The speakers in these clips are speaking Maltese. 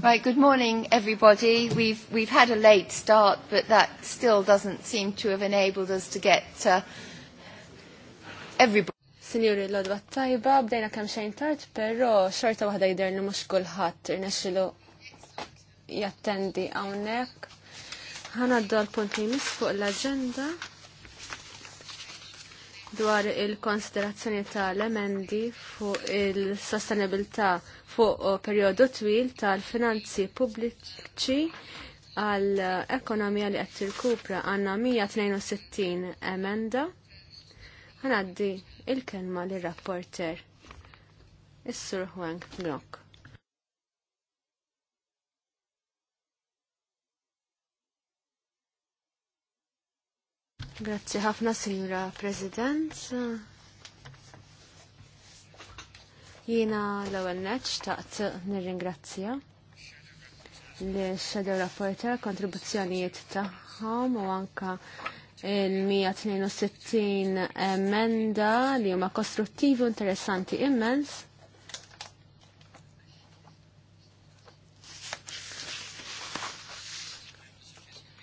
Right, good morning everybody. We've, we've had a late start, but that still doesn't seem to have enabled us to get uh, everybody. Signori l-odwa tajba, bdejna kam xejn tard, pero xorta wahda jider li mux kullħat irnexilu jattendi għawnek. Għanaddu għal-punt li fuq l-agenda dwar il-konsiderazzjoni tal-emendi fuq il-sostenibilità fuq perjodu twil tal-finanzi pubbliċi għal ekonomija li qed tirkupra għandna 162 emenda. Ħanaddi il-kelma lir rapporter Is-Sur Huang Nok. Grazzi ħafna, Signora President. Jiena l-ewwel neċ taqt nirringrazzja li shadow Rapporter kontribuzzjonijiet tagħhom u anka il-162 emenda li huma kostruttivi u interessanti immens.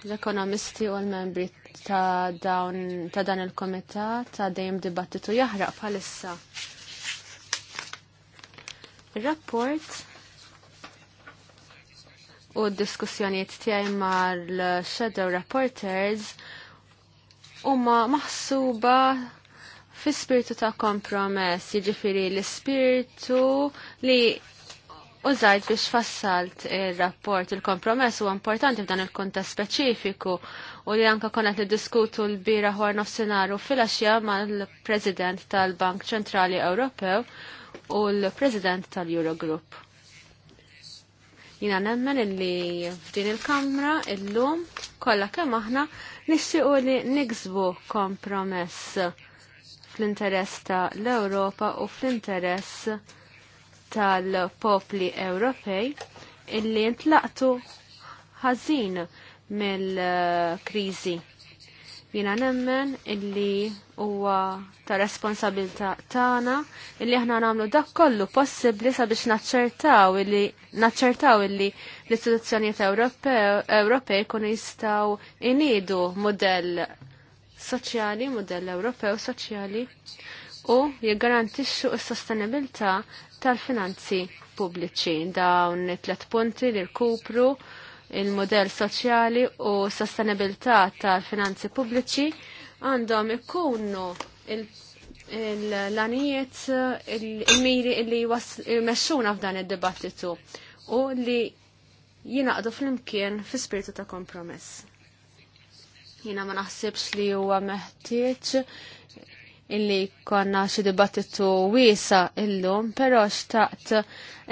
L-ekonomisti u l-membri ta' dawn ta' dan il-komitat ta' dejjem dibattitu jaħraq bħalissa. Il-rapport u d-diskussjonijiet tiegħi mal-shadow reporters huma maħsuba fi spiritu ta' kompromess, jiġifieri l-spiritu li użajt biex fassalt il-rapport il-kompromess u importanti f'dan il-kontest speċifiku u li anka konet diskutu l-bira ħwar nofsinaru fil-axja mal-President tal-Bank Ċentrali Ewropew u l-President tal-Eurogroup. Jina nemmen illi f'din il-Kamra illum kollha kemm aħna u li niksbu kompromess fl-interess ta' l-Ewropa u fl-interess tal-popli Ewropej illi ntlaqtu ħażin mill-krizi. Jina nemmen illi huwa ta' responsabilta tagħna illi aħna nagħmlu dak kollu possibbli sabiex naċċertaw illi naċċertaw illi l-istituzzjonijiet Ewropej jkunu jistgħu inidu modell soċjali, modell Ewropew soċjali u jiggarantixxu s-sostenibilità tal-finanzi pubbliċi. Dawn it-tlet punti li rkupru il-modell soċjali u sostenibilità tal-finanzi pubbliċi għandhom ikunu l-lanijiet il-miri li jmexxuna f'dan id-dibattitu u li jinaqdu fl-imkien fi spiritu ta' kompromess. Jina ma naħsibx li huwa meħtieġ illi konna xi dibattitu wiesa illum, però xtaqt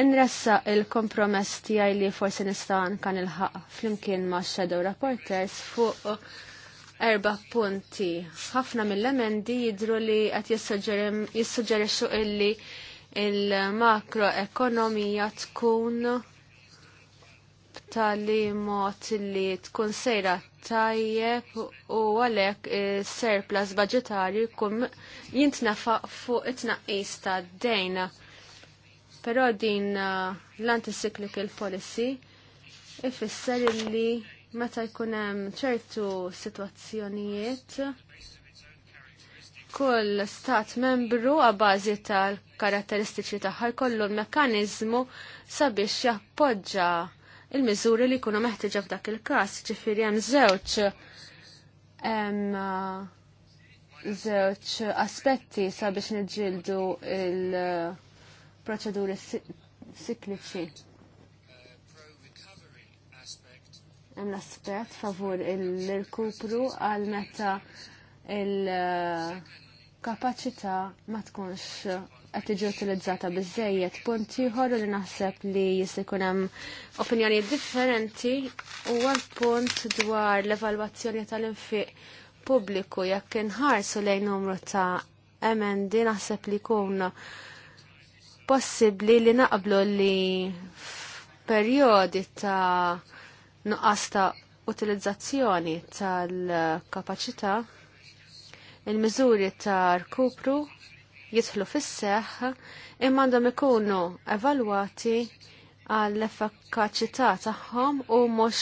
inressa il-kompromess tiegħi li forsi nista' nkan il-ħaq flimkien ma' Shadow Reporters fuq erba punti. Ħafna mill-emendi jidru li qed jissuġġerixxu illi il-makroekonomija tkun li mod li tkun sejra tajjeb u għalhekk e, surplus budgetarju jkun jintnafa fuq it-tnaqqis ta' dejna. Però din e, l-anticyclical policy ifisser li meta jkun hemm ċertu sitwazzjonijiet kull stat membru għabazi tal-karatteristiċi tagħha kollu l-mekkaniżmu sabiex jappoġġa il-miżuri li jkunu meħtieġa f'dak il-każ, ġifieri hemm żewġ hemm uh, żewġ aspetti sabiex niġġieldu il-proċeduri sikliċi. Hemm l-aspett favur il-rkupru għal meta il-kapaċità uh, ma tkunx qed tiġi utilizzata bizzejiet, punti ħorru li naħseb li jista' jkun hemm opinjoni differenti huwa l-punt dwar l-evalwazzjoni tal-infiq pubbliku jekk inħarsu lejn numru ta' emendi naħseb li jkun possibbli li naqblu li f'perjodi ta' nuqqas ta' utilizzazzjoni tal kapaċità il-miżuri ta' rkupru jitħlu fis-seħħ imma għandhom ikunu evalwati għall effekkaċità tagħhom u mhux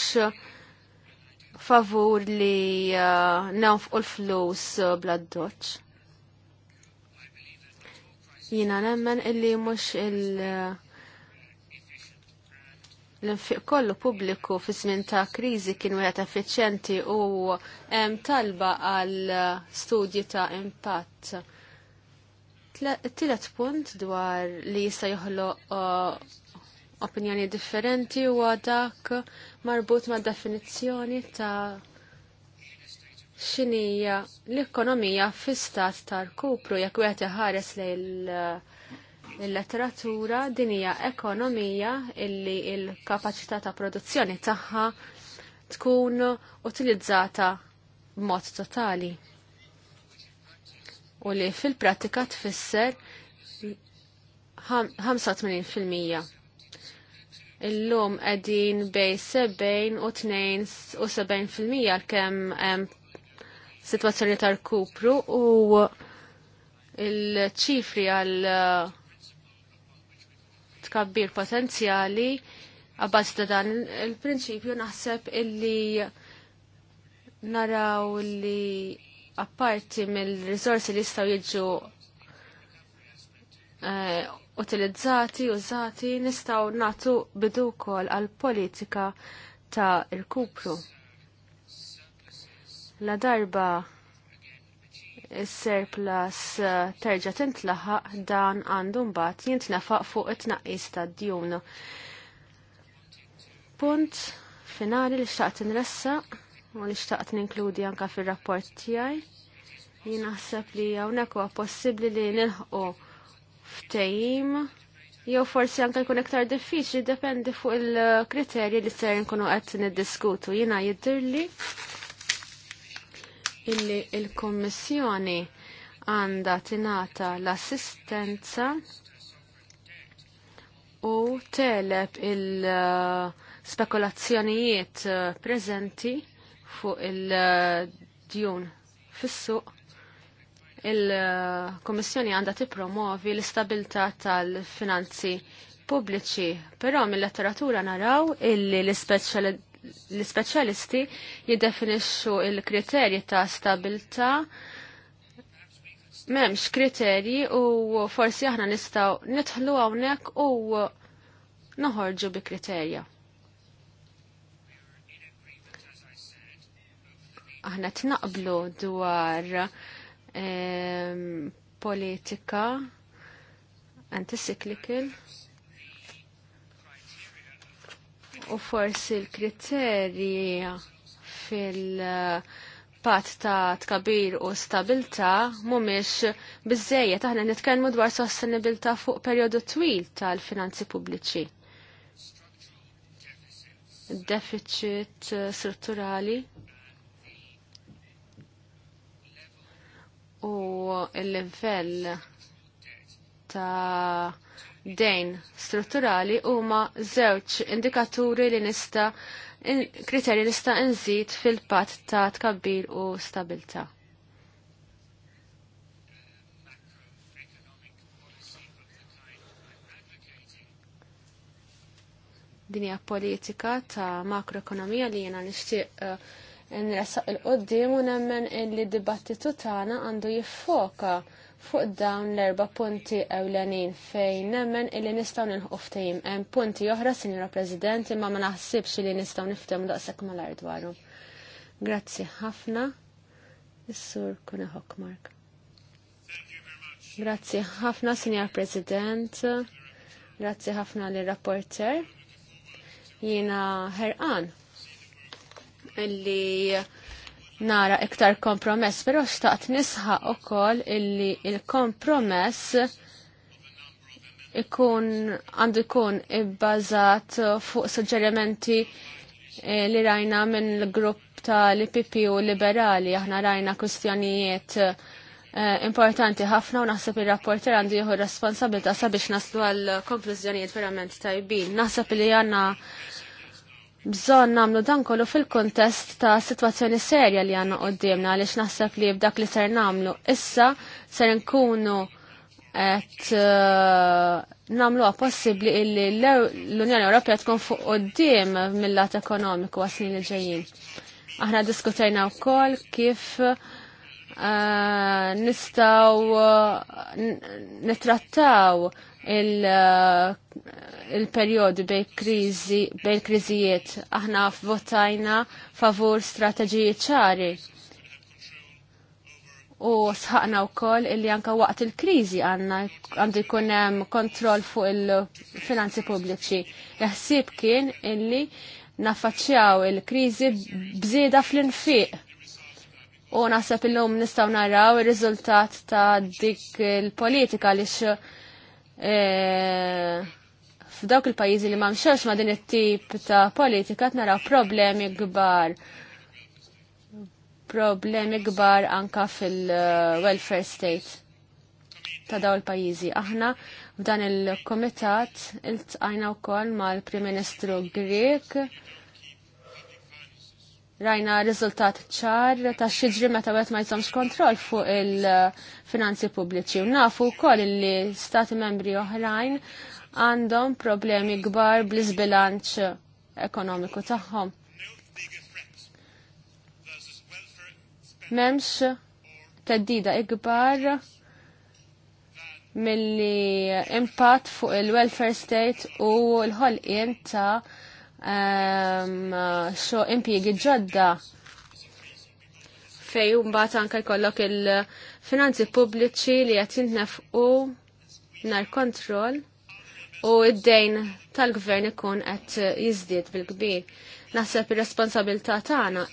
favur li uh, nafqu l-flus uh, bla-doċ. Jina nemmen illi mhux il- uh, l-infiq kollu pubbliku fi żmien ta' kriżi kien wieħed effiċjenti u uh, hemm talba għal studji ta' impatt Tilet punt dwar li jista' joħloq uh, opinjoni differenti huwa dak marbut ma' definizzjoni ta' xinija l-ekonomija fi stat tal-kupru jekk wieħed iħares lejn uh, il-letteratura din hija ekonomija illi l-kapaċità ta' produzzjoni tagħha tkun utilizzata b'mod totali u li fil-pratika tfisser 85%. Illum qegħdin bej 70 u 72% kem situazzjoni tal-kupru u il-ċifri għal uh, tkabbir potenzjali għabbaz ta' dan il-prinċipju naħseb illi naraw li apparti mill-risorsi li jistgħu jiġu uh, utilizzati, użati, nistgħu nagħtu bidu wkoll għal politika ta' il-kupru. La darba is serplas eh, terġa' tintlaħaq dan għandu mbagħad jintnafaq fuq it-tnaqqis tad-djun. Punt finali li xtaqt inressaq u li xtaqt ninkludi anka fil-rapport tijaj. Jien naħseb li hawnhekk huwa possibbli li nilħqu ftehim jew forsi anke jkun iktar diffiċli dependi fuq il-kriterji li ser nkunu qed niddiskutu. Jiena jiddirli illi il-Kommissjoni għandha tingħata l-assistenza u teleb il-spekulazzjonijiet eh, prezenti fuq il-djun fis-suq il-Komissjoni għandha tippromovi l-istabilità tal-finanzi pubbliċi, però mill-letteratura naraw illi l-speċjalisti jiddefinixxu il-kriterji ta' stabilità m'hemmx kriterji u forsi aħna nistgħu nidħlu hawnhekk u noħorġu bi kriterja. aħna tnaqblu dwar ehm, politika anticyclical u forsi l-kriterji fil-pat ta' tkabir u stabilta mumiex bizzejja taħna nitkellmu dwar sostenibilta fuq periodu twil tal-finanzi pubbliċi. Deficit eh, strutturali. u l-livell ta' dejn strutturali huma żewġ indikaturi li nista' kriterji nista' nżid fil-patt ta' tkabbir u stabilità. dinja politika ta' makroekonomija li jena nixtieq uh, nresaq il-qoddim u nemmen illi dibattitu tagħna għandu jiffoka fuq dawn l-erba punti ewlenin fejn nemmen illi nistgħu nilħu ftehim. Hemm punti oħra, Sinjora President, imma ma naħsibx li nistgħu niftehmu daqshekk mal-art dwarhom. Grazzi ħafna. Is-sur kuna Hokmark. Grazzi ħafna, Sinjor President. Grazzi ħafna lir rapporter. Jiena ħerqan illi nara iktar kompromess, pero xtaqt nisħa u koll illi il-kompromess ikun għandu ikun ibbazat fuq suġġerimenti eh, li rajna minn l-grupp ta' l-IPP u liberali, aħna rajna kustjonijiet eh, importanti ħafna u naħseb il-rapporter għandu jieħu responsabilta sabiex naslu għal konklużjonijiet verament tajbin. Naħseb li għanna bżon namlu dan kollu fil-kontest ta' situazzjoni serja li għanna għoddimna, għaliex naħseb li b'dak li ser namlu issa ser nkunu et eh, namlu possibli illi l-Unjoni Ewropea tkun fuq għoddim mill-lat ekonomiku għasni li ġejjin. Aħna diskutejna wkoll kif eh, nistaw eh, nitrattaw il eh, periodu bej kriżijiet aħna votajna favur strateġiji ċari u sħaqna wkoll illi anka waqt il-kriżi għandna għandu jkun hemm kontroll fuq il-finanzi pubbliċi. Jaxsib kien illi naffaċċjaw il-kriżi bżieda fl-infiq. U naħseb illum nistgħu naraw ir-riżultat ta' dik il-politika li E, f'dawk il-pajjiżi li m'għamxewx ma' din it-tip ta' politika qed naraw problemi kbar. Problemi kbar anka fil-welfare state ta' daw il-pajjiżi. Aħna f'dan il-komitat iltqajna wkoll mal-Prim Ministru Grek rajna riżultat ċar ta' xidri meta għet ma jisomx kontroll fuq il-finanzi pubbliċi. U nafu wkoll li stati membri oħrajn għandhom problemi kbar bl-izbilanċ ekonomiku tagħhom. Memx teddida ikbar milli impatt fuq il-welfare state u l-ħolqien ta' xo impjiegi ġodda fej mbagħad anke jkollok il-finanzi pubbliċi li qed jintnefqu nar kontroll u id-dejn tal-gvern ikun qed jiżdied bil-kbir. Naħseb ir-responsabilità tagħna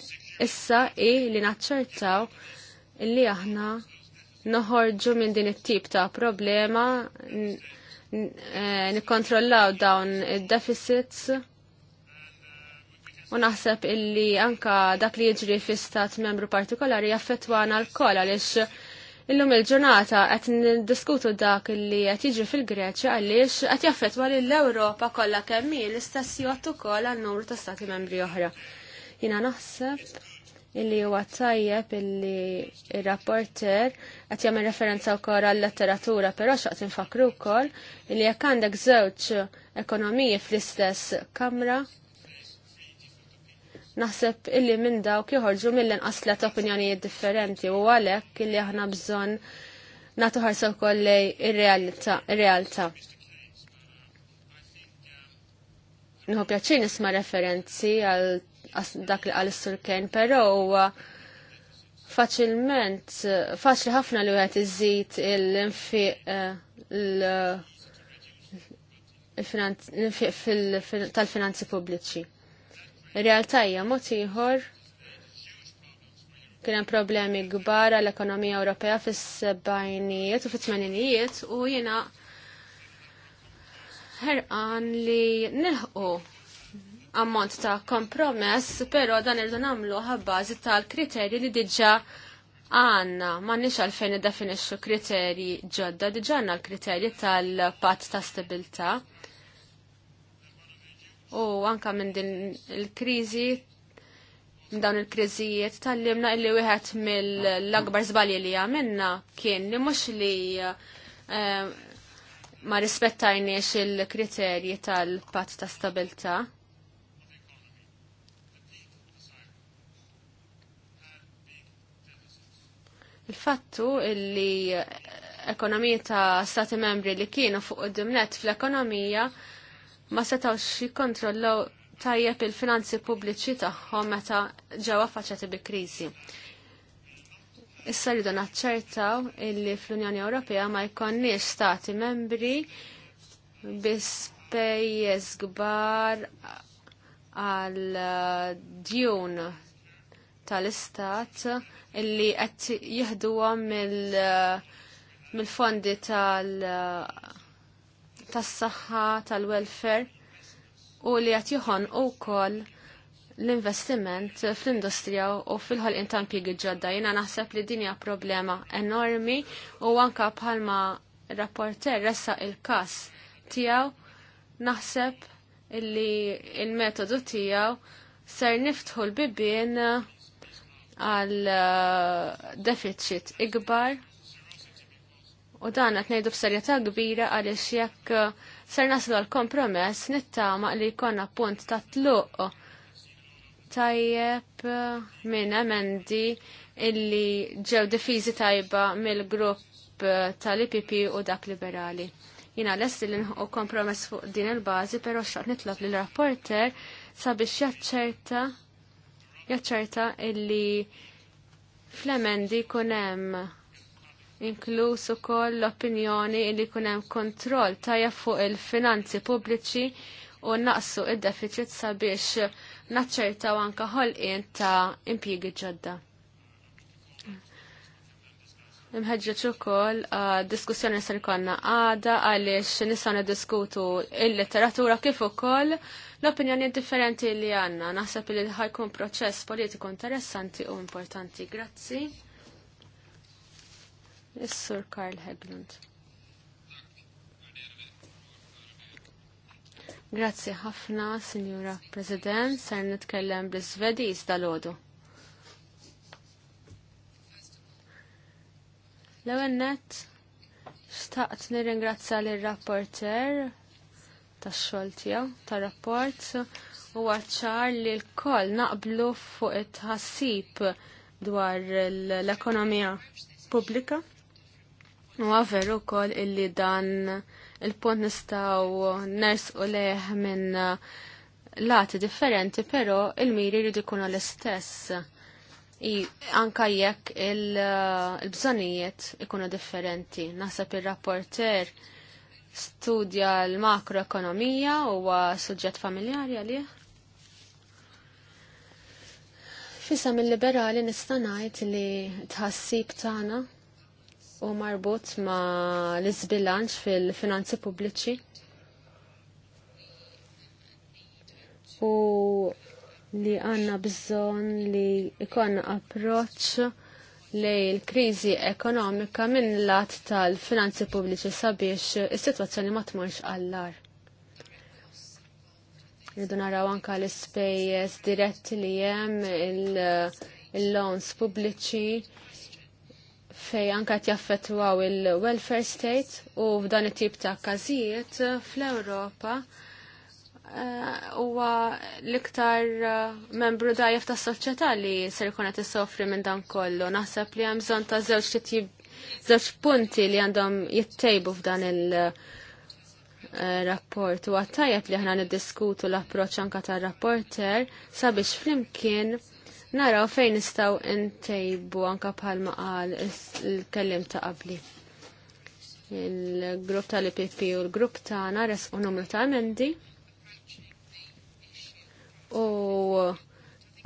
issa hi li naċċertaw li aħna noħorġu minn din it-tip ta' problema eh, nikkontrollaw dawn id-deficits U naħseb illi anka dak li jiġri fi stat membru partikolari jaffetwana l-kol għalix illum il-ġurnata qed niddiskutu dak li qed jiġri fil-Greċja għaliex qed jaffetwa l ewropa kollha kemm hi l-istess jgħod ukoll għal numru ta' stati membri oħra. Jiena naħseb illi huwa tajjeb illi ir-rapporter qed jagħmel referenza wkoll għal-letteratura, però xaqt infakru wkoll illi jekk għandek żewġ ekonomiji fl-istess kamra naħseb illi minn dawk joħorġu mill aslet opinjonijiet differenti u għalhekk illi aħna bżonn nagħtu ħarsa wkoll ir-realtà. Nħu pjaċi nisma referenzi għal dak li għal sur Kane, pero faċilment, faċli ħafna li għet iżid l-infiq tal-finanzi pubbliċi realtajja mod ieħor kien hemm problemi kbar għall ekonomija Ewropea fis-sebgħinijiet u fit-tmaninijiet u jiena ħerqan li nilħqu ammont ta' kompromess, però dan irdu nagħmlu ħabbażi tal-kriterji li diġà għanna, ma nix għalfejn niddefinixxu kriterji ġodda, diġà għandna l-kriterji tal-patt ta' stabilta' u anka minn din il-kriżi minn dawn il-kriżijiet tal-limna illi wieħed mill-akbar żbalji li għamilna kien li mhux li eh, ma rispettajniex il-kriterji tal-patt ta' stabilta. Il-fattu illi ekonomija ta' stati membri li kienu fuq dimnet fl-ekonomija ma setawx jikkontrollaw tajjeb il-finanzi pubbliċi tagħhom meta ġewwa faċati bi kriżi. Issa rridu naċċertaw illi fl-Unjoni Ewropea ma jkonniex stati membri bi spejjeż kbar għal djun tal-istat illi qed jieħduhom mill-fondi tal- tas-saħħa, tal-welfare u li qed joħon ukoll l-investiment fl-industrija u fil-ħolqien ta' impjiegi ġodda. Jiena naħseb li din hija problema enormi u anka bħalma rapporter ressa il-każ tiegħu naħseb illi il-metodu tiegħu ser niftħu l-bibien għal eh, deficit ikbar U dan qed ngħidu serjeta kbira għaliex jekk uh, ser naslu għal kompromess nittama li jkollna punt ta' tluq tajjeb uh, minn emendi illi ġew defizi tajba mill-grupp uh, tal-IPP u dak liberali. Jina lest li nħu kompromess fuq din il-bazi, pero xaq nitlob li l-rapporter sabiex jaċċerta jaċċerta illi fl-emendi kunem hemm inkluż ukoll l-opinjoni li jkun hemm kontroll tajjeb fuq il-finanzi pubbliċi u naqsu id-deficit sabiex naċċertaw anke ħolqien ta' impjiegi ġodda. Imħedġeċ ukoll diskussjoni se jkollna għada għaliex nistgħu niddiskutu il litteratura kif ukoll l-opinjoni differenti li għandna. Naħseb li ħajkun proċess politiku interessanti u importanti. Grazzi. Is-Sur Karl Heglund. Grazzi ħafna, Sinjura President, ser nitkellem bl svedi dal logħdu. L-ewwel nett xtaqt nirringrazzja lir-rapporter tax-xogħol tiegħu tar-rapport u ċar li l-koll naqblu fuq it-ħassib dwar l-ekonomija pubblika. Huwa veru wkoll illi dan il-punt nistgħu nersqu leħ minn lati differenti, però il-miri jridu jkunu l-istess. Anka jekk eh, il-bżonijiet ikunu differenti. Naħseb il-rapporter studja l-makroekonomija u suġġett familjari għalih. Fisa mill liberali nista' ngħid li tħassib tagħna u marbut ma l-izbilanċ fil-finanzi pubbliċi. U li għanna bżon li ikon approċ li l-krizi ekonomika minn lat tal-finanzi pubbliċi sabiex is-sitwazzjoni ma tmorx għallar. Nidu naraw anka l-ispejjeż diretti li hemm il-loans pubbliċi fej anka jaffettwaw il-welfare state u f'dan it-tip ta' każijiet fl-Ewropa eh, huwa l-iktar eh, membru dajjef ta' soċjetà li ser jkun qed isofri minn dan kollu. Naħseb li hemm bżonn ta' żewġ żewġ punti li għandhom jittejbu f'dan il- eh, rapport u tajjeb li aħna niddiskutu l approċċ anka tar rapporter sabiex flimkien naraw fejn nistaw intejbu anka bħalma qal il-kellim ta' qabli. Il-grupp tal-IPP u l-grupp ta' naras u numru ta' mendi. u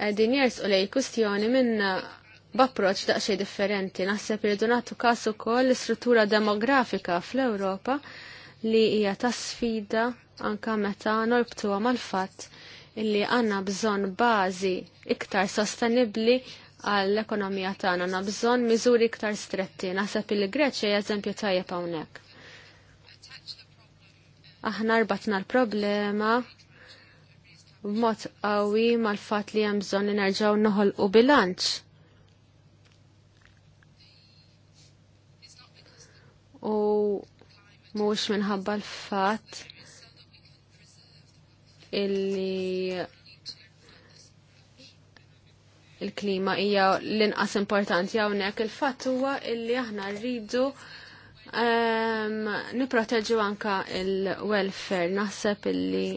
għedin jers u lej kustjoni minn b'approċ daqsxejn differenti. Naħseb irridu nagħtu każ ukoll l-istruttura demografika fl-Ewropa li hija ta' sfida anka meta norbtuha mal-fatt illi għandna bżonn bażi iktar sostenibli għall-ekonomija tagħna na bżonn miżuri iktar stretti. Naħseb il greċja hija eżempju tajjeb hawnhekk. Aħna rbatna l-problema b'mod qawwi mal-fatt li hemm bżonn li nerġgħu noħolqu bilanċ. U mhux minħabba l-fatt illi il-klima hija l-inqas importanti hawnhekk il-fatt huwa illi aħna rridu um, ehm, niproteġu anka il-welfare naħseb illi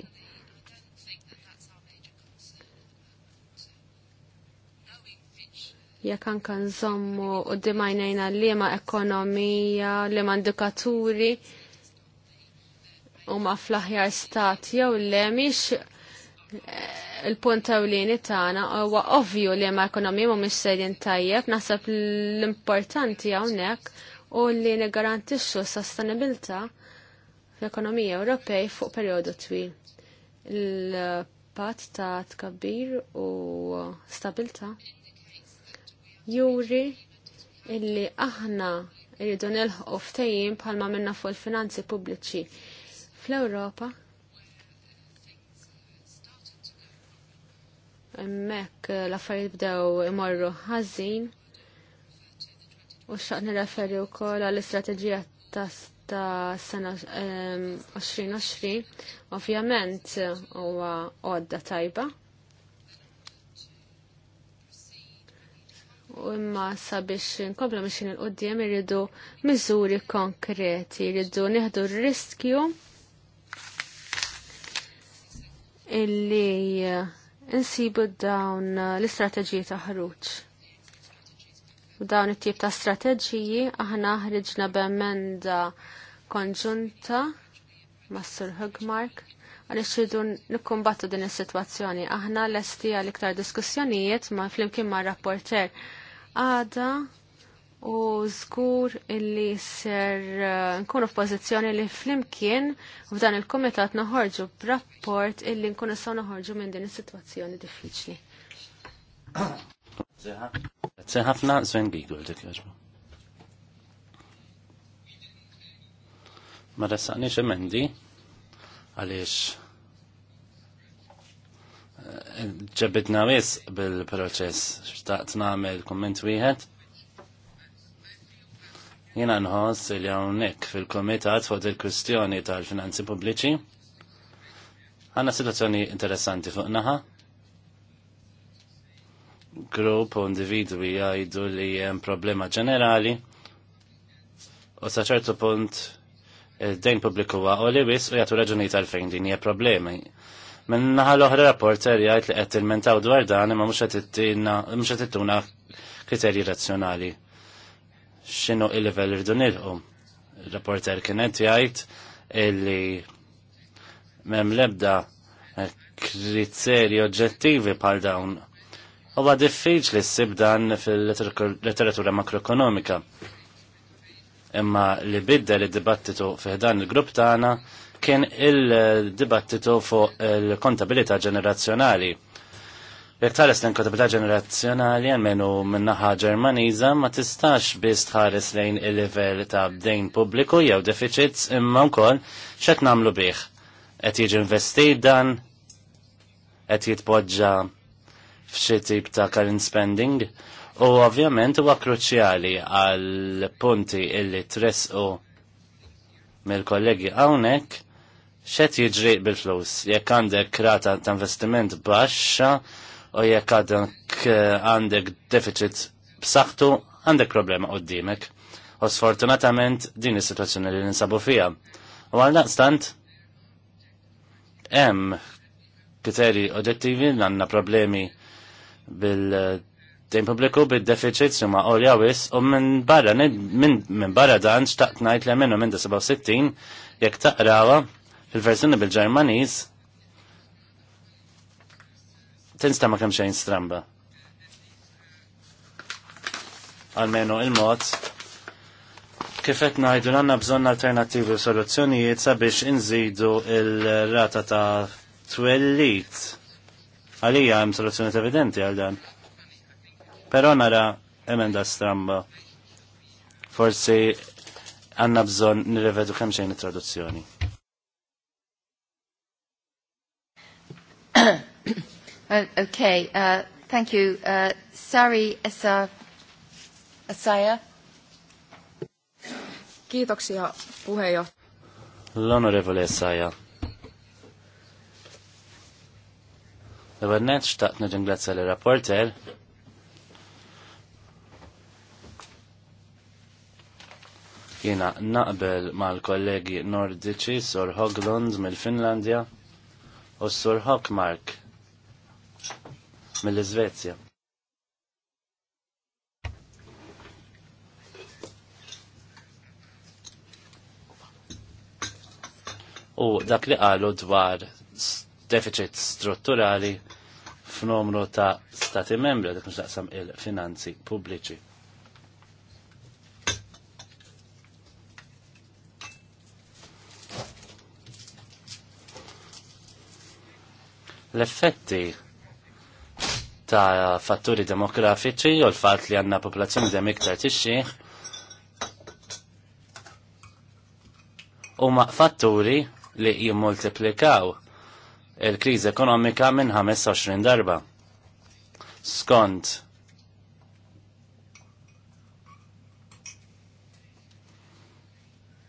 jekk anka nżommu u dimajnejna liema ekonomija, liema indikaturi u ma fl-aħjar stat jew le miex il-punt ewlieni tagħna huwa ovvju li ma ekonomija mhumiex sejjin tajjeb, naħseb l-importanti hawnhekk u li niggarantixxu s-sostenibilità fl-ekonomija Ewropej fuq perjodu twil. Il-pat ta' tkabbir u stabilta juri illi aħna rridu nilħqu ftejjin bħalma minna fuq il-finanzi pubbliċi fl-Ewropa Mek eh, l-affarijiet bdew imorru ħażin u xaq nirreferi wkoll għall-istrateġija ta' sena 2020 ehm, ovvjament huwa għodda tajba. U imma sabiex nkomplu mixin il qudiem irridu miżuri konkreti, irridu nieħdu r-riskju illi eh, insibu dawn uh, l-istrateġiji ta' ħruġ. U dawn it-tip ta' strateġiji aħna ħriġna b'emenda konġunta ma' Sir Hugmark għaliex irridu nikkumbattu din is-sitwazzjoni. Aħna lesti għal iktar diskussjonijiet ma' flimkien ma' rapporter. Għada u zgur illi ser eh, nkunu f'pożizzjoni li flimkien f'dan il-komitat naħorġu b'rapport illi nkunu saw naħorġu minn din is-sitwazzjoni diffiċli. Grazie ħafna Sven Gigol dik jaġbu. Ma ressaqniex emendi għaliex eh, ġebitna wis bil-proċess xtaqt nagħmel kumment wieħed Jena nħoss li hawnhekk fil-Komitat fuq il-kwistjoni tal-finanzi pubbliċi. Għanna situazzjoni interessanti fuq naħa. Grupp u individwi jgħidu li hemm problema ġenerali u sa ċertu punt id-dejn pubbliku għu li wis u jagħtu raġunijiet għalfejn din hija problemi. Minn naħa l-oħra rapporter jgħid li qed tilmentaw dwar dan imma mhux qed ittuna kriterji razzjonali xinu il-level irdu nilqu. Il-rapporter kienet jgħid illi mem lebda kriteri oġġettivi pal dawn. Huwa diffiċli ssib dan fil-letteratura makroekonomika. Imma li bidda li dibattitu fih dan il-grupp tagħna kien il-dibattitu fuq il-kontabilità ġenerazzjonali Jek tħares l-inkotabilità ġenerazzjonali għalmenu minnaħa ġermaniza ma tistax biss tħares lejn il-livell ta' bdejn pubbliku jew deficits imma wkoll x'ed nagħmlu bih. Qed jiġi investit dan qed jitpoġġa f'xi tip ta' current spending u ovvjament huwa kruċjali għal punti illi tresqu mill-kollegi hawnhekk x'qed jiġri bil-flus jekk għandek krata ta' investiment baxxa u jekk għadek eh, għandek deficit b'saħħtu għandek problema qoddimek. U sfortunatament din is-sitwazzjoni li ninsabu fija. U għal naqstant hemm kriteri oġettivi li għandna problemi bil-dejn pubbliku bid deficit ma orja wis u minn barra minn barra dan xtaqt ngħid li minn 60, jekk taqrawa fil-versjoni bil-Ġermaniż tinsta ma kemm xejn stramba. Almenu il-mod kifet najdu għanna bżon alternativi u soluzzjonijiet sabiex inżidu il-rata ta' twellit. Għalija hemm soluzzjoniet evidenti għal dan. Però nara emenda stramba. Forsi għanna bżon nirrevedu kemm xejn it-traduzzjoni. Uh, okay, uh, thank you. Uh, Sari Esa, Asaya. Kiitoksia puheenjohtaja. l Asaya. rapporter jena naqbel mal-kollegi nordiċi Sor Hoglund mill-Finlandja u Sor Hockmark mill-Iżvezja. U dak li qalu dwar deficit strutturali f'nomru ta' stati membri dak nixtaqsam il-finanzi pubbliċi. L-effetti ta' fatturi demografiċi u l-fat li għanna popolazzjoni dem iktar tixxieħ u ma' fatturi li jimmultiplikaw il kriz ekonomika minn 25 darba. Skont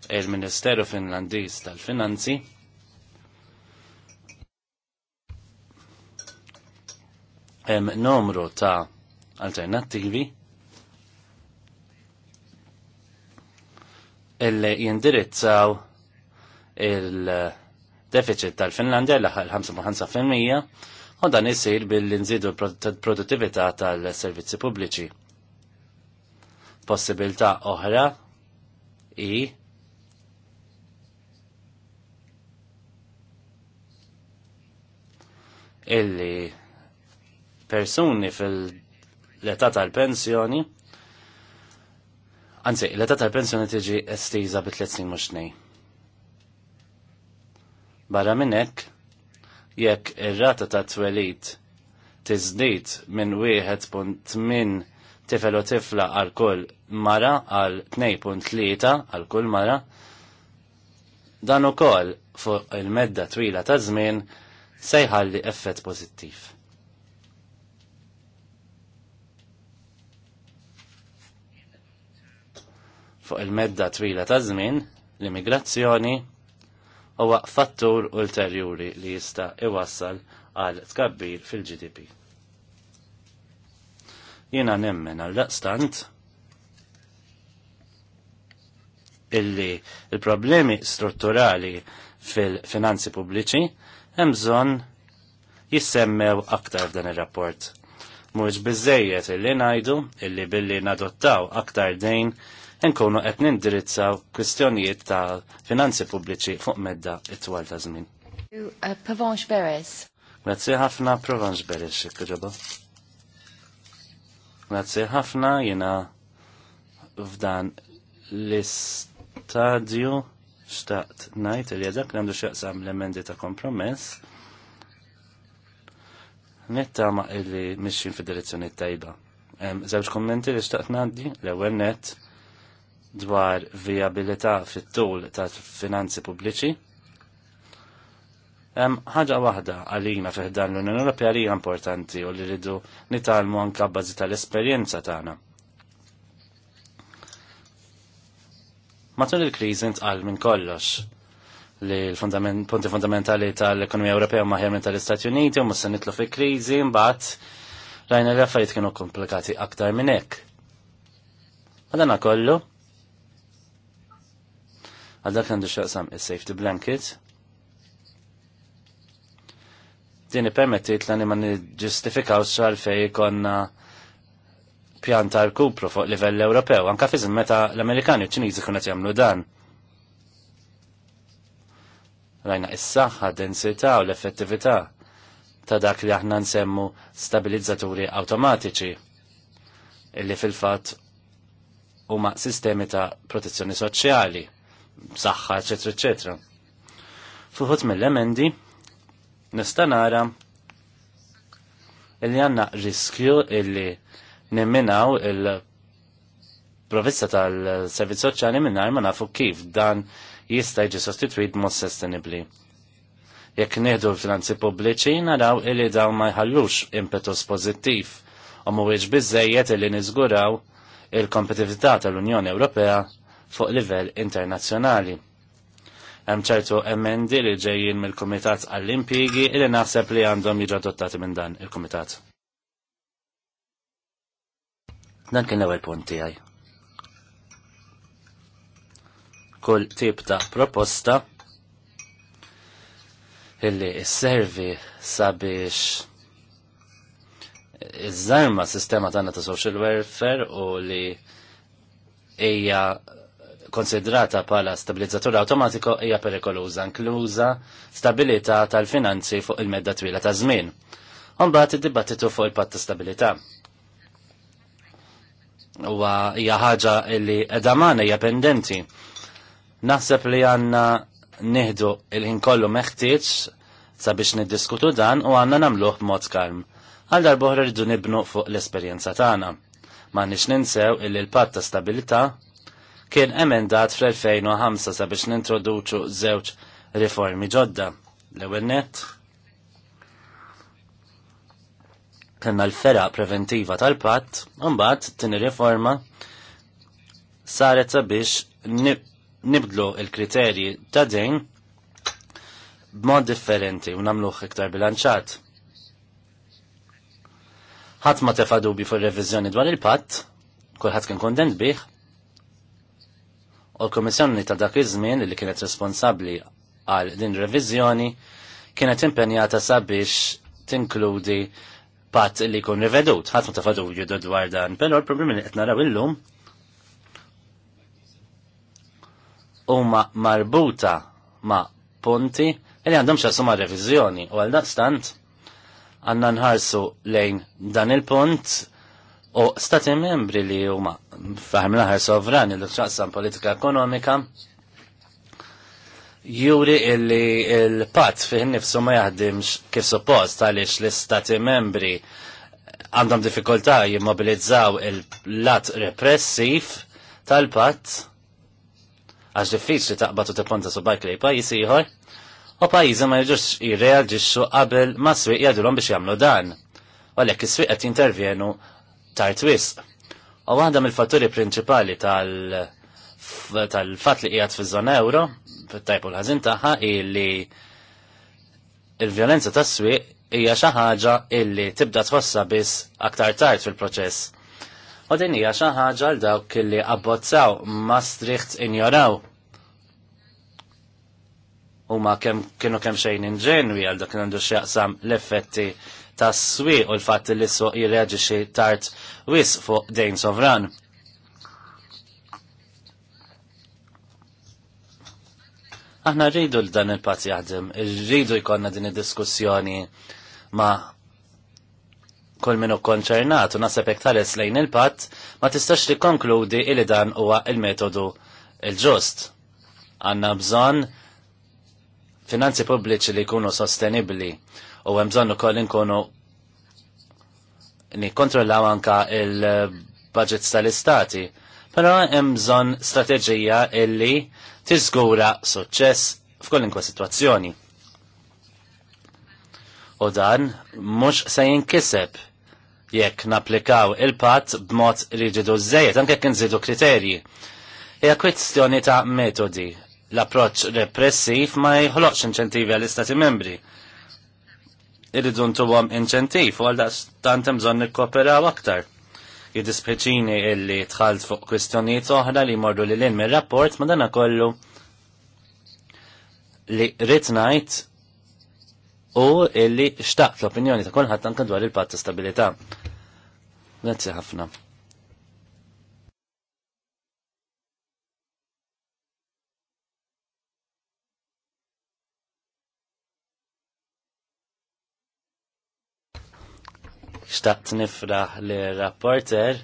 il-Ministeru Finlandiż tal-Finanzi, hemm numru ta' alternattivi illi jindirizzaw il-deficit tal-Finlandja l 55% u dan isir billi nżidu l-produttività tal-servizzi pubbliċi. Possibilità oħra i illi persuni fil-età tal-pensjoni Anzi, l-età tal-pensjoni tiġi estiża bi tliet snin mhux Barra minn hekk, jekk ir-rata ta' twelid tiżdid minn wieħed punt minn tifel u tifla għal kull mara għal 2.3 għal kull mara, dan ukoll fuq il-medda twila ta' żmien se jħalli effett pożittiv. fuq il-medda twila ta' żmien l-immigrazzjoni huwa fattur ulterjuri li jista' iwassal għal tkabbir fil-GDP. Jiena nemmen għal daqstant illi il-problemi strutturali fil-finanzi pubbliċi hemm bżonn jissemmew aktar f'dan ir-rapport. Mhux biżejjed illi ngħidu illi billi nadottaw aktar dejn nkunu qed nindirizzaw kwistjonijiet ta' finanzi pubbliċi fuq medda it-twal ta' żmien. Uh, Pavanx Beres. Grazzi ħafna Provence Beres ikġoba. Grazzi ħafna jiena f'dan l-istadju xtaqt najt li għadak għandu xaqsam l-emendi ta' kompromess nittama illi mixin fi direzzjoni tajba. Zewġ kommenti li xtaqt ngħaddi l ewwel net dwar viabilità fit-tul ta' finanzi pubbliċi. Hemm ħaġa waħda għalina fih dan l-Unjoni Ewropea li importanti u li rridu nitalmu anke bażi tal-esperjenza tagħna. Matul il-kriżi ntqal minn kollox li l-punti fundamentali tal-ekonomija Ewropea ma ħjar minn tal-Istati Uniti u ma se nitlu fi kriżi mbagħad rajna li affarijiet kienu komplikati aktar minn hekk. Madana kollu, għal dak għandu xaqsam il-safety blanket. Din permettit l-għani ma nġustifikaw xar fej konna pjanta kupru fuq livell Ewropew, anka fizin meta l-Amerikani u ċinizi kunet jamlu dan. Rajna is-saħħa, densità u l-effettività ta' dak li aħna nsemmu stabilizzaturi automatiċi illi fil-fatt huma sistemi ta' protezzjoni soċjali b'saħħa, eċetera, eċetera. Fuħut mill-emendi, nista' nara illi għanna riskju illi nimminaw il-provizza tal-servizz soċjali minn ma nafu kif dan jista' jiġi sostitwit mod sostenibbli. Jekk nieħdu l-finanzi pubbliċi naraw illi dawn ma jħallux impetus pożittiv u mhuwiex biżejjed illi niżguraw il-kompetitività tal-Unjoni Ewropea fuq livell internazzjonali. Hemm ċertu emendi li ġejjin mill-Kumitat għall-Impjigi li naħseb li għandhom jiġu adottati minn dan il-Kumitat. Dan kien l-ewwel punt tiegħi. Kull tip ta' proposta illi s-servi sabiex iż-żarma sistema tagħna ta' social welfare u li hija konsidrata pala stabilizzatur automatiko hija perikoluża inkluża stabilità tal-finanzi fuq il-medda twila ta' żmien. Mbagħad id-dibattitu fuq il-patt ta' stabilità. Huwa hija ħaġa li edamana hija pendenti. Naħseb li għandna nieħdu il-ħin kollu meħtieġ sabiex niddiskutu dan u għandna nagħmluh b'mod kalm. Għal darbohra rridu nibnu fuq l-esperjenza tagħna. Ma nix ninsew il l-patt ta' stabilità kien emendat fl-2005 sabiex nintroduċu żewġ riformi ġodda. L-ewwel nett kellna l-fera preventiva tal-patt, imbagħad mbagħad tini riforma saret sabiex nibdlu il-kriterji ta' din b'mod differenti u namluħ iktar bilanċat. Ħadd ma tefa' dubi fuq reviżjoni dwar il-patt, kulħadd kien kondent bih, U l-Komissjoni ta' dak iż-żmien li kienet responsabbli għal din reviżjoni kienet impenjata sabiex tinkludi pat li kun rivedut. Ħadd ma tafadu jidu dwar dan, però l-problemi li qed naraw illum huma marbuta ma' punti li għandhom xasuma reviżjoni u għal daqstant għandna nħarsu lejn dan il-punt U stati membri li huma fraħm laħar sovrani li traqsam politika ekonomika juri illi il-pat fih nifsu ma jaħdimx kif suppost għaliex l-istati membri għandhom difikulta jimmobilizzaw il-lat repressiv tal-pat għax diffiċli taqbatu su subajk li pajis ieħor u pajjiżi ma jiġux jirreaġixxu qabel ma swieq jadulom biex jagħmlu dan. Għalek, is-swieq jintervjenu tar wisq. U waħda mill-fatturi prinċipali tal-fat tal li qiegħed fi żona euro, fit-tajpu l-ħażin tagħha li il-vjolenza tas-swieq hija xi ħaġa illi tibda tħossha biss aktar tard fil-proċess. U din hija xi ħaġa l dawk illi abbozzaw ma striħt injoraw. Huma kemm kienu kemm xejn inġenwi għal dak li għandu x'jaqsam l-effetti tas-swi u l fat li so suq jirreġixi tard wis fuq dejn sovran. Aħna rridu l-dan il-pat jaħdem, rridu jkonna din id-diskussjoni ma' kol minu konċernat u nasab tales lejn il-pat, ma tistax li konkludi li dan huwa il-metodu il-ġust. Għanna bżon finanzi pubbliċi li jkunu sostenibli u hemm bżonn ukoll inkunu nikkontrollaw anka il-budgets tal-istati. Però hemm bżonn strateġija illi tiżgura suċċess f'kollinkwa sitwazzjoni. U dan mhux se jinkiseb jekk naplikaw il-patt b'mod ġidu żejjed anke jekk inżidu kriterji. Hija kwistjoni ta' metodi. L-approċċ repressiv ma jħloqx inċentivi għall-Istati membri irridu ntuwom inċentif u għaldax tantem bżon nikkooperaw aktar. Jidispeċini illi tħalt fuq kwistjonijiet oħra li mordu li l-in rapport ma dana kollu li ritnajt u illi xtaqt l-opinjoni ta' kolħat anka dwar il-patt stabilita. Grazie ħafna. Xtaqt nifra li rapporter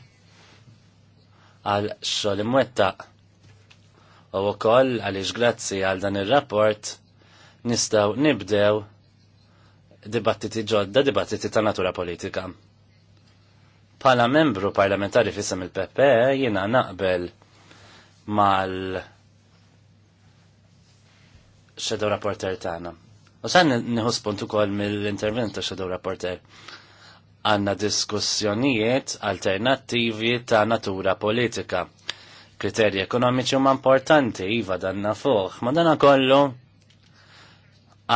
għal xogħol imwettaq u wkoll għaliex grazzi għal dan ir-rapport nistgħu nibdew dibattiti ġodda, dibattiti ta' natura politika. Pala membru parlamentari fissam il-PP e, jiena naqbel mal shadow rapporter tagħna. U san nieħu spunt ukoll mill-intervent ta' shadow rapporter għanna diskussjonijiet alternattivi ta' natura politika. Kriterji ekonomiċi huma importanti, iva danna fuq, ma danna kollu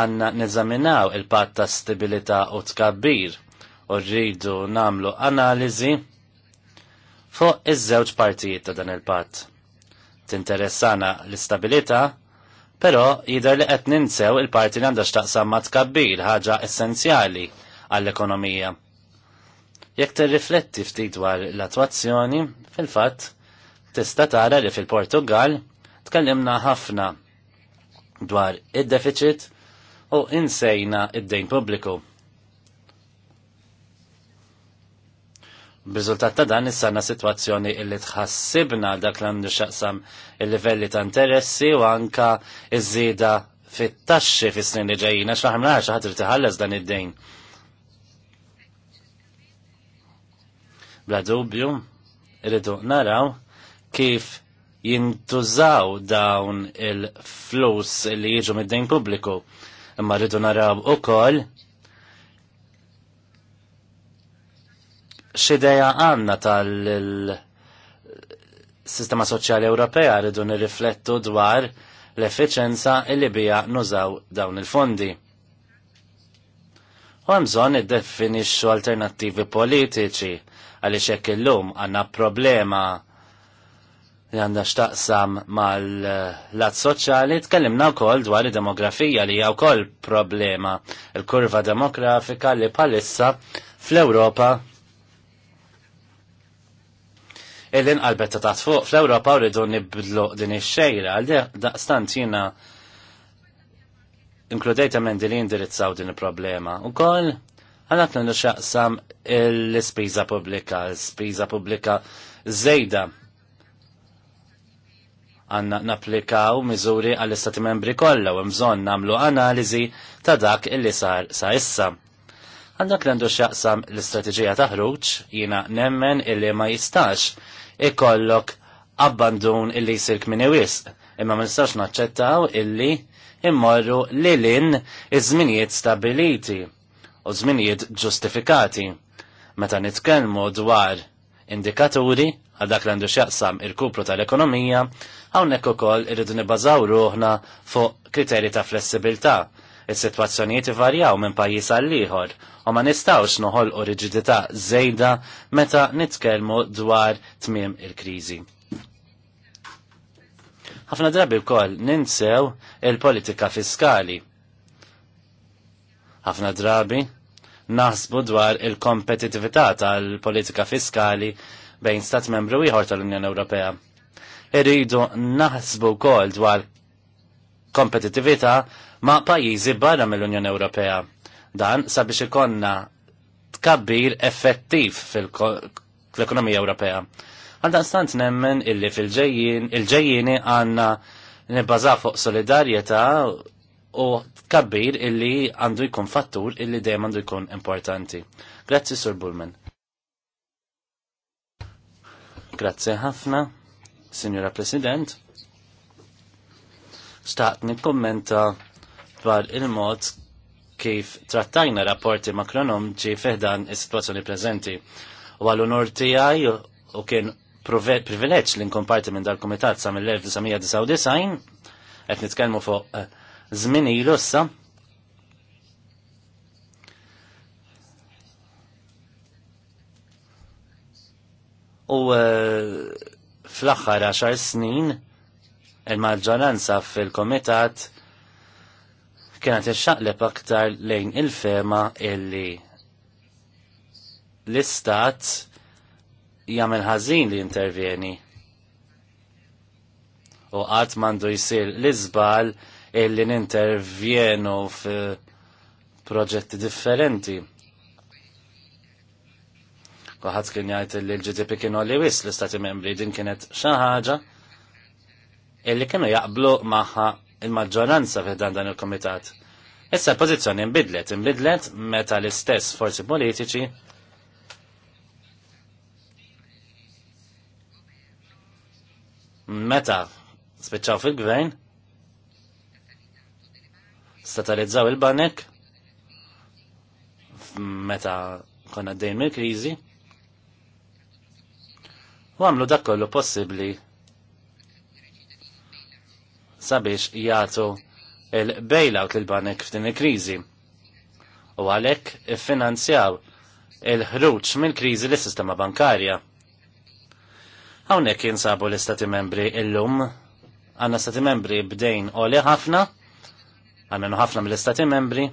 għanna nizaminaw il-pat ta' stabilita u tkabbir u rridu namlu analizi fuq iż-żewġ partijiet ta' dan il-pat. Tinteressana l-istabilita, però jidher li qed ninsew il-parti li għandha x'taqsam ma' tkabbir ħaġa essenzjali għall-ekonomija Jekk tirrifletti ftit dwar l atwazzjoni fil-fatt tista' tara li fil-Portugal tkellimna ħafna dwar id-deficit u insejna id-dejn pubbliku. B'riżultat ta' dan issana sitwazzjoni illi tħassibna dak l għandu xaqsam il-livelli ta' interessi u anka iż-żieda fit-taxxi fis-snin li ġejjin għax aħna ħadd irtiħalles dan id-dejn. Bla dubju, rridu naraw kif jintużaw dawn il-flus li jiġu mid-dejn pubbliku. Imma rridu naraw ukoll xideja għanna tal-sistema soċjali Ewropea rridu nirriflettu dwar l-efficienza li bija nużaw dawn il-fondi. U hemm bżonn iddefinixxu alternattivi politiċi għaliex hekk illum għandna problema li għandha xtaqsam mal-lat soċjali, tkellimna wkoll dwar id-demografija li hija wkoll problema il-kurva demografika li bħalissa fl-Ewropa il-inqalbet ta' tfuq, fl fl-Ewropa rridu nibdlu din ix-xejra għal daqstant jiena inkludejt mendilin dirizzaw din il-problema. U koll għanatna nandu xaqsam l-spiża publika, l-spiża publika zejda għanna naplikaw miżuri għall-istati membri kollha u mżon namlu analiżi ta' dak illi sar sa' issa. Għandak l-għandu xaqsam l-istrateġija ta' ħruġ jina nemmen illi ma jistax ikollok abbandun illi jisirk minni wisq imma ma nistax naċċettaw illi immorru lilin iż-żminijiet stabiliti u żminijiet ġustifikati. Meta nitkellmu dwar indikaturi għal dak l-għandu xaqsam il-kupru tal-ekonomija, hawnhekk ukoll irridu nibazaw ruħna fuq kriterji ta' flessibilità. Is-sitwazzjonijiet ivarjaw minn pajjiż għal liħor u ma nistgħux noħolqu riġidità żejda meta nitkellmu dwar tmiem il-kriżi. Ħafna drabi wkoll ninsew il-politika fiskali. Ħafna drabi naħsbu dwar il-kompetitività tal-politika fiskali bejn stat membru ieħor tal-Unjoni Ewropea. Irridu naħsbu wkoll dwar kompetitività ma' pajjiżi barra mill-Unjoni Ewropea. Dan sabiex ikonna tkabbir effettiv fil-ekonomija Ewropea. Għandan stant nemmen illi fil-ġejjini għanna nibbaza fuq solidarjeta u tkabbir illi għandu jkun fattur illi dejjem għandu jkun importanti. Grazzi Sur Bullman. Grazzi ħafna, Signora President. Staqt nikkommenta dwar il-mod kif trattajna rapporti ġi feħdan is-situazzjoni preżenti. U għal unur tiegħi u kien privileġġ li nkomparti minn dal-Kumitat sa mill-1999 qed nitkellmu fuq eh, zmin ilu issa. U e, fl-aħħar 10 snin il-maġġoranza fil-komitat kienet ixxaqleb aktar lejn il-fema illi l-istat jagħmel ħażin li intervjeni. U qatt m'għandu jsir l-iżbal illi nintervjenu f'proġetti differenti. Kuħat kien jgħid li l-GDP kien li wis l-Istati Membri din kienet xaħġa ħaġa illi kienu jaqblu magħha il-maġġoranza f'dan dan il-Komitat. Issa l-pożizzjoni imbidlet, imbidlet meta l-istess forzi politiċi meta spiċċaw fil-gvern statalizzaw il-banek meta konna d-dejn mill-krizi u għamlu dak kollu possibli sabiex jgħatu il-bailout il banek f'din il-krizi u għalek finanzjaw il-ħruġ mill-krizi l-sistema bankarja. Hawnhekk jinsabu l-istati membri illum għandna stati membri bdejn oli ħafna għamenu ħafna mill-istati membri,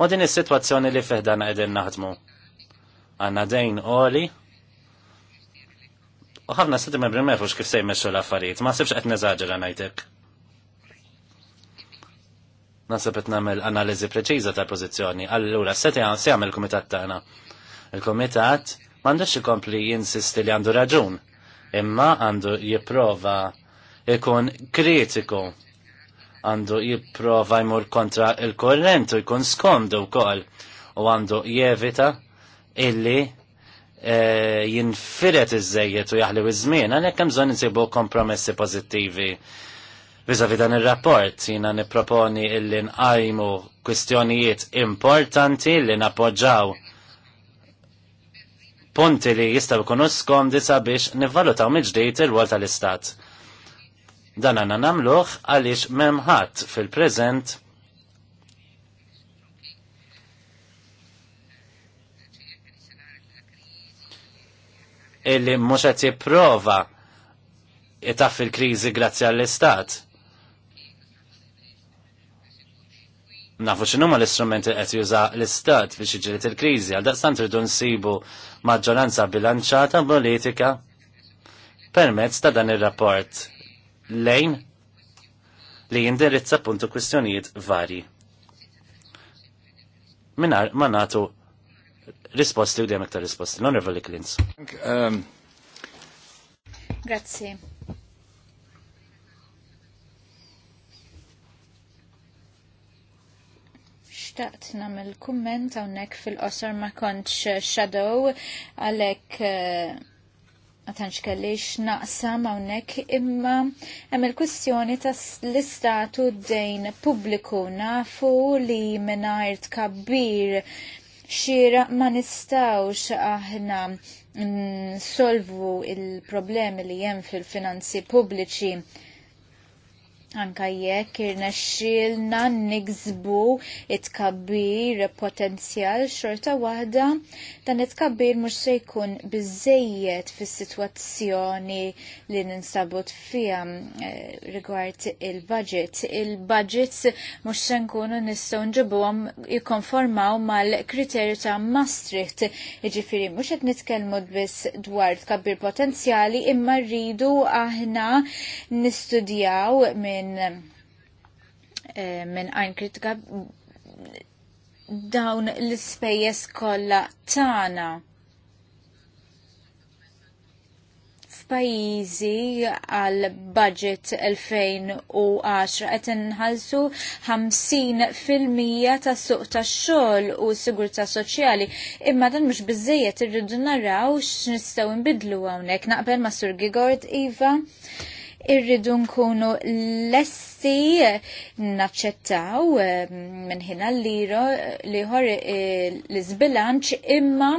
u din is-sitwazzjoni li feħdana qegħdin naħdmu. Għandna dejn oli, u ħafna stati membri mefux kif se jmexxu l-affarijiet, ma sibx qed neżaġera ngħidlek. Nasib qed nagħmel analiżi preċiża tal-pożizzjoni, allura se jagħmel il-kumitat tagħna. Il-kumitat m'għandux ikompli jinsisti li għandu raġun, imma għandu jipprova ikun kritiku għandu jipprova jmur kontra il-korrent u jkun skomdu wkoll u għandu jevita illi e, jinfiret iż-żejjed u jaħli iż-żmien għalhekk hemm bżonn insibu kompromessi pożittivi. Viżavi dan ir-rapport jiena nipproponi illi nqajmu kwistjonijiet importanti li nappoġġaw punti li jistaw jkunu skomdi sabiex nivvalutaw mill-ġdejt il-wol tal-istat Dan għanna namluħ għalix memħat fil-prezent illi mux għet prova jitaff il-krizi grazzi għall-istat. Nafu x'inhuma l-istrumenti qed juża l-istat biex jiġri il-kriżi, għal daqstant irdu nsibu maġġoranza bilanċata politika permezz ta' dan ir-rapport lejn li jindirizza puntu kwistjonijiet vari. Minar ma natu risposti u dejjem iktar risposti. l onorevoli Klins. Grazie. xtaqt namel kumment għonek fil-qosor ma kontx shadow għalek uh, għatanx kellix naqsam hawnhekk imma hemm il-kwistjoni ta' l-istatu dejn pubbliku nafu li mingħajr tkabbir xira ma nistawx aħna solvu il-problemi li hemm fil-finanzi pubbliċi Anka jekk irnexxielna nigzbu it kabir potenzjal xorta waħda, dan it kabir mhux se jkun biżejjed fis-sitwazzjoni li ninsabut fija eh, rigward il-budget. Il-budgets mhux se nkunu nistgħu nġibuhom jikkonformaw mal-kriterju ta' Maastricht. Jiġifieri mhux qed nitkellmu biss dwar tkabbir potenzjali imma rridu aħna nistudjaw minn minn eh, minn għajn kritika dawn l-spejjes kollha tagħna. F'pajjiżi għal budget 2010 qed inħallsu 50% tas-suq tax-xogħol u s-sigurtà soċjali. Imma dan mhux biżejjed irridu naraw x'nistgħu nbidlu hawnhekk naqbel ma' Sur Gigord Iva irridu nkunu lesti naċċettaw eh, minn ħina liħor eh, l-izbilanċ imma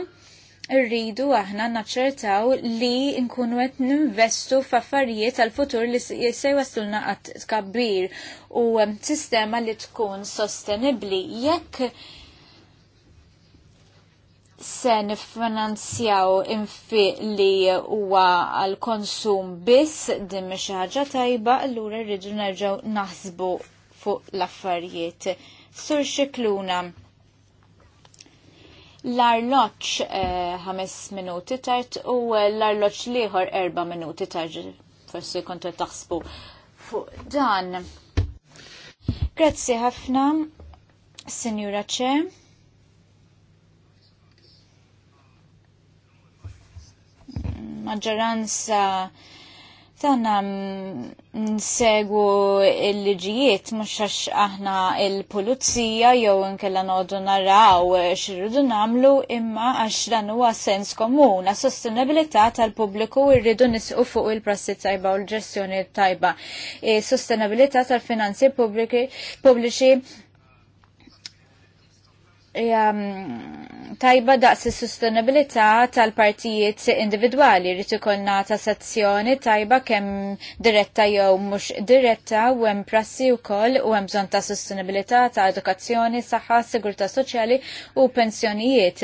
rridu aħna naċċertaw li nkunu qed ninvestu f'affarijiet għal futur li se jwasslulna qatt kabbir u eh, sistema li tkun sostenibbli jekk se nifinanzjaw infi li huwa għal konsum biss din mhix ħaġa tajba, allura rridu nerġgħu naħsbu fuq l-affarijiet. Sur xikluna. L-arloċ eh, ħames minuti tard u l-arloċ liħor erba minuti tard. Forsi kontu taħsbu fuq dan. Grazzi ħafna, Signora Ċe. maġġoranza tagħna nsegwu l-liġijiet mhux għax aħna l-pulizija jew inkella noqogħdu naraw x'irridu nagħmlu imma għax dan huwa sens komun sostenibilità tal-pubbliku rridu nisqu fuq il-prassi tajba u l-ġestjoni tajba. E sostenibilità tal-finanzi pubbliċi Mm, tajba daqs is-sustenabilità tal-partijiet individwali rrid ikollna ta' sezzjoni tajba kemm diretta jew mhux diretta u hemm prassi wkoll u hemm bżonn ta' sustenabilità ta' edukazzjoni, saħħa, sigurtà soċjali u pensjonijiet.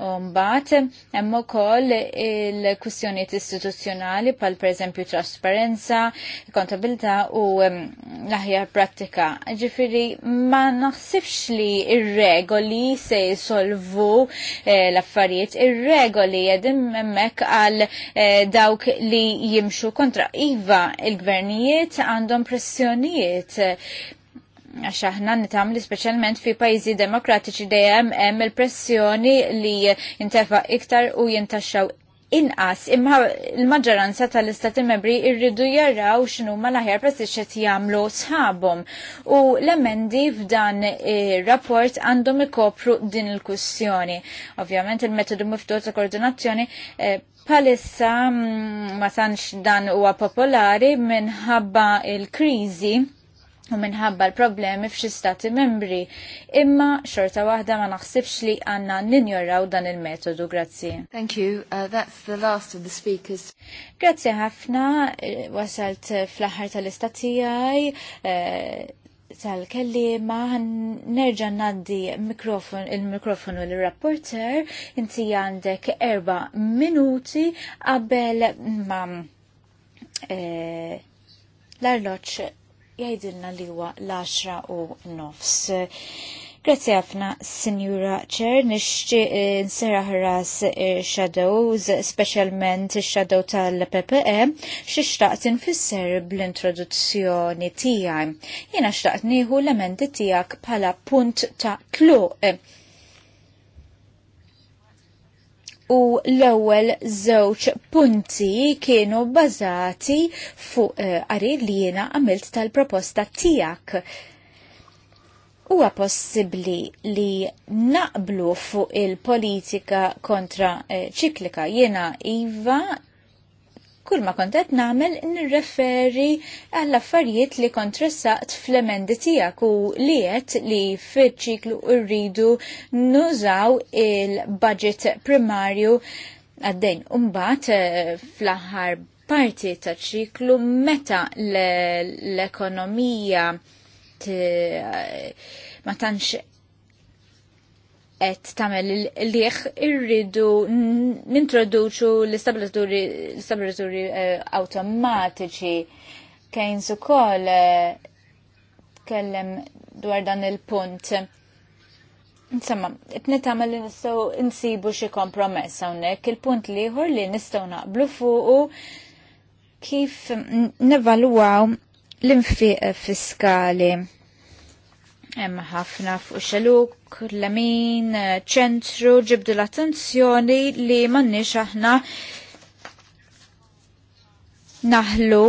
Mbagħad hemm ukoll il-kwistjonijiet istituzzjonali bħal pereżempju trasparenza, kontabilità u mm, l-aħjar prattika. Ġifieri ma naħsibx li ir-regoli se jisolvu eh, l-affarijiet ir-regoli jedim memmek għal eh, dawk li jimxu kontra iva il-gvernijiet għandhom pressjonijiet għax aħna nitamli speċjalment fi pajjiżi demokratiċi dejjem hemm il-pressjoni li jintefa iktar u jintaxxaw inqas imma l-maġġoranza tal-istati membri irridu jaraw x'inhu ma l-aħjar prestiġġet jagħmlu sħabhom. U l-emendi f'dan ir-rapport għandhom ikopru din il-kwistjoni. Ovvjament il-metodu miftuħ ta' koordinazzjoni eh, palissa mm, ma tantx dan huwa popolari minħabba il-kriżi u minħabba l-problemi f'xi stati membri, imma xorta waħda ma naħsibx li għanna ninjoraw dan il-metodu, grazzi. Thank you, uh, that's the last of the speakers. Grazzi ħafna, eh, wasalt fl-aħħar tal istatijaj tiegħi eh, tal ma nerġa' ngħaddi mikrofon il-mikrofonu l rapporter inti għandek erba' minuti qabel ma' eh, l-arloċ jgħidilna li huwa l-10 u nofs. Grazie għafna, Signora Cher, nixċi eh, nseraħ ras eh, Shadows, specialment Shadow tal-PPE, xie xtaqt nfisser bl-introduzzjoni tijaj. Jena xtaqt nieħu l-emendi tijak pala punt ta' tluq u l-ewwel żewġ punti kienu bażati fuq qarir eh, li jiena għamilt tal-proposta tiegħek. Huwa possibbli li naqblu fuq il-politika kontra eh, ċiklika jiena iva kull ma kontet namel nirreferi għall affarijiet li kontressaqt fl-emendi tijak u li jett li fil-ċiklu rridu nużaw il-budget primarju għaddejn umbat eh, fl-aħħar parti ta' ċiklu meta l-ekonomija ma tantx qed tagħmel il irridu nintroduċu l automatiċi eh, awtomatiċi. su ukoll eh, tkellem dwar dan il-punt. Insomma, qed tamel li nistgħu insibu xi kompromess hawnhekk. Il-punt liħor li nistgħu naqblu fuqu kif nevaluaw l-infiq fiskali Hemm ħafna fuq xeluk, lamin, ċentru, ġibdu l-attenzjoni li mannix aħna naħlu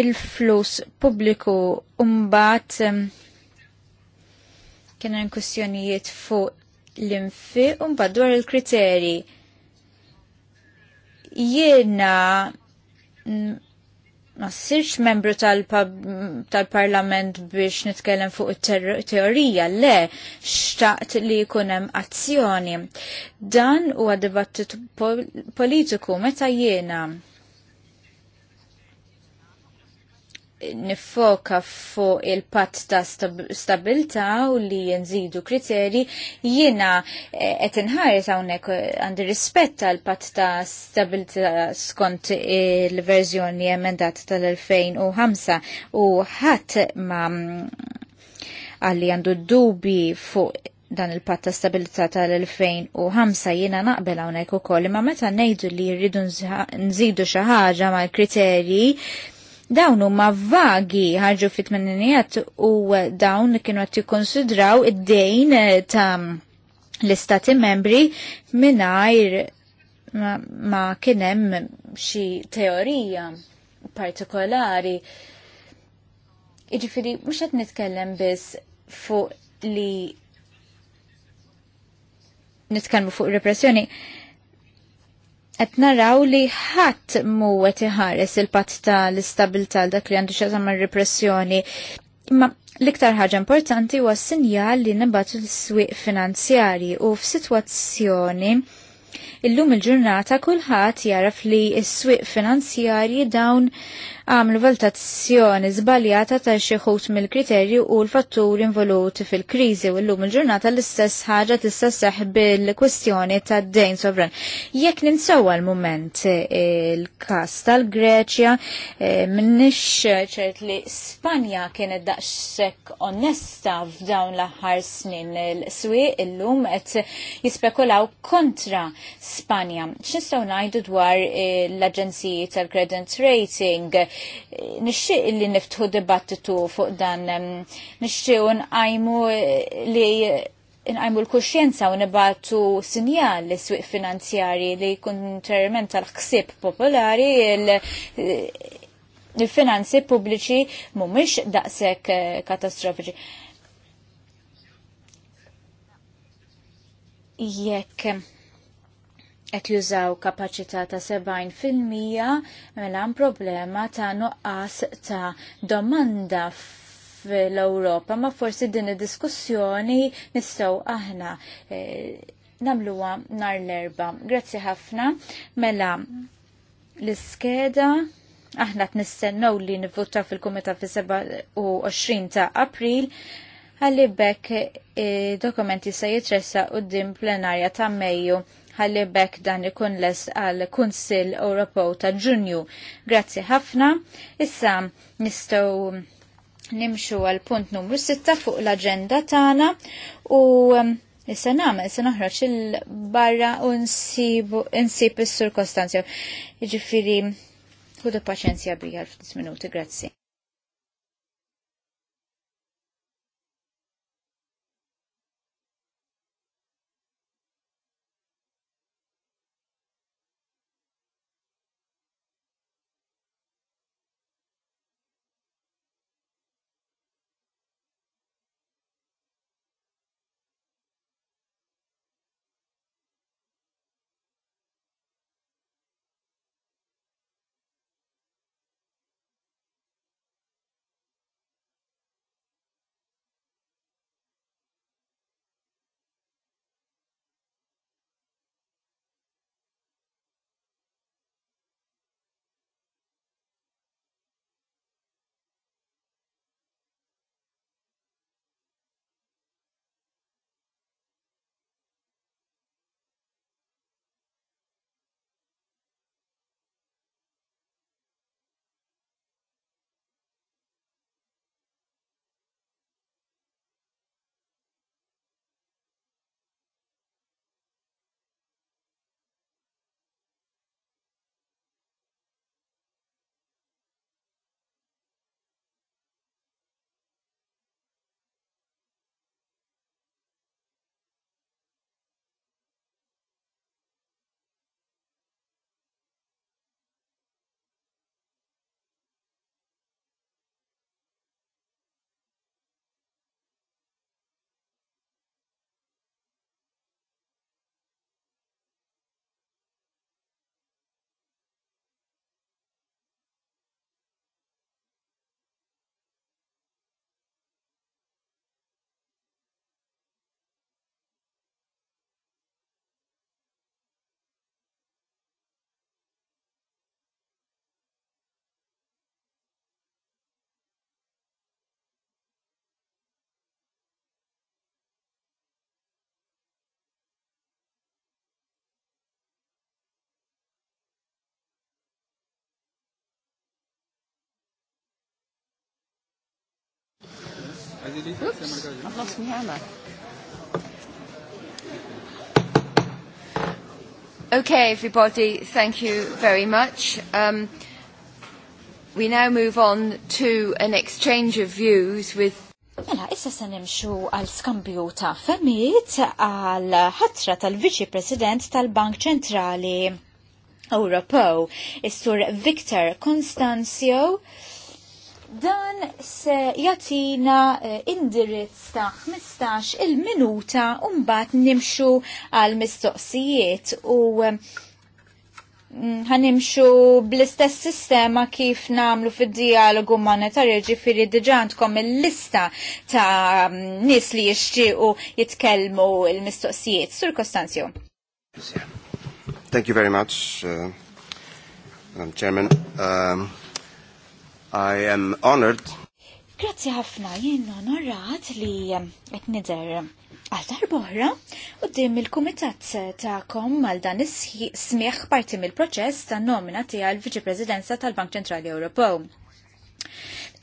il-flus pubbliku umbat kienu hemm kwistjonijiet fuq l-infi umbat dwar il-kriteri. Jiena mm, ma sirx membru tal-parlament tal biex nitkellem fuq teorija, le, xtaqt li kunem azzjoni. Dan huwa dibattit politiku meta jiena nifoka fuq il-patt ta' stabilta u li nżidu kriteri jiena eh, qed inħares hawnhekk eh, għandi rispett għal patt ta' stabilta skont il-verżjoni emendat tal-2005 u ħadd ma mm, għalli għandu dubi fuq dan il-patta stabilità tal-2005 jiena naqbel hawnhekk ukoll imma meta ngħidu li rridu nżidu xi ħaġa mal-kriterji Dawn huma vagi ħarġu fit-tmeninijat u dawn kienu għat jikkonsidraw id-dejn eh, ta' l-istati membri mingħajr ma, ma kienem xi teorija partikolari. Iġifiri, mhux qed nitkellem bis fuq li nitkellmu fuq repressjoni qed naraw li ħadd muwet iħares il-patt tal-istabilta dak li għandu xi repressjoni. Imma L-iktar ħaġa importanti huwa s sinjal li nibgħatu l-swieq finanzjarji u f'sitwazzjoni Illum il-ġurnata kulħadd jaraf li s-swieq finanzjarji dawn għamlu valutazzjoni żbaljata ta' xi mill-kriterju u l-fatturi involuti fil-kriżi u llum il-ġurnata l-istess ħaġa tista' seħ bil-kwestjoni ta' dejn sovran. Jekk ninsewa l-moment eh, il-kas tal-Greċja, eh, minnix ċert li Spanja kienet daqsek onesta f'dawn l-aħħar snin l-swi illum qed jispekulaw kontra Spanja. Xinstaw ngħidu dwar eh, l-Aġenziji tal-Credit Rating? Eh, nixtieq li niftħu dibattitu fuq dan, nixtiequ nqajmu eh, li inqajmu l-kuxjenza u nibatu sinjal li swiq finanzjari li kontrament tal ħsib popolari il-finanzi pubbliċi mumiex daqsek katastrofiċi. Jekk qed jużaw kapaċità ta' 70% mela problema ta' nuqqas ta' domanda fl-Ewropa, ma forsi din id-diskussjoni nistgħu aħna e, eh, namluwa nar l-erba. Grazzi ħafna. Mela l-iskeda aħna t-nistennaw li nivvuta fil-Kumita fi 27 ta' April għalli bekk eh, dokumenti se jitressa u din plenarja ta' Mejju ħalli bekk dan ikun les għal Kunsil Ewropew ta' Ġunju. Grazzi ħafna. Issa nistgħu nimxu għal punt numru 6 fuq l-aġenda tagħna u um, Issa nagħmel se noħroġ il-barra u nsib is-sur Jiġifieri ħudu paċenzja bija f'tis minuti, grazzi. Oops, I've lost my hammer. Okay, everybody, thank you very much. Um, we now move on to an exchange of views with Mela, issa se nimxu għal skambju ta' femmit għal ħatra tal-Viċi President tal-Bank Ċentrali Ewropew, is-Sur Victor Constanzio Dan se jatina eh, indirizz ta' 15 il-minuta umbat nimxu għal mistoqsijiet u eh, mm, ħanimxu bl-istess sistema kif namlu fil-dialogu monetarju ġifiri diġantkom il-lista ta' mm, nis li jixtiequ jitkelmu il-mistoqsijiet. Sur Kostanzio. Thank you very much, uh, Chairman. Um, I am honored. Grazzi ħafna jien onorat li ehm, qed nidher ehm, għal darbohra u dim il-kumitat tagħkom għal dan is-smieħ parti mill-proċess ta' nomina tiegħi l-Viċi Presidenza tal-Bank Ċentrali Ewropew.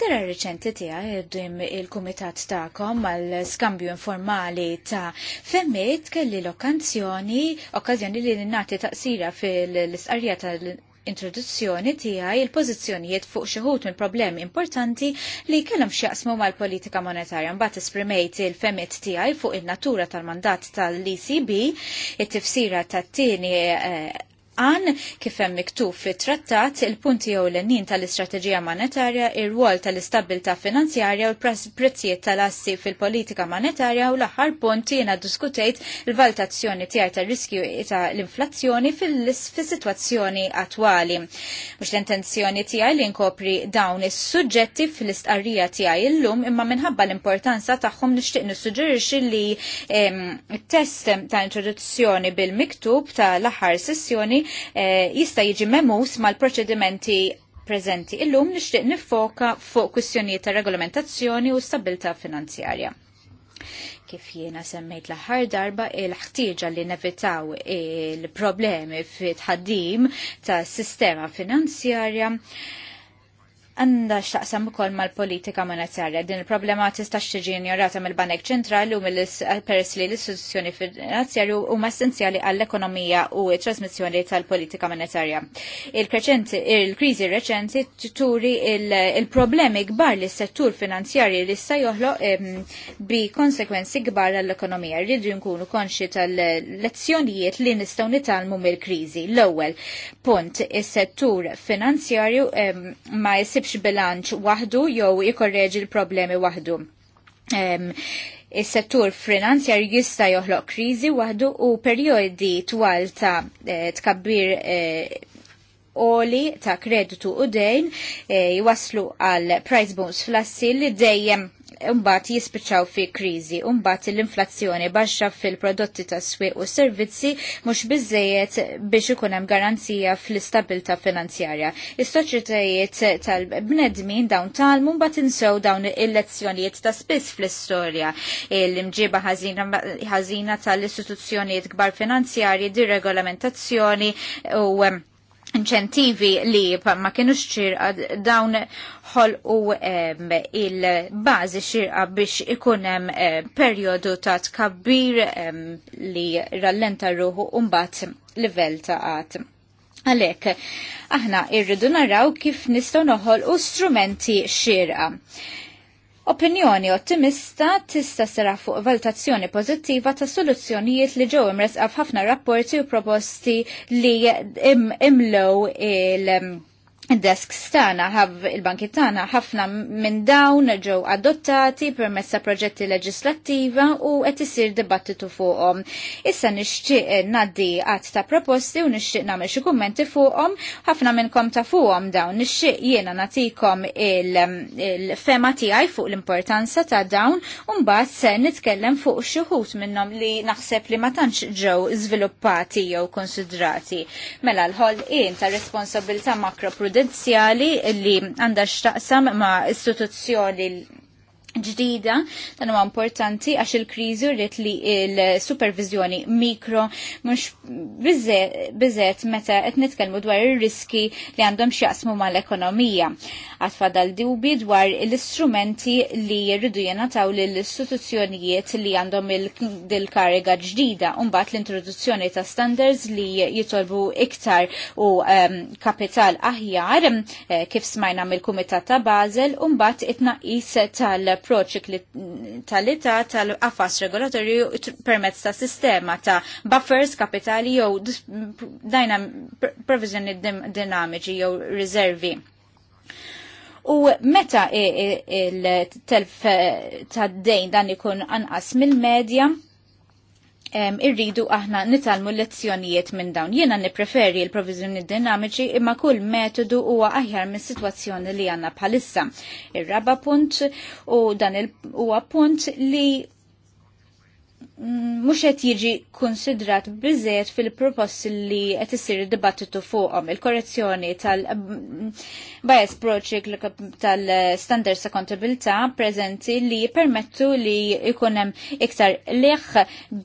Dera reċenti tija dim il-kumitat ta'kom għal skambju informali ta' femmit kelli l-okkanzjoni, okkażjoni li nati taqsira fil-isqarrija tal introduzzjoni tiegħi il-pożizzjonijiet fuq xi ħut minn problemi importanti li kellhom x'jaqsmu mal-politika monetarja mbagħad esprimejt il-femiet tiegħi fuq in-natura tal-mandat tal-ECB, it-tifsira tat-tieni eh, għan kifem miktub fit trattat il-punti u l-nin tal-istrateġija monetarja, ir-rwol tal-istabilta finanzjarja u l prezziet tal-assi fil-politika monetarja u l-aħħar punti jiena diskutejt il-valutazzjoni tiegħi tar-riskju ta' l-inflazzjoni fil-situazzjoni attwali. Mux l-intenzjoni tiegħi li nkopri dawn is-suġġetti fil-istqarrija tiegħi illum imma minħabba l-importanza tagħhom nixtieq nissuġġerixxi li t-test ta' introduzzjoni bil-miktub ta' l-aħħar sessjoni Eh, jista' jiġi memus mal-proċedimenti preżenti. Illum nixtieq nifoka fuq kwistjonijiet ta' regolamentazzjoni u stabilta' finanzjarja. Kif jiena semmejt l-aħħar darba il-ħtieġa li nevitaw il-problemi fit tħaddim ta' sistema finanzjarja għanda x'taqsam ukoll mal-politika monetarja. Din il-problema tista' tiġi ignorata mill-Banek Ċentrali u mill-peress li l-istituzzjoni finanzjarju huma essenzjali għall-ekonomija u t-trasmissjoni tal-politika monetarja. Il-kriżi reċenti turi il-problemi kbar li settur finanzjarji li sta joħloq bi konsekwenzi kbar għall-ekonomija. Rridu nkunu konxi tal-lezzjonijiet li nistgħu nitalmu mill-kriżi. L-ewwel punt is-settur finanzjarju ma jsibx joħroġ bilanċ wahdu jew jikorreġi l-problemi waħdu. Um, Is-settur finanzjar jista' joħloq kriżi waħdu u perjodi twal ta' eh, tkabbir eh, oli ta' kreditu u dejn eh, jwaslu għal price booms flassi li dejjem mbagħad jispiċċaw fi kriżi, umbat mbagħad l-inflazzjoni baxxa fil-prodotti ta' swieq u servizzi mhux biżejjed biex ikun hemm garanzija fl-istabilta finanzjarja. Is-soċjetajiet tal-bnedmin dawn tal mbagħad insew dawn il-lezzjonijiet ta' spiss fl-istorja. L-imġiba ħażina tal-istituzzjonijiet kbar finanzjarji, dir-regolamentazzjoni u inċentivi li ma kienu xċir dawn ħolqu il-bażi xirqa biex ikun hemm perjodu ta' tkabbir li rallenta ruħu u mbagħad livell ta' għat. Għalhekk, aħna irridu naraw kif nistgħu noħolqu strumenti xirqa. Opinjoni ottimista tista' sera fuq valutazzjoni pożittiva ta' soluzzjonijiet li ġew imresqa f'ħafna rapporti u proposti li imlow il- desk stana ħab il-banki tana ħafna minn dawn ġew adottati permessa proġetti leġislattiva u qed isir dibattitu fuqhom. Issa nixtieq eh, naddi għadd ta' proposti u nixtieq nagħmel xi kummenti fuqhom, ħafna minnkom ta' fuqhom dawn. Nixtieq jiena nagħtikom ehm, il-fema tiegħi fuq l-importanza ta' dawn u mbagħad se nitkellem fuq xi wħud minnhom li naħseb li ma tantx ġew żviluppati jew konsidrati. Mela l-ħolqien ta' responsabilità makroprudenzjali konfidenzjali li għandha x'taqsam ma' istituzzjoni ġdida, dan huwa importanti għax il-kriżi rrid li l supervizjoni mikro mhux biżet meta qed nitkellmu dwar ir-riski li għandhom x'jaqsmu mal-ekonomija. Għad fadal dubi dwar l-istrumenti li jridu jenataw lill istituzzjonijiet li għandhom il-kariga ġdida mbagħad l-introduzzjoni ta' standards li jitolbu iktar u kapital aħjar eh, kif smajna mill-Kumitat ta' Basel u mbagħad it-tnaqqis tal approċċ talità tal-qafas regolatorju permezz ta' sistema ta' buffers kapitali jew provizjoni dinamiċi jew riservi. U meta il-telf eh, tad dejn dan ikun anqas mill-medja, um, irridu aħna nitalmu lezzjonijiet minn dawn. Jiena nipreferi l-provizjoni dinamiċi imma kull metodu huwa aħjar minn situazzjoni li għanna bħalissa. Ir-raba punt u dan il huwa punt li mux qed jiġi konsidrat biżiet fil-proposti li qed isir dibattitu fuqhom il-korrezzjoni tal-bias project tal-standards accountability preżenti li permettu li jkun hemm iktar liħ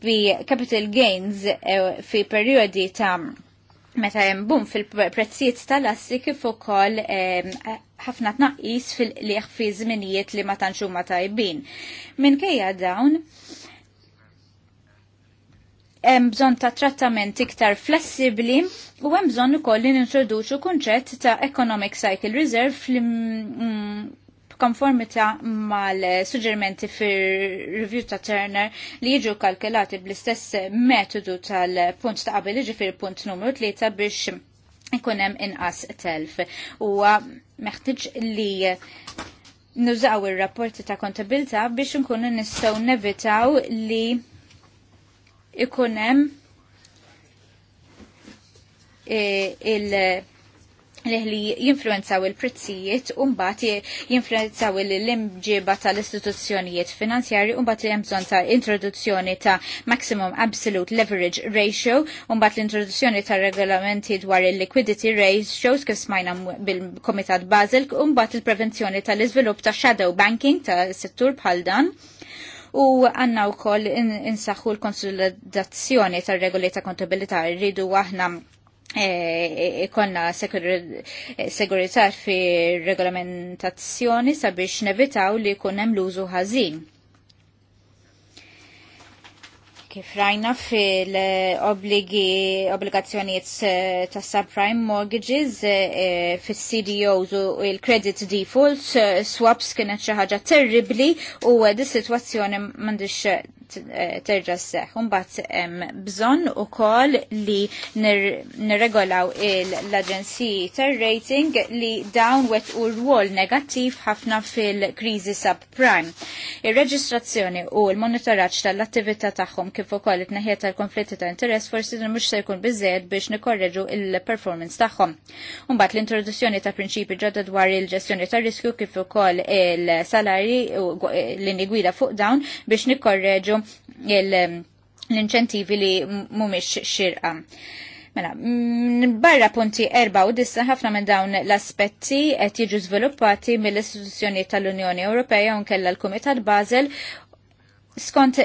bi capital gains eh, fi perjodi ta' meta hemm fil-prezzijiet tal-assi kif ukoll eh, ħafna tnaqqis fil liħ fi żminijiet li ma tantx huma tajbin. Minkejja dawn hemm bżonn ta' trattament iktar flessibbli u hemm bżonn ukoll li nintroduċu kunċett ta' economic cycle reserve fl mm, konformita mal-suġġerimenti fir-review ta' Turner li jiġu kalkelati bl-istess metodu tal-punt ta' qabel ġifir punt numru 3 biex ikunem inqas telf. U meħtieġ li nużaw ir rapporti ta' kontabilta biex nkunu nistgħu nevitaw li ikun hemm eh, il- li jinfluenzaw il-prezzijiet umbat jinfluenzaw l-imġiba tal-istituzzjonijiet finanzjari umbat li jemżon ta' introduzzjoni ta' maximum absolute leverage ratio umbat l-introduzzjoni ta' regolamenti dwar il-liquidity ratios kif smajna bil-Komitat Basel umbat il-prevenzjoni tal-izvilup ta' shadow banking ta' settur bħal dan u għanna u koll insaxu l-konsolidazzjoni tal-regoli ta' kontabilità rridu aħna eh, eh, ikonna segurità eh, fi regolamentazzjoni sabiex nevitaw li kunem hemm l-użu ħażin kif rajna fil-obligi obbligazzjonijiet eh, ta' subprime mortgages fil eh, eh, fis-CDOs u il-credit defaults, swaps kienet xi ħaġa terribli u di situazzjoni m'għandix terġa seħ. Umbat bżon u kol li nirregolaw l-Aġenziji tar-rating li dawn wet u rwol negattiv ħafna fil-krizi subprime. Ir-reġistrazzjoni u l-monitoraġġ tal-attività tagħhom kif ukoll it-naħja tal-konflitti ta' interess forsi mhux se jkun bizzed biex nikorreġu il-performance tagħhom. Umbat l-introduzzjoni ta' prinċipi ġodda dwar il-ġestjoni tar-riskju kif ukoll il-salari l-inni gwida fuq dawn biex nikorreġu Um, l-inċentivi li mumiex xirqa. Mela, barra punti erba u dissa ħafna minn dawn l-aspetti qed jiġu żviluppati mill-istituzzjoni tal-Unjoni Ewropea u nkella l-Kumitat Basel skont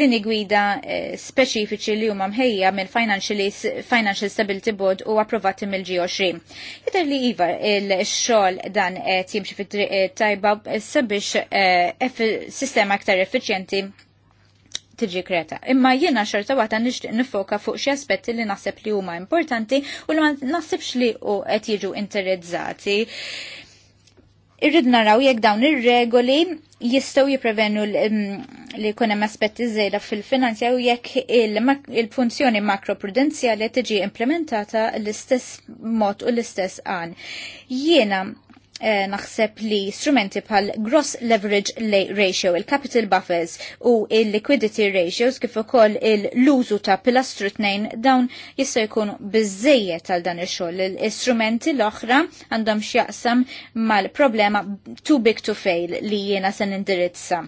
lini gwida eh, speċifiċi li huma mħejja mill Financial, Financial Stability Board u approvati mill-G20. Jidher li iva il-xogħol dan qed jimxi fit-triq eh, tajba sabiex eh, sistema aktar effiċjenti tiġi kreta. Imma jiena xorta għata nixtieq nifoka fuq xi aspetti li naħseb li huma importanti u li ma naħsibx li u qed jiġu interizzati. Irrid naraw jekk dawn ir-regoli jistgħu jipprevenu mm, li jkun hemm aspetti żejda fil-finanzja u jekk il-funzjoni makroprudenzjali tiġi implementata l-istess mod u l-istess għan. Jiena Eh, naħseb li strumenti bħal gross leverage ratio, il-capital buffers u il-liquidity ratios kif ukoll l-użu ta' pilastru tnejn dawn jista' jkun biżejjed għal dan ix-xogħol. L-istrumenti l-oħra għandhom x'jaqsam mal-problema too big to fail li jiena se nindirizza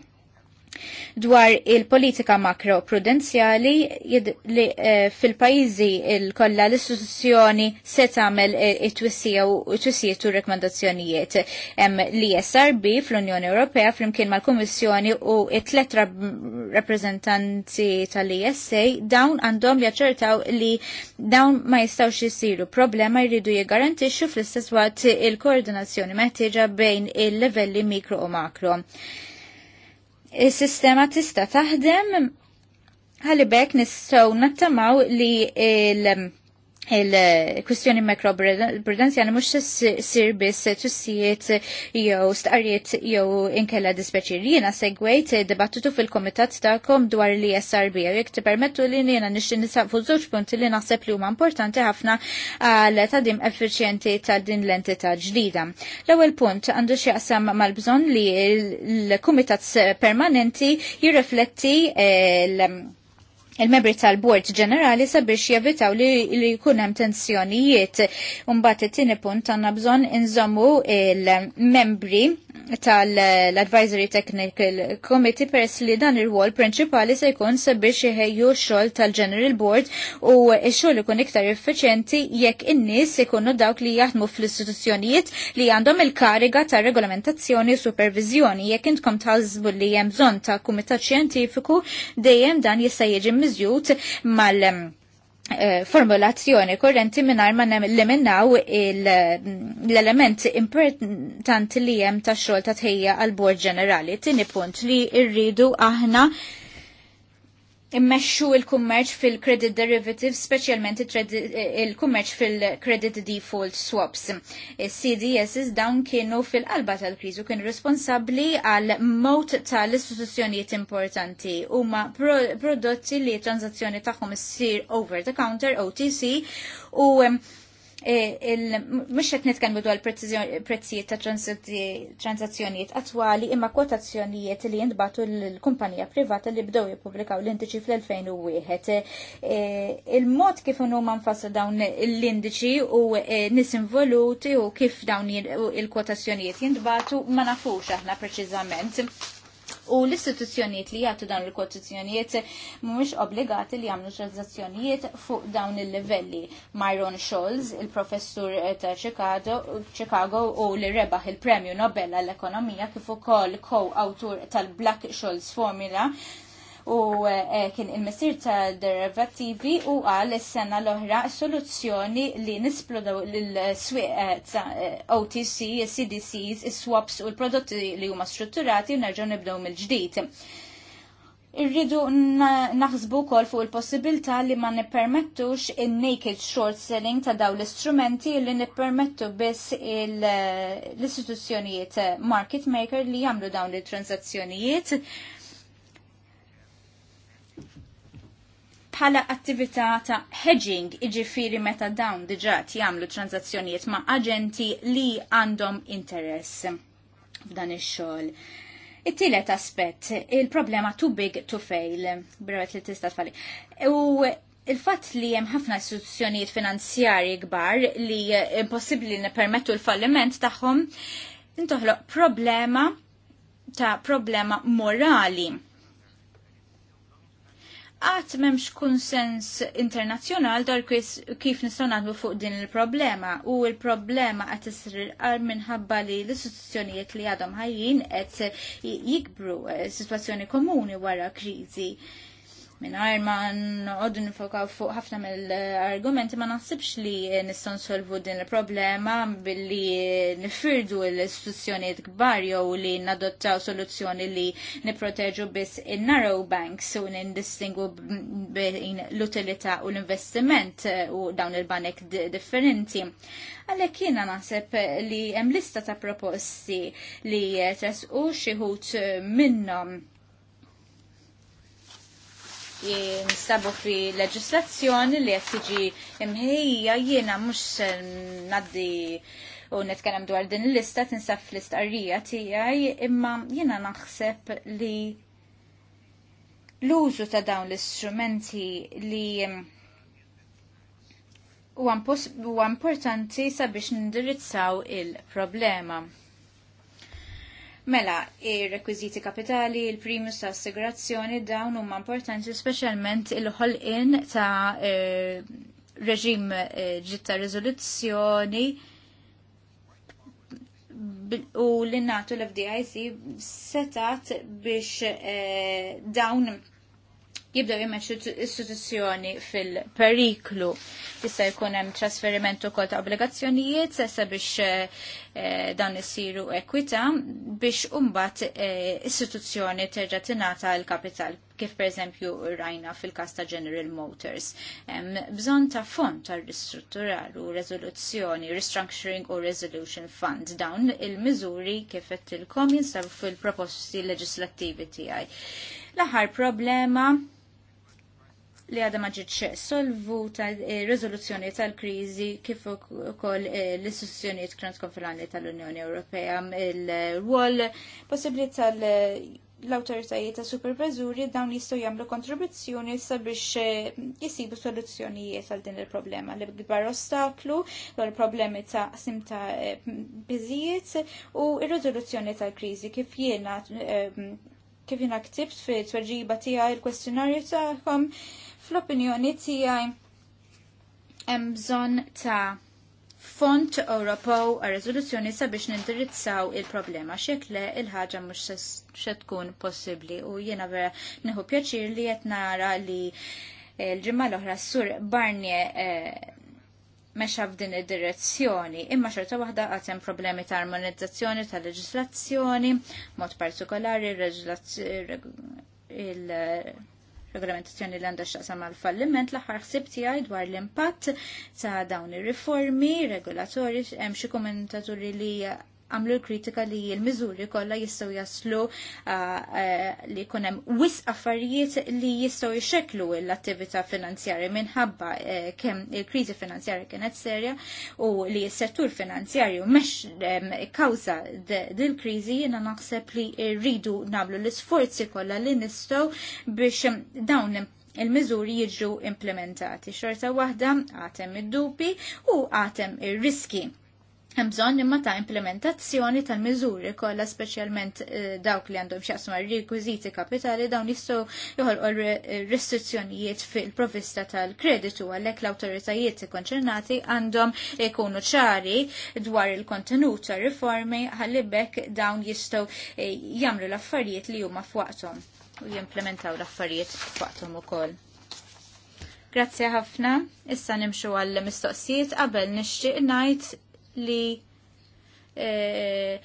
dwar il-politika makroprudenzjali li eh, fil-pajizi il-kolla l-istituzzjoni se tagħmel eh, it-twissija u rekomendazzjonijiet hemm l-ISRB fl-Unjoni Ewropea flimkien mal-Kummissjoni u it-tlet rappreżentanti tal-ISA dawn għandhom jaċċertaw li dawn ma jistgħux jisiru problema jridu jiggarantixxu fl-istess waqt il-koordinazzjoni meħtieġa bejn il-livelli mikro u makro. Is-sistema tista' taħdem ħalibek nistgħu nattamaw li l- il-kwistjoni għana mux sir bis tussijiet jew stqarijiet jew inkella dispeċir. Jiena segwejt dibattitu fil-komitat ta'kom dwar li SRB u jek permettu li jiena nixti nisa żewġ punti li naħseb li huma importanti ħafna għal tadim effiċjenti ta' din l-entità ġdida. L-ewwel punt għandu xi qasam mal-bżonn li l-kumitat permanenti jirrefletti l- il-membri tal-Bord Ġenerali sabiex jevitaw li jkun hemm tensjonijiet. Imbagħad it-tieni punt għandna bżonn inżommu il-membri tal-Advisory Technical Committee peress li dan ir wall prinċipali se jkun sabiex jħejju x-xogħol tal-General Board u x-xogħol ikun iktar effiċenti jekk in-nies ikunu dawk li jaħdmu fl-istituzzjonijiet li għandhom il-kariga ta' regolamentazzjoni u supervizjoni jekk intkom tħassbu li hemm bżonn ta' kumitat xjentifiku dejjem dan jista' jiġi miżjud mal- Eh, formulazzjoni korrenti minar ma l l-element importanti li jem ta' xol ta' tħejja għal-bord ġenerali. Tini punt li irridu aħna immexxu il-kummerċ fil-credit derivatives, speċjalment il-kummerċ fil-credit default swaps. CDSs dawn kienu fil-qalba tal krizu kienu responsabbli għal mot tal-istituzzjonijiet importanti huma prodotti li transazzjoni tagħhom issir over the counter OTC u E, mux qed nitkellmu dwar prezzijiet ta' transazzjonijiet attwali imma kwotazzjonijiet li jintbatu l-kumpanija privata li bdew jippubblikaw l-indiċi fl-2001. E, il-mod kif huma nfasslu dawn l-indiċi u e, nis involuti u kif dawn il-kwotazzjonijiet jintbatu ma nafux aħna preċiżament u l-istituzzjonijiet li jagħtu dawn il-kotizzjonijiet mhumiex obbligati li jagħmlu transazzjonijiet fuq dawn il-livelli. Myron Scholz, il-professur ta' Chicago, Chicago u li rebaħ il-Premju Nobel għall-Ekonomija kif ukoll co-awtur tal-Black Scholz Formula u eh, kien il-messir ta' derivativi u għal is-sena l-oħra soluzzjoni li nisplodaw l-swieq eh, ta' eh, OTC, CDCs, swaps u l-prodotti li huma strutturati u nerġgħu nibdew mill-ġdid. Irridu naħsbu kol fuq il-possibilità li ma nippermettux il-naked short selling ta' daw l-istrumenti li nippermettu biss l-istituzzjonijiet market maker li jamlu dawn l transazzjonijiet bħala attività ta' hedging, iġifiri meta dawn diġa jagħmlu tranzazzjonijiet ma' aġenti li għandhom interess f'dan ix-xogħol. It-tielet aspett, il-problema too big to fail, brewet li tista' tfalli. U il-fatt li hemm ħafna istituzzjonijiet finanzjarji kbar li impossibbli nippermettu l-falliment tagħhom intoħloq problema ta' problema morali għat memx konsens internazjonal dar kif nistaw naħdmu fuq din il-problema u il-problema għat isrir minħabba li l-istituzzjonijiet li għadhom ħajjin għet jikbru eh, situazzjoni komuni wara krizi minn ma nqoddu nifokaw fuq ħafna mill-argumenti ma naħsibx li nistgħu nsolvu din il-problema billi nifirdu l-istituzzjonijiet kbar jew li nadottaw soluzzjoni li nipproteġu biss in-narrow banks u nindistingu bejn l-utilità u l-investiment u dawn il-banek differenti. Għalhekk jiena naħseb li hemm lista ta' proposti li tasqu xieħut minnom minnhom jinsabu fi leġislazzjoni li qed tiġi imħejja jiena mhux naddi u nitkellem dwar din il-lista tinsab fl-istqarrija tiegħi imma jiena naħseb li l-użu ta' dawn l-istrumenti li huwa importanti sabiex nindirizzaw il-problema. Mela, il rekwiziti kapitali, il-primus ta' assigurazzjoni dawn huma importanti speċjalment il in ta' eh, reġim ġitta eh, riżoluzzjoni u l innatu l-FDIC setat biex eh, dawn jibda jimmeċu istituzzjoni fil-periklu. Jista' jkun hemm trasferiment ukoll ta' obbligazzjonijiet sessa biex eh, eh, dan isiru ekwita biex umbat eh, istituzzjoni terġa' tingħata l-kapital kif pereżempju rajna fil-kas ta' General Motors. Bżonn ta' fond ta' ristrutturar u rezoluzzjoni, restructuring u resolution fund dawn il-miżuri kif qed tilkom fil-proposti leġislattivi tiegħi. L-aħħar problema li għadha ma ġietx solvuta eh, riżoluzzjoni tal-kriżi kif ukoll eh, l-istituzzjonijiet transkonfinali tal-Unjoni Ewropea il-rwol eh, possibbli tal- l-autoritajiet ta' supervizuri dawn jistgħu jagħmlu kontribuzzjoni sabiex jisibu soluzzjonijiet għal din il-problema li gbar ostaklu l problemi ta' simta biżijiet u ir-riżoluzzjoni tal-kriżi kif jiena kif jiena ktibt fit tweġiba tiegħi il-kwestjonarju tagħhom. Fl-opinjoni tiegħi hemm bżonn ta' font Ewropew għal riżoluzzjoni sabiex nindirizzaw il-problema x'jekk le il-ħaġa mhux xetkun tkun possibbli u jiena vera nieħu pjaċir li qed nara li eh, l-ġimgħa l-oħra sur Barnie eh, meċa f'din id-direzzjoni, imma xorta waħda għatem problemi ta' armonizzazzjoni ta' leġislazzjoni, mod partikolari il regolamentazzjoni li għandha x'taqsam mal falliment l-aħħar ħsieb tiegħi dwar l-impatt ta' dawn ir-riformi regolatorji hemm xi kommentaturi li għamlu l-kritika li l-miżuri kollha jistgħu jaslu uh, uh, li jkun hemm wis affarijiet li jistgħu jxeklu l-attività finanzjarja minħabba uh, kemm il-kriżi finanzjarja kienet serja u li s-settur finanzjarju mex um, kawża dil-kriżi jiena naħseb li rridu nagħmlu l-isforzi kollha li nistgħu biex um, dawn il-mizuri jiġu implementati. Xorta waħda għatem id-dupi u għatem ir-riski Hemm bżonn imma ta' implementazzjoni tal-miżuri kollha speċjalment eh, dawk li għandhom x'jaqsmu rekwiżiti kapitali dawn jistgħu joħolqu restrizzjonijiet fil-provista tal-kreditu għalhekk l-awtoritajiet konċernati għandhom ikunu ċari dwar il-kontenut ta' riformi ħalli bekk dawn jistgħu eh, jagħmlu l-affarijiet li huma f'waqthom u jimplementaw l-affarijiet f'waqthom ukoll. Grazzi ħafna, issa nimxu għall mistoqsijiet qabel nixtieq ngħid li eh,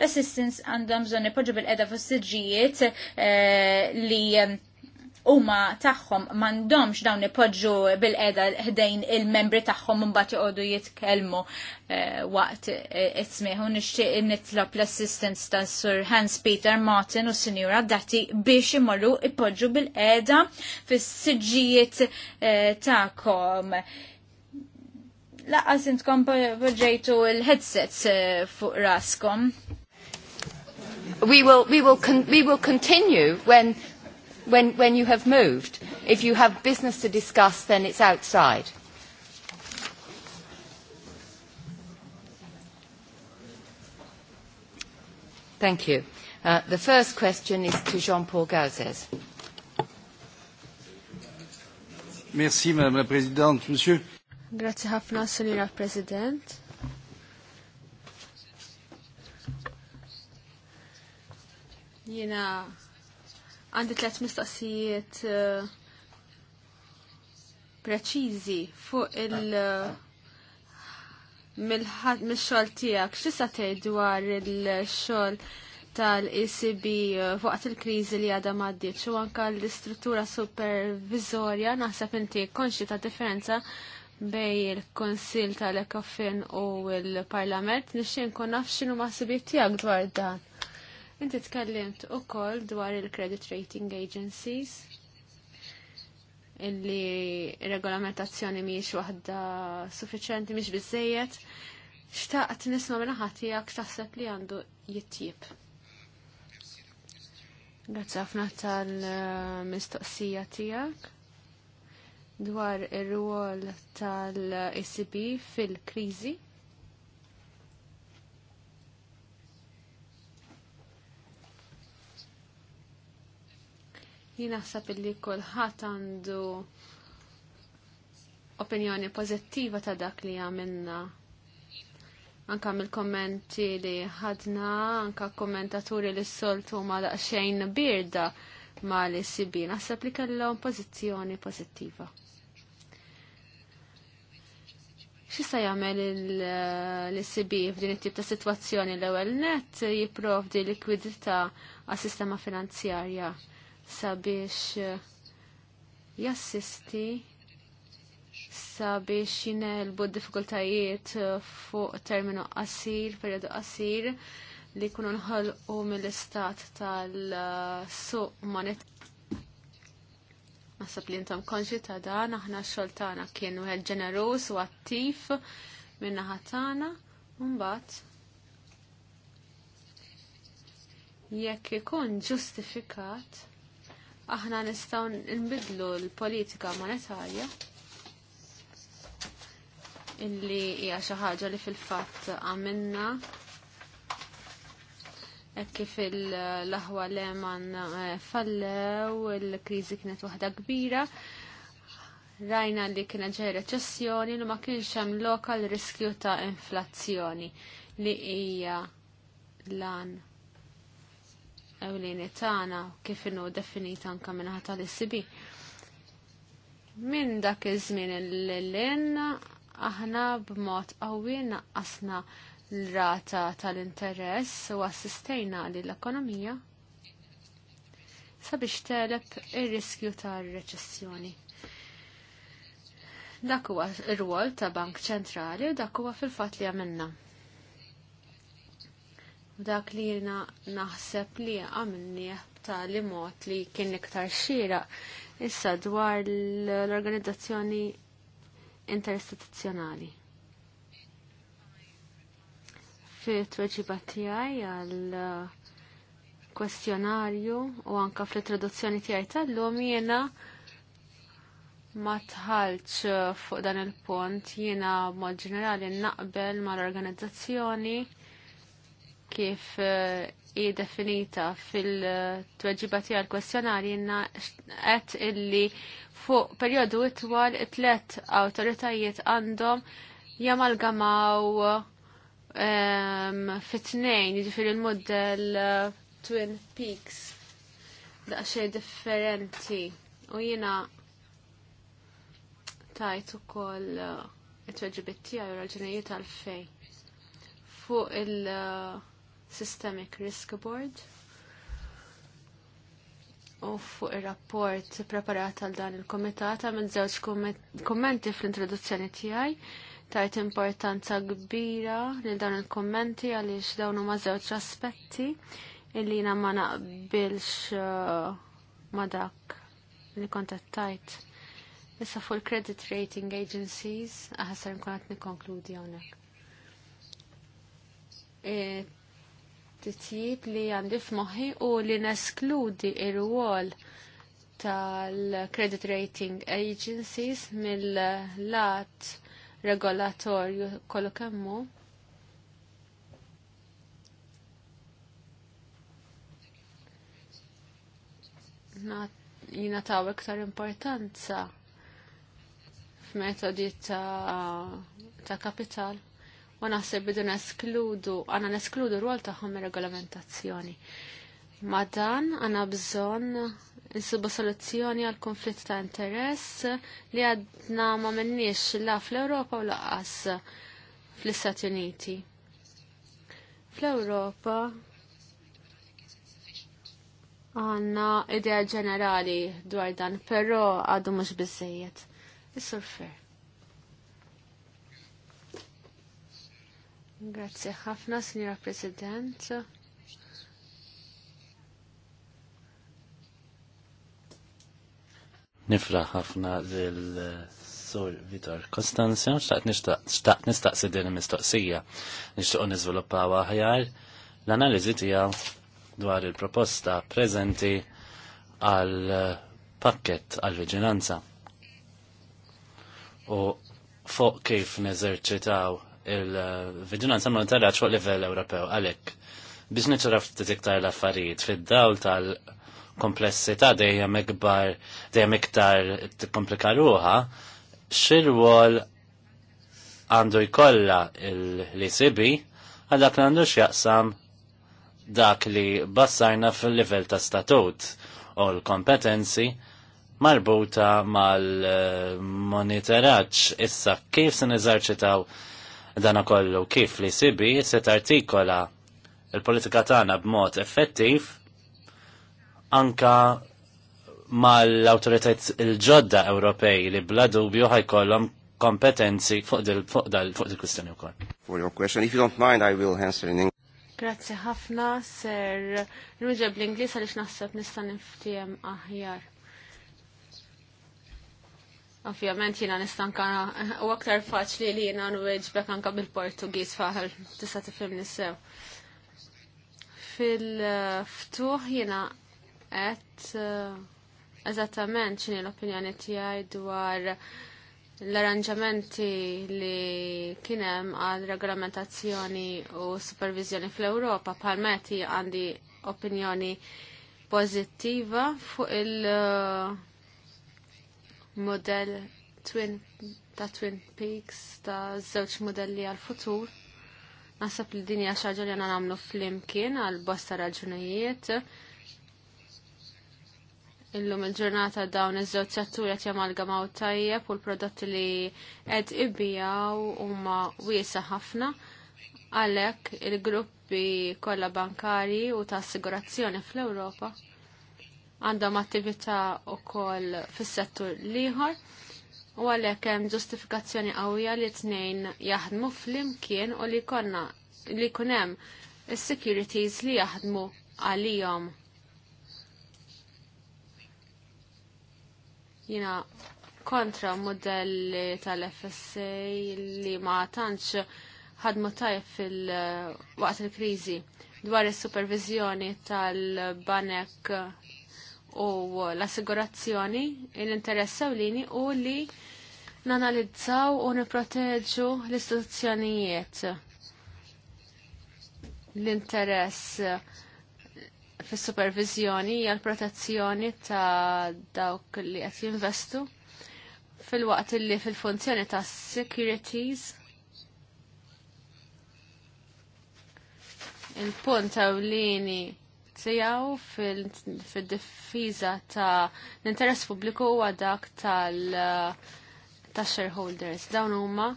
l-assistants għandhom bżonn ipoġġu bil-qeda fuq siġijiet eh, li eh, huma tagħhom m'għandhomx dawn ipoġġu bil-qeda ħdejn il-membri tagħhom mbagħad joqogħdu jitkellmu waqt ismieħu nixtieq nitlob l-assistance ta' Sir Hans Peter Martin u Sinjura Dati biex imorru ipoġġu bil-qeda fis-siġijiet tagħkom. Laqas intkom poġġejtu il headsets eh, fuq raskom. We will, we, will con we will continue when, when, when you have moved. If you have business to discuss, then it's outside. Thank you. Uh, the first question is to Jean-Paul Gauzès. Merci, Madame la Présidente. Monsieur, Grazzi ħafna, Sunira President. Jena għandi tlet mistaqsijiet uh, preċiżi fuq il- uh, mill-xol tijak, xissa tgħid dwar il-xol tal-ECB waqt uh, il-kriżi li għadha m'għaddiet u anka l-istruttura supervizorja naħseb inti konxi ta' differenza bej il-Konsil tal-Ekofin u il-Parlament nixin kun naf xinu ma tijak dwar dan. Inti tkellimt u koll dwar il-Credit Rating Agencies illi regolamentazzjoni miex wahda suffiċenti miex bizzejiet. Xtaqt nisma minna ħati taħseb li għandu jittjib. Għazzafna ħafna tal-mistoqsija tijak dwar ir-rwol tal-ECB fil-kriżi. Jien naħseb illi kulħadd għandu opinjoni pożittiva ta' dak li għamilna anka mill-kommenti li ħadna, anka kommentaturi li s-soltu ma laqxejn birda ma l s naħseb li kellhom pożizzjoni pożittiva sa jagħmel l-CB f'din it-tip ta' sitwazzjoni l-ewwel net jipprovdi likwidità għas-sistema finanzjarja sabiex eh, jassisti sabiex jinelbu d-diffikultajiet eh, fuq terminu qasir, periodu qasir li kunu nħolqu mill-istat tal-suq eh, monetarju Nasab li intom konġi ta' dan, aħna xoltana kien u ġenerus u attiv minna ħatana, unbat. Jekk ikun ġustifikat, aħna nistaw nbidlu l-politika monetarja illi hija xi ħaġa li fil-fatt għamilna kif il aħwa Leman eh, fallew, il-krizi kienet waħda kbira. Rajna li kiena ġej reċessjoni li ma kienx hemm lokal riskju ta' inflazzjoni li hija lan ewlieni tagħna kif inhu definita anke minn ħata l-ICB. Minn dak iż-żmien l-lin aħna b'mod qawwi naqqasna l-rata tal-interess u assistejna li l-ekonomija sabiex teleb ir-riskju tar-reċessjoni. Dak huwa r-rwol ta' Bank Ċentrali u dak huwa fil-fatt li għamilna. Dak li jiena naħseb li għamilni ta' li mod li kien iktar xira issa dwar l-organizzazzjoni interistituzzjonali. fit-tweġiba tiegħi għal uh, kwestjonarju u anka fl traduzzjoni tiegħi tal-lum jiena ma uh, fuq dan il-pont jiena mod ġenerali naqbel mal-organizzazzjoni kif uh, i definita fil-tweġiba tiegħi l-kwestjonarji jiena għet illi fuq perjodu itwal it-tlet awtoritajiet għandhom jamalgamaw fit-tnejn, jiġifieri l-modell uh, Twin Peaks xejn differenti u jiena tajt ukoll uh, it tweġibit tiegħi u raġunijiet għalfejn fuq il-Systemic uh, Risk Board u fuq ir-rapport preparat għal dan il kumitata minn żewġ kummenti fl-introduzzjoni tiegħi tajt importanza kbira li dawn il-kommenti għaliex dawn huma żewġ aspetti illi jiena ma naqbilx uh, ma dak li kontattajt. Issa fuq il-credit rating agencies aħasar nkun qed nikkonkludi hawnhekk. E, li għandi f'moħħi u li neskludi ir-rwol tal-credit rating agencies mill-lat regolatorju kollu kemmu. Jina taw iktar importanza f'metodi ta', ta kapital u naħseb bidu neskludu, għana neskludu rwol rol taħħom regolamentazzjoni. Ma dan għana bżon nsibu soluzzjoni għal konflitt ta' interess li għadna ma minniex la fl-Europa u laqas fl-Istati Uniti. Fl-Europa għanna idea ġenerali dwar dan, pero għadu mux bizzejiet. Is-surfer. Grazie ħafna, Signora President. Nifra ħafna lil Sur Vitor Kostanzja, xtaqt nistaqsi din il-mistoqsija, nixtuq niżviluppaw aħjar l-analiżi tiegħu dwar il-proposta preżenti għal pakket għal vigilanza u fuq kif neżerċitaw il-viġinanza monetarja fuq livell Ewropew għalhekk biex niċraf t-tiktar l-affarijiet fid-dawl tal- komplessità dejjem dejja dejjem iktar komplika ruha, xirwol għandu jkollha l-ECB għal dak għandu x'jaqsam dak li bassajna fil-livell ta' statut u l-kompetenzi marbuta mal-monitoraċ issa kif se niżarċitaw dana kollu kif li sibi se tartikola il-politika tagħna b'mod effettiv anka mal-autoritajt il-ġodda Ewropej li bla dubju ħajkollhom kompetenzi fuq dil fuq dal fuq dil kwistjoni wkoll. For your question, if you don't mind, I will answer in English. Grazzi ħafna, ser nuġeb l-Inglis għaliex naħseb nistan niftijem aħjar. Ovvjament jina kana u aktar faċli li jina nweġbek bekanka bil-Portugiż faħal tista' tifhimni sew. Fil-ftuħ jina qed eh, eżattament x'inhi l-opinjoni tiegħi dwar l-arranġamenti li kienem għal regolamentazzjoni u supervizjoni fl-Europa palmeti għandi opinjoni pozittiva fuq il-modell eh, twin, ta' Twin Peaks ta' żewġ modelli għal-futur. Nasab li dinja xaġa li għana namlu fl-imkien għal-bosta raġunijiet illum il-ġurnata dawn iż-żewġ setturi qed jamalgamaw tajjeb u l-prodotti li qed ibbijaw huma wiesa ħafna għalhekk il-gruppi kollha bankari u ta' assigurazzjoni fl-Ewropa għandhom attività wkoll fis-settur l-ieħor u għalhekk hemm ġustifikazzjoni qawwija li tnejn jaħdmu flimkien u li konna li jkun hemm is-securities li jaħdmu għalihom Jina kontra modelli tal-FSA li ma tantx ħadmu tajf fil-waqt il-krizi dwar il-supervizjoni tal-banek u l-assigurazzjoni il-interessaw lini u li nanalizzaw u niproteġu l-istituzzjonijiet l-interess fis-supervizjoni hija l-protezzjoni ta' dawk li qed jinvestu fil-waqt li fil-funzjoni ta' securities il-punt ewlieni tiegħu fil-diffiża ta' l-interess pubbliku huwa dak tal- ta' shareholders. Dawn huma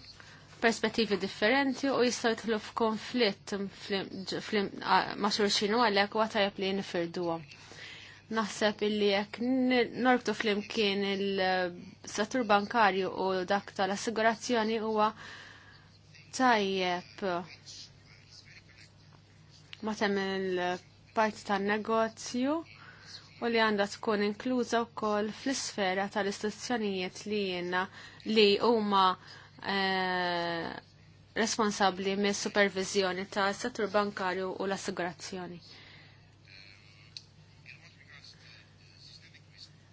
perspettivi differenti u jistaw jitħlu f'konflitt ma' xurxinu għalek u għatajab li nifirdu Naħseb illi jekk norktu flimkien il-settur bankarju u dak tal-assigurazzjoni huwa tajjeb ma' temm il-parti tan-negozju u li għandha tkun inkluża wkoll fl-isfera tal-istituzzjonijiet li jiena li huma Eh, responsabbli mis supervizjoni ta' settur bankarju u l-assigurazzjoni.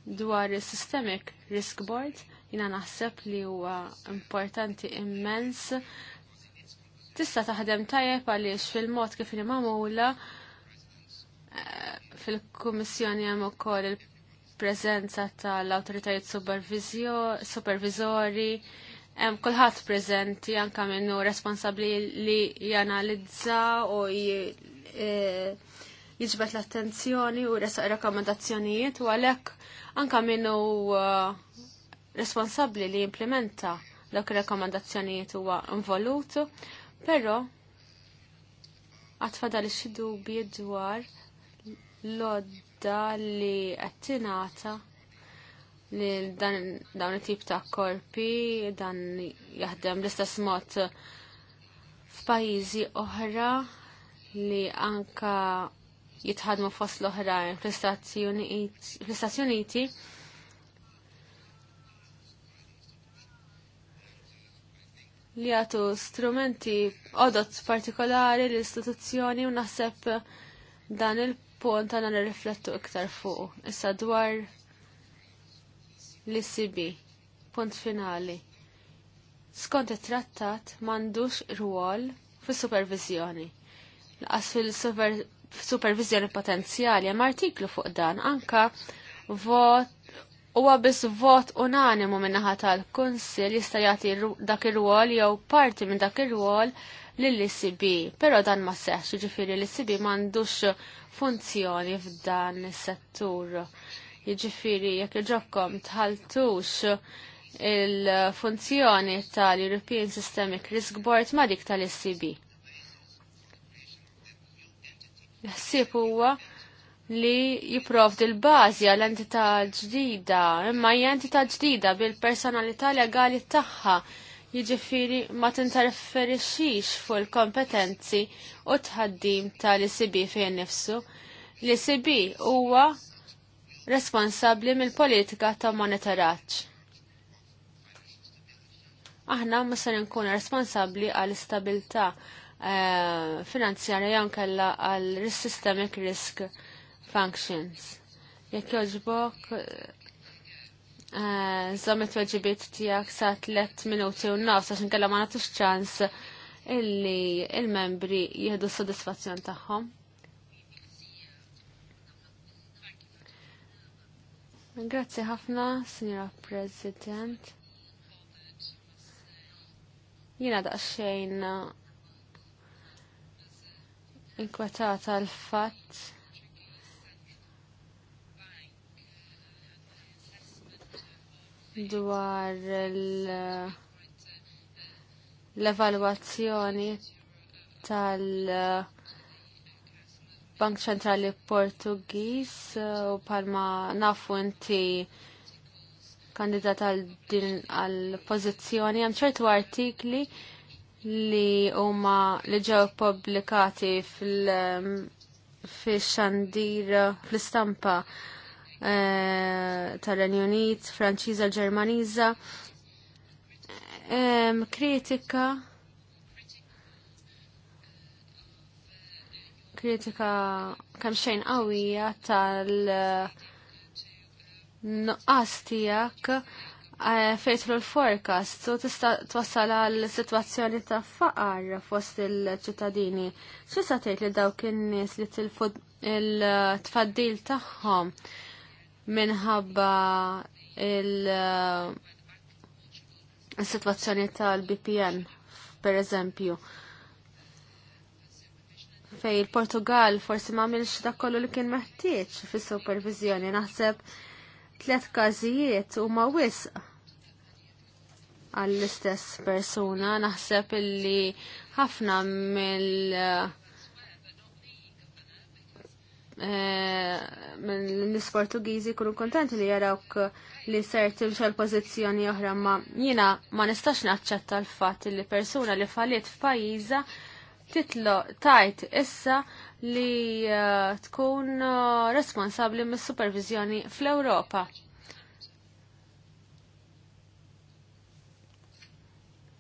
Dwar il-Systemic Risk Board, jina naħseb li huwa importanti immens tista' taħdem tajjeb għaliex fil-mod kif li magħmula eh, fil-Kummissjoni hemm ukoll il-preżenza tal-awtoritajiet supervizori, hemm kulħadd preżenti anke minnu responsabbli li janalizza u e, jiġbet l-attenzjoni u resaq rakkomandazzjonijiet u għalhekk anke minnu e, responsabbli li jimplementa dak ir-rakkomandazzjonijiet huwa involutu, però għatfadal ix-xi dubji dwar l-odda li qed tingħata li dan dawn it-tip ta' korpi dan jaħdem l-istess mod f'pajjiżi oħra li anka jitħadmu fost l-oħrajn fl-Istati Uniti li għatu strumenti odot partikolari l-istituzzjoni u naħseb dan il-punt għana riflettu iktar fuq. Issa dwar l-sibi, punt finali. Skont it-trattat mandux rwol fis-supervizjoni. Laqas fil-supervizjoni potenzjali hemm artiklu fuq dan anka vot huwa biss vot unanimu min-naħa tal-Kunsill jista' jagħti dak ir-rwol jew parti minn dak ir-rwol lill-ICB, però dan ma seħx, ġifiri l-ICB m'għandux funzjoni f'dan is-settur. Jiġifieri jekk iġokkom tħaltux il-funzjoni tal-European Systemic Risk Board ma dik tal-SCB. L-ħsieb huwa li jiprovdi l-bazi għal entità ġdida, imma hija entità ġdida bil-personalità legali tagħha jiġifieri ma tinterferixxix fuq il-kompetenzi u tħaddim tal-ICB fejn nifsu. L-ICB huwa responsabbli mill-politika ta' monetaraċ. Aħna ma se nkunu responsabbli għall istabilità eh, finanzjarja jew kella għal systemic risk functions. Jekk joġbok eh, żommet it tiegħek sa' tliet minuti u nofs, għax inkella ma' nagħtux ċans illi il-membri jieħdu s-sodisfazzjon tagħhom. Grazie ħafna, Signora President. Jina daqxejn inkwetata l-fatt dwar l-evalwazzjoni tal- Bank Ċentrali Portugiż eh, u palma nafu inti kandidat għal din għal pożizzjoni hemm ċertu artikli li huma li ġew publikati fil ehm, fix-xandir fl-istampa eh, tal-Renju Unit, Franċiża, Ġermaniża. Ehm, kritika kritika kemm xejn qawwija tal nuqqas tiegħek eh, fejtlu l-forecast u tista' twassal għal sitwazzjoni ta' faqar fost il-ċittadini. sa tgħid li dawk in-nies li tilfu il-tfaddil tagħhom minħabba il-sitwazzjoni eh, tal-BPN, per eżempju fej il-Portugal forsi ma għamilx dak kollu li kien meħtieġ fis-supervizjoni naħseb tliet każijiet huma wisq għall-istess persuna naħseb illi ħafna mill eh, mill-nis Portugiżi kunu kontenti li jarawk li ser timxel pożizzjoni oħra ma jiena ma nistax naċċetta l-fatt li persuna li falit f'pajjiża titlo tajt issa li eh, tkun eh, responsabli mis supervizjoni fl-Europa.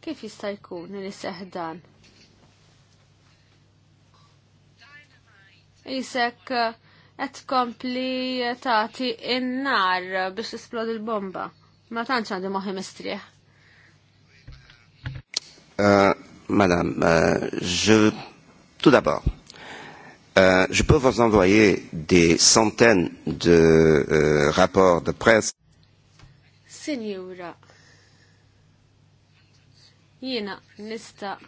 Kif jista' jkun li seħdan? Isek eh, qed tkompli tagħti in-nar biex isplod il-bomba. Ma tantx għandhom moħħi mistrieħ. Uh, Madame, euh, je, tout d'abord, euh, je peux vous envoyer des centaines de euh, rapports de presse. Signora, jina nista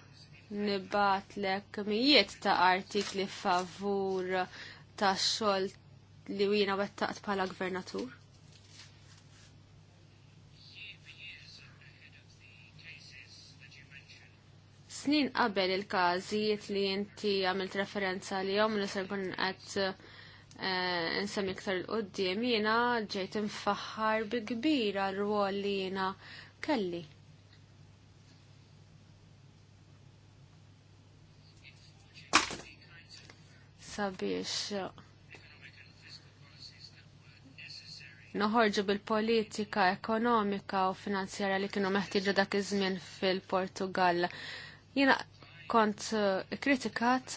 nibatlek mijiet ta' artikli favur ta' xol li jina wettaqt pala gvernatur. snin qabel il-każijiet li inti għamilt referenza li jom li ser kun eh, nsemmi iktar il-qoddim jina ġejt infaħħar bi kbira l-rwol li jina kelli. Sabiex noħorġu bil-politika ekonomika u finanzjara li kienu meħtieġu dak iż-żmien fil-Portugal jina kont eh, kritikat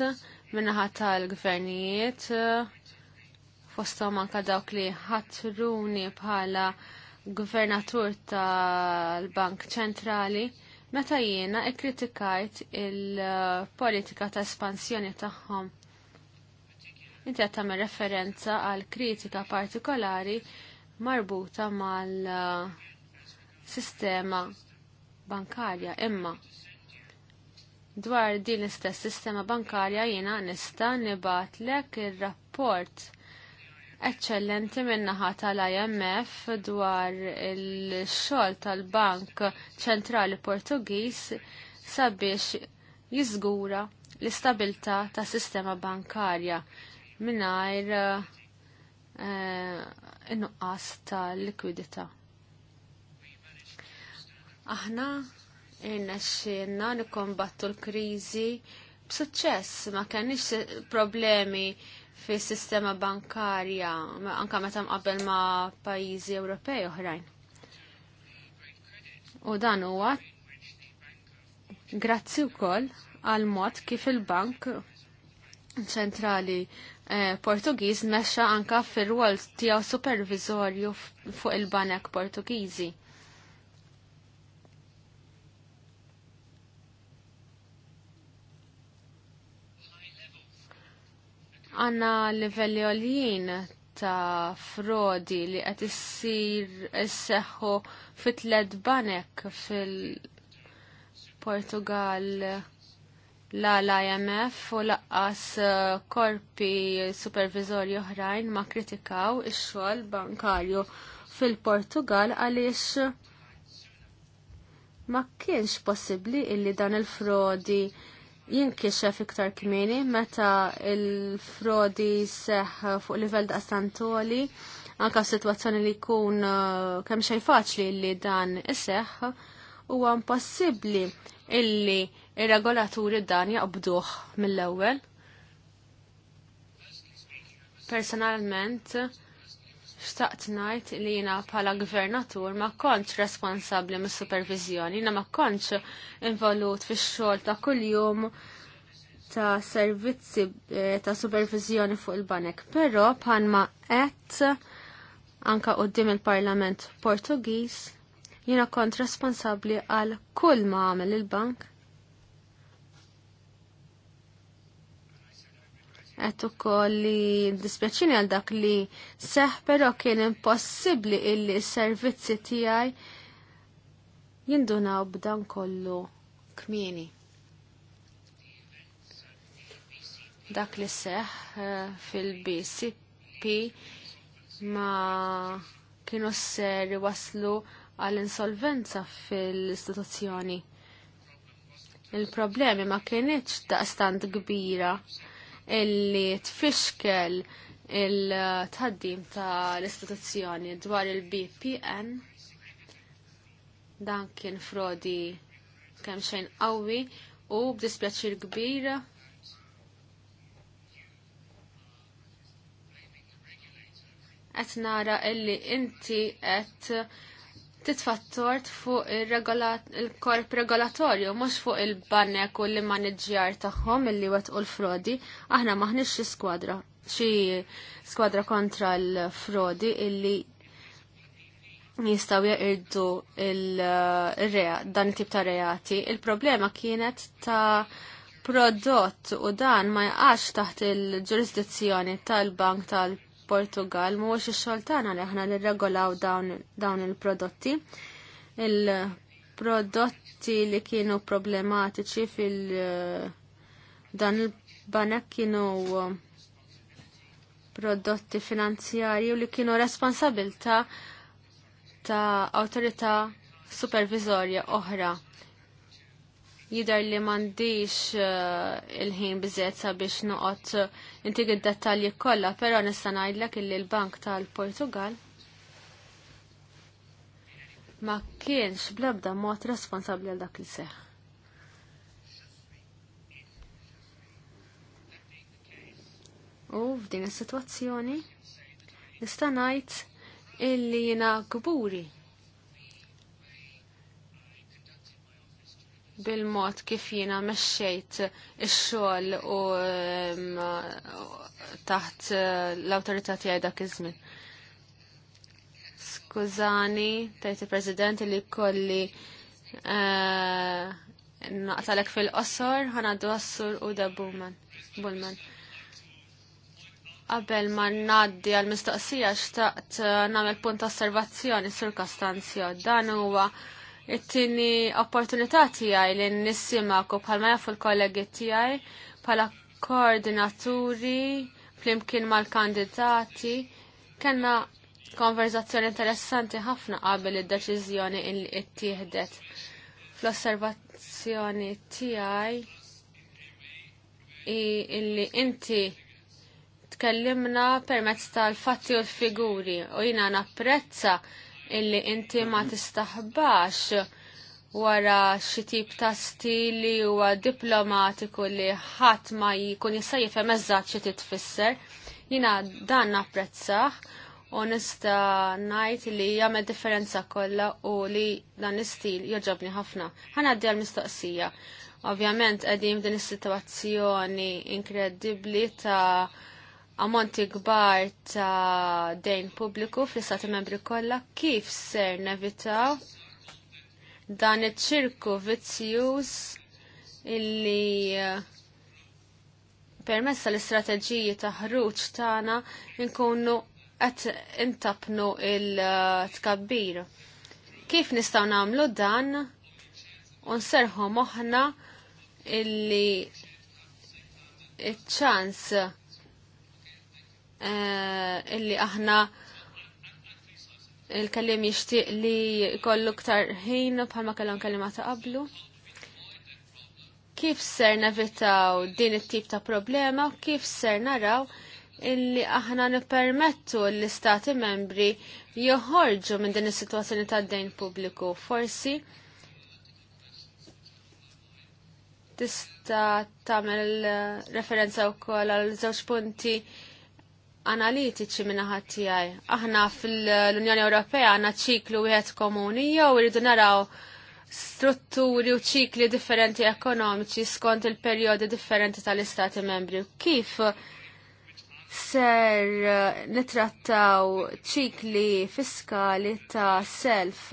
minnaħa tal-gvernijiet eh, fostom anka dawk li ħatruni bħala gvernatur tal-Bank Ċentrali meta jiena kritikajt il-politika ta' espansjoni tagħhom. Inti qed tagħmel referenza għal kritika partikolari marbuta mal-sistema eh, bankarja imma Dwar din l-istess sistema bankarja jiena nista' nibatlek ir-rapport Eccellenti minnaħa tal-IMF dwar il-xol tal-Bank ċentrali Portugiż sabiex jiżgura l-istabilta ta' sistema bankarja minnajr eh, innuqqas ta' likwidità. Aħna jenna xienna nikombattu l-krizi b'suċċess, ma kenniex problemi fis sistema bankarja, anka meta mqabbel ma' pajjiżi Ewropej oħrajn. U dan huwa grazzi wkoll għal mod kif il-Bank ċentrali eh, Portugiż mexxa anka fir-rwol tijaw supervizorju fuq il-banek Portugiżi. Għanna livelli għoljien ta' frodi li qed issir isseħħu fit-tled banek fil-Portugal la l-IMF u laqqas eh, korpi supervizorji oħrajn ma kritikaw ix-xogħol bankarju fil-Portugal għaliex ma kienx possibbli illi dan il-frodi jinkixef iktar kmini meta il-frodi seħ fuq livell santoli anka situazzjoni li jkun uh, kemm xejn faċli li dan isseħ huwa impossibbli illi ir-regolaturi dan jaqbduh mill-ewwel. Personalment, xtaqt najt li jina pala gvernatur ma kontx responsabli mis supervizjoni jina ma kontx involut fi xol ta' kull-jum ta' servizzi eh, ta' supervizjoni fuq il-banek, pero ma et anka qoddim il-Parlament Portugiż jina kont responsabli għal kull ma għamel il-bank Għet u li dispjaċini għal dak li seħ, pero kien impossibli illi servizzi tijaj jindunaw b'dan kollu kmini. Dak li seħ eh, fil-BCP ma kienu ser waslu għal-insolvenza fil-istituzzjoni. Il-problemi ma kienieċ daqstant kbira illi tfixkel il-tħaddim ta' l-istituzzjoni dwar il-BPN dan kien frodi kemm xejn qawwi u b'dispjaċir kbir qed nara illi inti qed titfattort fuq il-korp regolatorju, mux fuq il-bannek u l-manager taħħom il-li wet u l-frodi, aħna maħnix xi skwadra, xi skwadra kontra l-frodi illi jistaw jaqirdu il-rea, dan tip ta' reati. Il-problema kienet ta' prodott u dan ma jaqax taħt il-ġurisdizzjoni tal-bank tal Portugal mhuwiex ix-xogħol tagħna li aħna nirregolaw dawn il-prodotti. Il-prodotti li kienu problematiċi fil- eh, dan il-banek kienu eh, prodotti finanzjarji li kienu responsabilta ta' autorita' supervizorja oħra jidher li m'għandix eh, il-ħin biżiet sabiex noqgħod eh, inti id-dettalji kollha, però nista' ngħidlek illi l-Bank tal-Portugal ma kienx blabda mod responsabbli għal dak li seħ. U f'din is-sitwazzjoni nista' ngħid illi jiena kburi bil-mod kif jiena mexxejt ix-xogħol u taħt eh, l-awtorità tiegħi dak iż-żmien. Skużani, tajt il-President li kolli eh, naqtalek fil-qosor, ħanaddu għassur u da Bullman. Qabel ma naddi għal mistoqsija xtaqt eh, nagħmel punt osservazzjoni sur Kastanzjo. Dan huwa it-tini opportunità tiegħi li nissimak ku bħalma jafu l-kollegi tiegħi bħala koordinaturi flimkien mal-kandidati kellna konverzazzjoni interessanti ħafna qabel id-deċiżjoni li it-tihdet Fl-osservazzjoni tiegħi illi inti tkellimna permezz tal-fatti u l-figuri u jina napprezza illi inti ma tistaħbax wara xi tip ta' stili huwa diplomatiku li ħadd ma jkun jista' jifhem eżatt xi titfisser. Jiena dan napprezzah u nista' ngħid li jagħmel differenza kollha u li dan l-istil joġobni ħafna. Ħanaddi għall-mistoqsija. Ovvjament qegħdin din is-sitwazzjoni inkredibbli ta' ammonti kbar ta' dejn pubbliku fl-istati membri kollha kif ser nevitaw dan iċ-ċirku vizzjuż illi eh, permessa l-istrateġiji ta' ħruġ tagħna nkunu qed intabnu l tkabbir Kif nistgħu nagħmlu dan u nserħu moħħna illi iċ-ċans il Eh, illi aħna il-kellim jixtieq li jkollu ktar ħin bħalma kellhom kelima ta' qablu. Kif ser nevitaw din it-tip ta' problema u kif ser naraw illi aħna nippermettu l-istati membri joħorġu minn din is-sitwazzjoni tad-dejn pubbliku. Forsi tista' tagħmel referenza wkoll għal żewġ punti analitiċi minnaħat tiegħi. Aħna fil-Unjoni Ewropea għandna ċiklu wieħed komuni jew rridu naraw strutturi u ċikli differenti ekonomiċi skont il-perjodi differenti tal-Istati membri. Kif ser eh, nitrattaw ċikli fiskali ta' self,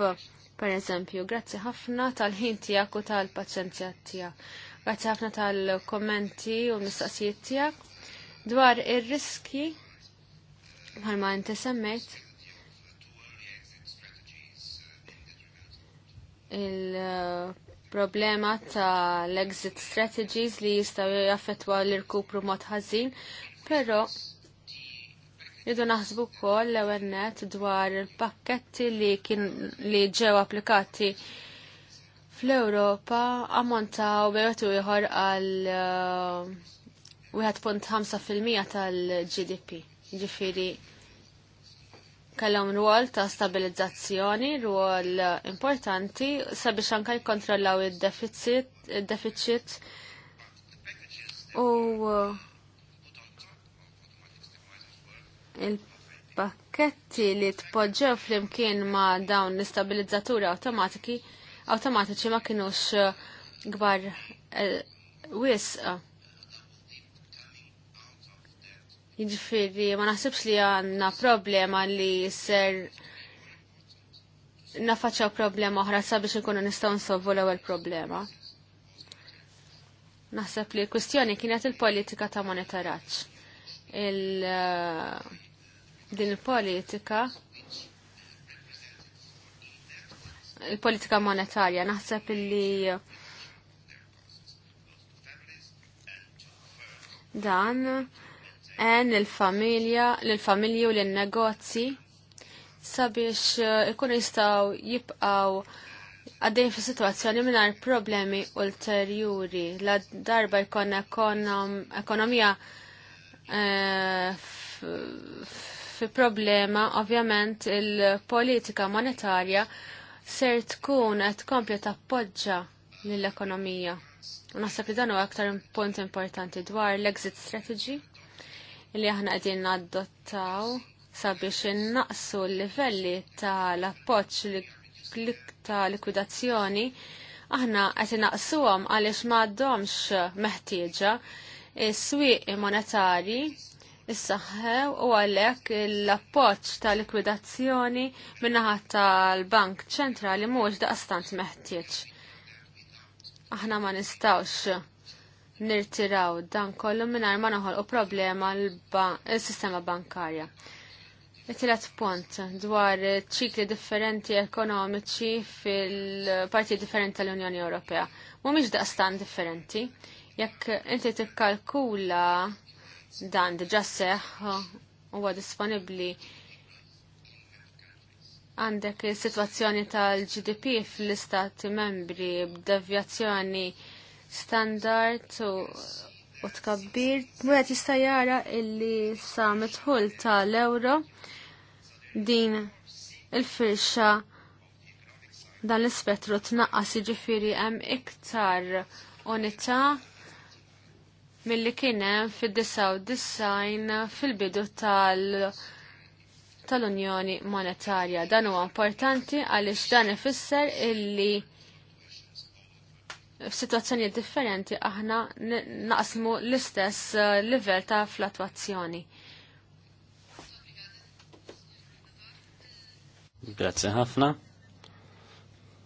per eżempju, grazzi ħafna tal-ħin tijak u tal pacenzja tijak. Grazzi ħafna tal-kommenti u mistaqsijiet tijak dwar ir-riski bħalma inti semmejt il-problema ta' l-exit strategies li jistaw jaffetwa l-irkupru mod ħażin, però Jidu naħsbu kol l net dwar il-pakketti li, kien, li ġew applikati fl-Europa ammontaw bejtu jħor għal 1.5% uh, tal-GDP ġifiri kellhom rwol ta' stabilizzazzjoni, rwol importanti sabiex anka jkontrollaw id-deficit, id-deficit u il-pakketti li tpoġġew flimkien ma' dawn l-istabilizzaturi awtomatiki awtomatiċi ma kienux eh, gbar eh, wisq Jiġifieri ma naħsibx li għandna problema li ser nafaċċaw problema oħra sabiex ikunu nistgħu nsolvu l-ewwel problema. Naħseb li l-kwistjoni kienet il-politika ta' monitoraġġ. Il eh, din il-politika il-politika monetarja naħseb li dan en il-familja, l-familji u l negozzi sabiex eh, ikun jistaw jibqaw għaddejn fi situazzjoni minar problemi ulterjuri. La darba jkun ekonom, ekonomija eh, fi problema, ovvjament il-politika monetarja ser tkun qed tkompli tappoġġa lill-ekonomija. U naħseb li dan huwa aktar punt importanti dwar l-exit strategy li aħna qegħdin nadottaw sabiex innaqsu l-livelli tal-appoġġ ta' likwidazzjoni aħna qed innaqsuhom għaliex m'għadhomx meħtieġa is swiq monetari issaħħew u għalhekk l-appoġġ ta' likwidazzjoni min-naħa tal-Bank Ċentrali mhuwiex daqstant meħtieġ. Aħna ma nistawx nirtiraw dan kollu mingħajr ma u problema l-sistema bankarja. Il-tilat punt dwar ċikli differenti ekonomiċi fil-parti differenti tal-Unjoni Ewropea. Mhumiex daqstan differenti. Jekk inti tikkalkula dan diġa' seħħ huwa disponibbli għandek is-sitwazzjoni tal-GDP fl-istati membri b'devjazzjoni standard u tkabbir, mwet jista jara illi sa mitħol ta' l-euro din il-firxa dan l-ispettru tnaqqas iġifiri hemm iktar unità milli kien hemm fid-design fil-bidu tal- tal-Unjoni Monetarja. Dan huwa importanti għaliex dan ifisser illi f-situazzjoni differenti aħna naqsmu l-istess eh, livell ta' flattuazzjoni. Grazzi ħafna.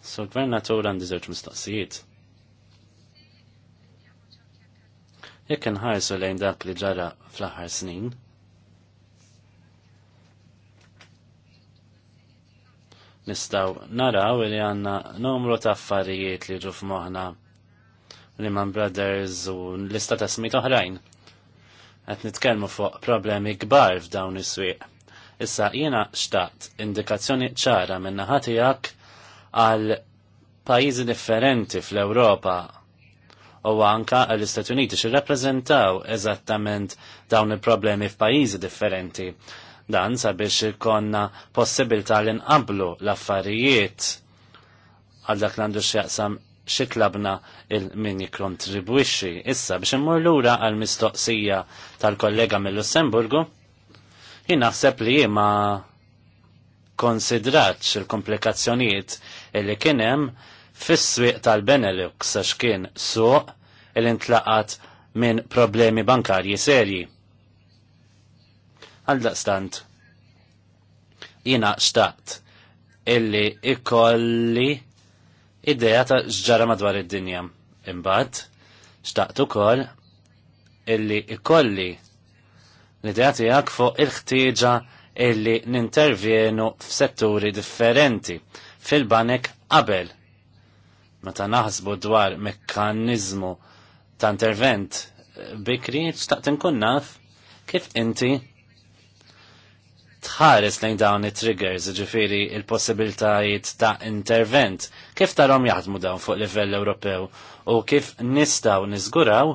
So gvernatur għan żewġ mistoqsijiet. Jekk inħarsu lejn dak li ġara fl-aħħar snin, nistaw naraw li għanna numru ta' affarijiet li ġu f'moħna Lehman Brothers u l-lista ta' smit oħrajn. Qed nitkellmu fuq problemi kbar f'dawn is-swieq. Issa jiena xtaqt indikazzjoni ċara minn naħa tiegħek għal pajjiżi differenti fl-Ewropa u anka għall istati Uniti xirrappreżentaw eżattament dawn il-problemi f'pajjiżi differenti. Dan sabiex ikonna possibilità li nqablu l-affarijiet għal dak l-għandu xjaqsam xi il-min kontribwixi. Issa biex immur lura għal mistoqsija tal-kollega mill-Lussemburgu, jien naħseb li ma konsidratx il-komplikazzjonijiet il kien hemm fis-swieq tal-Benelux għax kien suq il intlaqat minn problemi bankarji serji. Għaldaqstant, jina xtaqt illi ikolli I-deja ta' xġara madwar id-dinja. Imbagħad xtaqtu kol, illi ikolli l-idea tiegħek fuq il-ħtieġa illi nintervjenu f'setturi differenti fil-banek qabel. Meta naħsbu dwar mekkaniżmu ta' intervent bikri xtaqt inkun naf kif inti tħares lejn dawn it-triggers, ġifiri il-possibilitajiet ta' intervent, kif tarom jaħdmu dawn fuq livell Ewropew u kif nistaw nizguraw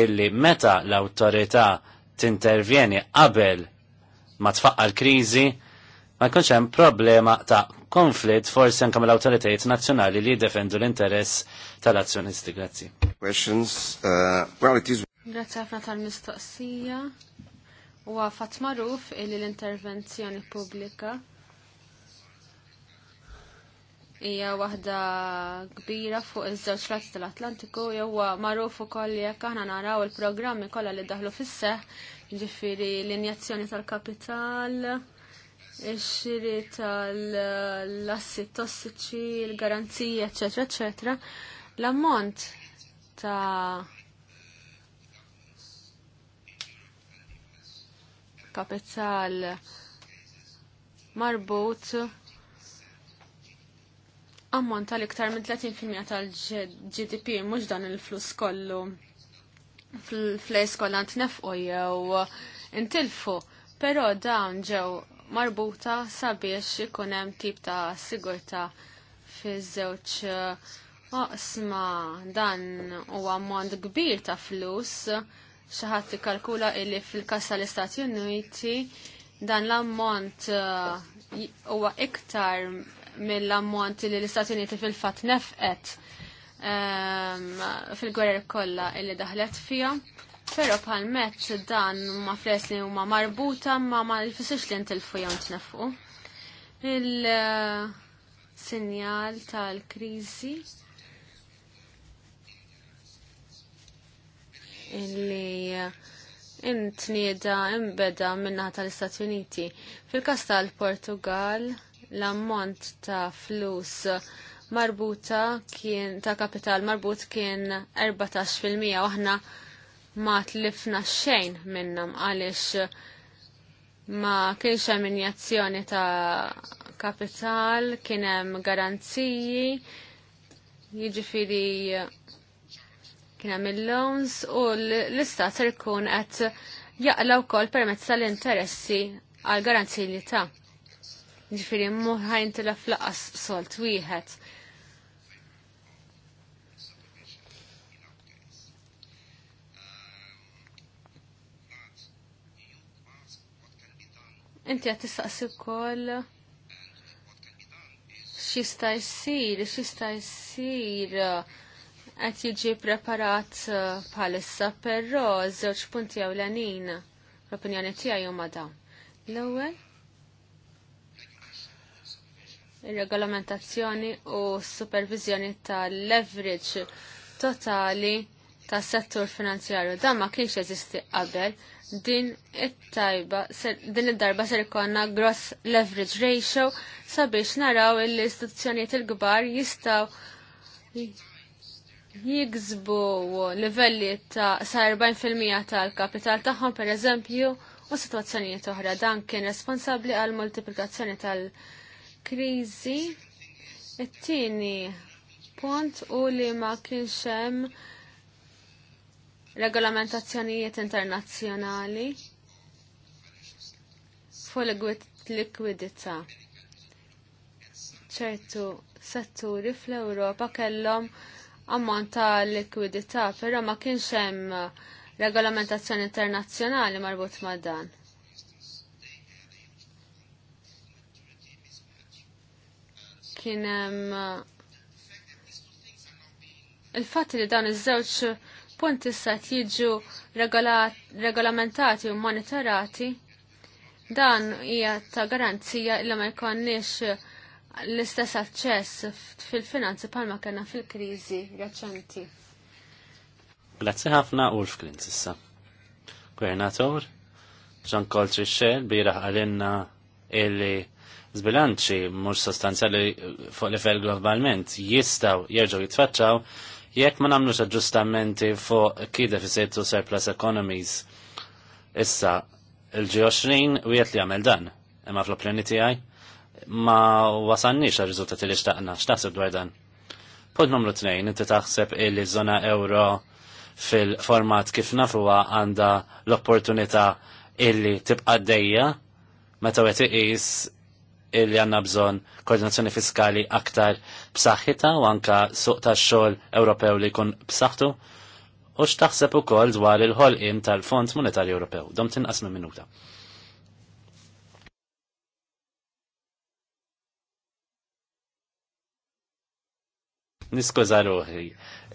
illi meta l-autorità t-intervjeni qabel ma tfaqqar krizi, ma jkunx hemm problema ta' konflitt forsi anke mill-awtoritajiet nazzjonali li jiddefendu l-interess tal-azzjonisti. Grazzi. Questions. Uh, well, it is... Grazzi ħafna tal-mistoqsija. U għafat maruf illi l-intervenzjoni pubblika hija waħda kbira fuq iż-żewġ flati tal-Atlantiku jew magħruf ukoll jekk aħna naraw il-programmi kollha li daħlu fis-seħ jiġifieri l-injazzjoni tal-kapital, ix-xiri tal-assi tossiċi, l-garanzija, eċetera, eċetera. L-ammont ta' kapital marbut ammont tal-iktar minn 30% tal-GDP mhux dan il-flus kollu fl-flejs kollha ntnefqu jew intilfu, però dawn ġew marbuta sabiex ikun hemm tip ta' sigurtà fiż-żewġ oqsma dan huwa ammont kbir ta' flus xaħat kalkula illi fil-kassa l-Istati Uniti dan l-ammont uh, huwa uh, iktar mill-ammont li l-Istati Uniti fil-fat nefqet um, fil-gwerer kollha illi daħlet fija. Pero pal meċ dan ma fles li huma marbuta ma ma jfissirx li ntilfu jew tnefqu. Il-sinjal uh, tal-kriżi illi eh, intnieda imbeda minnaħa tal-Istati Uniti. Fil-kas tal-Portugal, l-ammont ta' flus marbuta kien ta' kapital marbut kien 14% u aħna ma tlifna xejn minnhom għaliex ma kienx hemm injazzjoni ta' kapital, kien hemm garanziji, jiġifieri kienem il-loans u l-istat ser ikun qed jaqla wkoll permezz tal-interessi għal garanziji li ta' ġifiri muħajn tila flaqas solt wieħed. Inti għat tistaqsi wkoll xista jissir, xista jissir qed jiġi preparat eh, bħalissa, però żewġ punti ewlenin l-opinjoni tiegħi huma dawn. L-ewwel ir-regolamentazzjoni u s-supervizjoni tal-leverage totali tas settur finanzjarju. Dan ma kienx jeżisti qabel, din it-tajba, din id-darba ser ikonna gross leverage ratio sabiex naraw l-istituzzjonijiet il-kbar jistgħu jigzbu livelli ta' sa' 40% tal-kapital tagħhom per eżempju u situazzjonijiet oħra. Dan kien responsabli għal multiplikazzjoni tal-kriżi. It-tieni punt u li ma kienx hemm regolamentazzjonijiet internazzjonali fuq likwidità. ċertu setturi fl-Ewropa kellhom ammont ta' likwidità, però ma kienx hemm eh, regolamentazzjoni internazzjonali marbut ma' dan. Kien hemm eh, il-fatt li dawn iż-żewġ punti sa jiġu regolamentati u monitorati dan hija ta' garanzija li ma jkollniex l-istess aċċess fil-finanzi palma kena fil-krizi reċenti. Grazzi ħafna l Klintz issa. Gwernator, Jean-Claude Trichet biraħ għalinna illi zbilanċi mhux sostanzjali fuq fel globalment jistaw jerġgħu jitfaċċaw jekk ma nagħmlux aġġustamenti fuq kide deficit u surplus economies. Issa il-G20 u jett li għamel dan, imma fl-opinjoni tiegħi ma wasannix għal riżultati li xtaqna, x'taħseb dwar dan? Punt numru 2, inti taħseb illi żona euro fil-format kif nafuha għandha l-opportunità illi tibqa' dejja meta tawet iqis illi għandna bżonn koordinazzjoni fiskali aktar b'saħħitha u anka suq tax-xogħol Ewropew li jkun b'saħħtu u x'taħseb ukoll dwar il-ħolqien tal-Fond Monetarju Ewropew. Dom tinqas minn minuta. niskuża ruħi,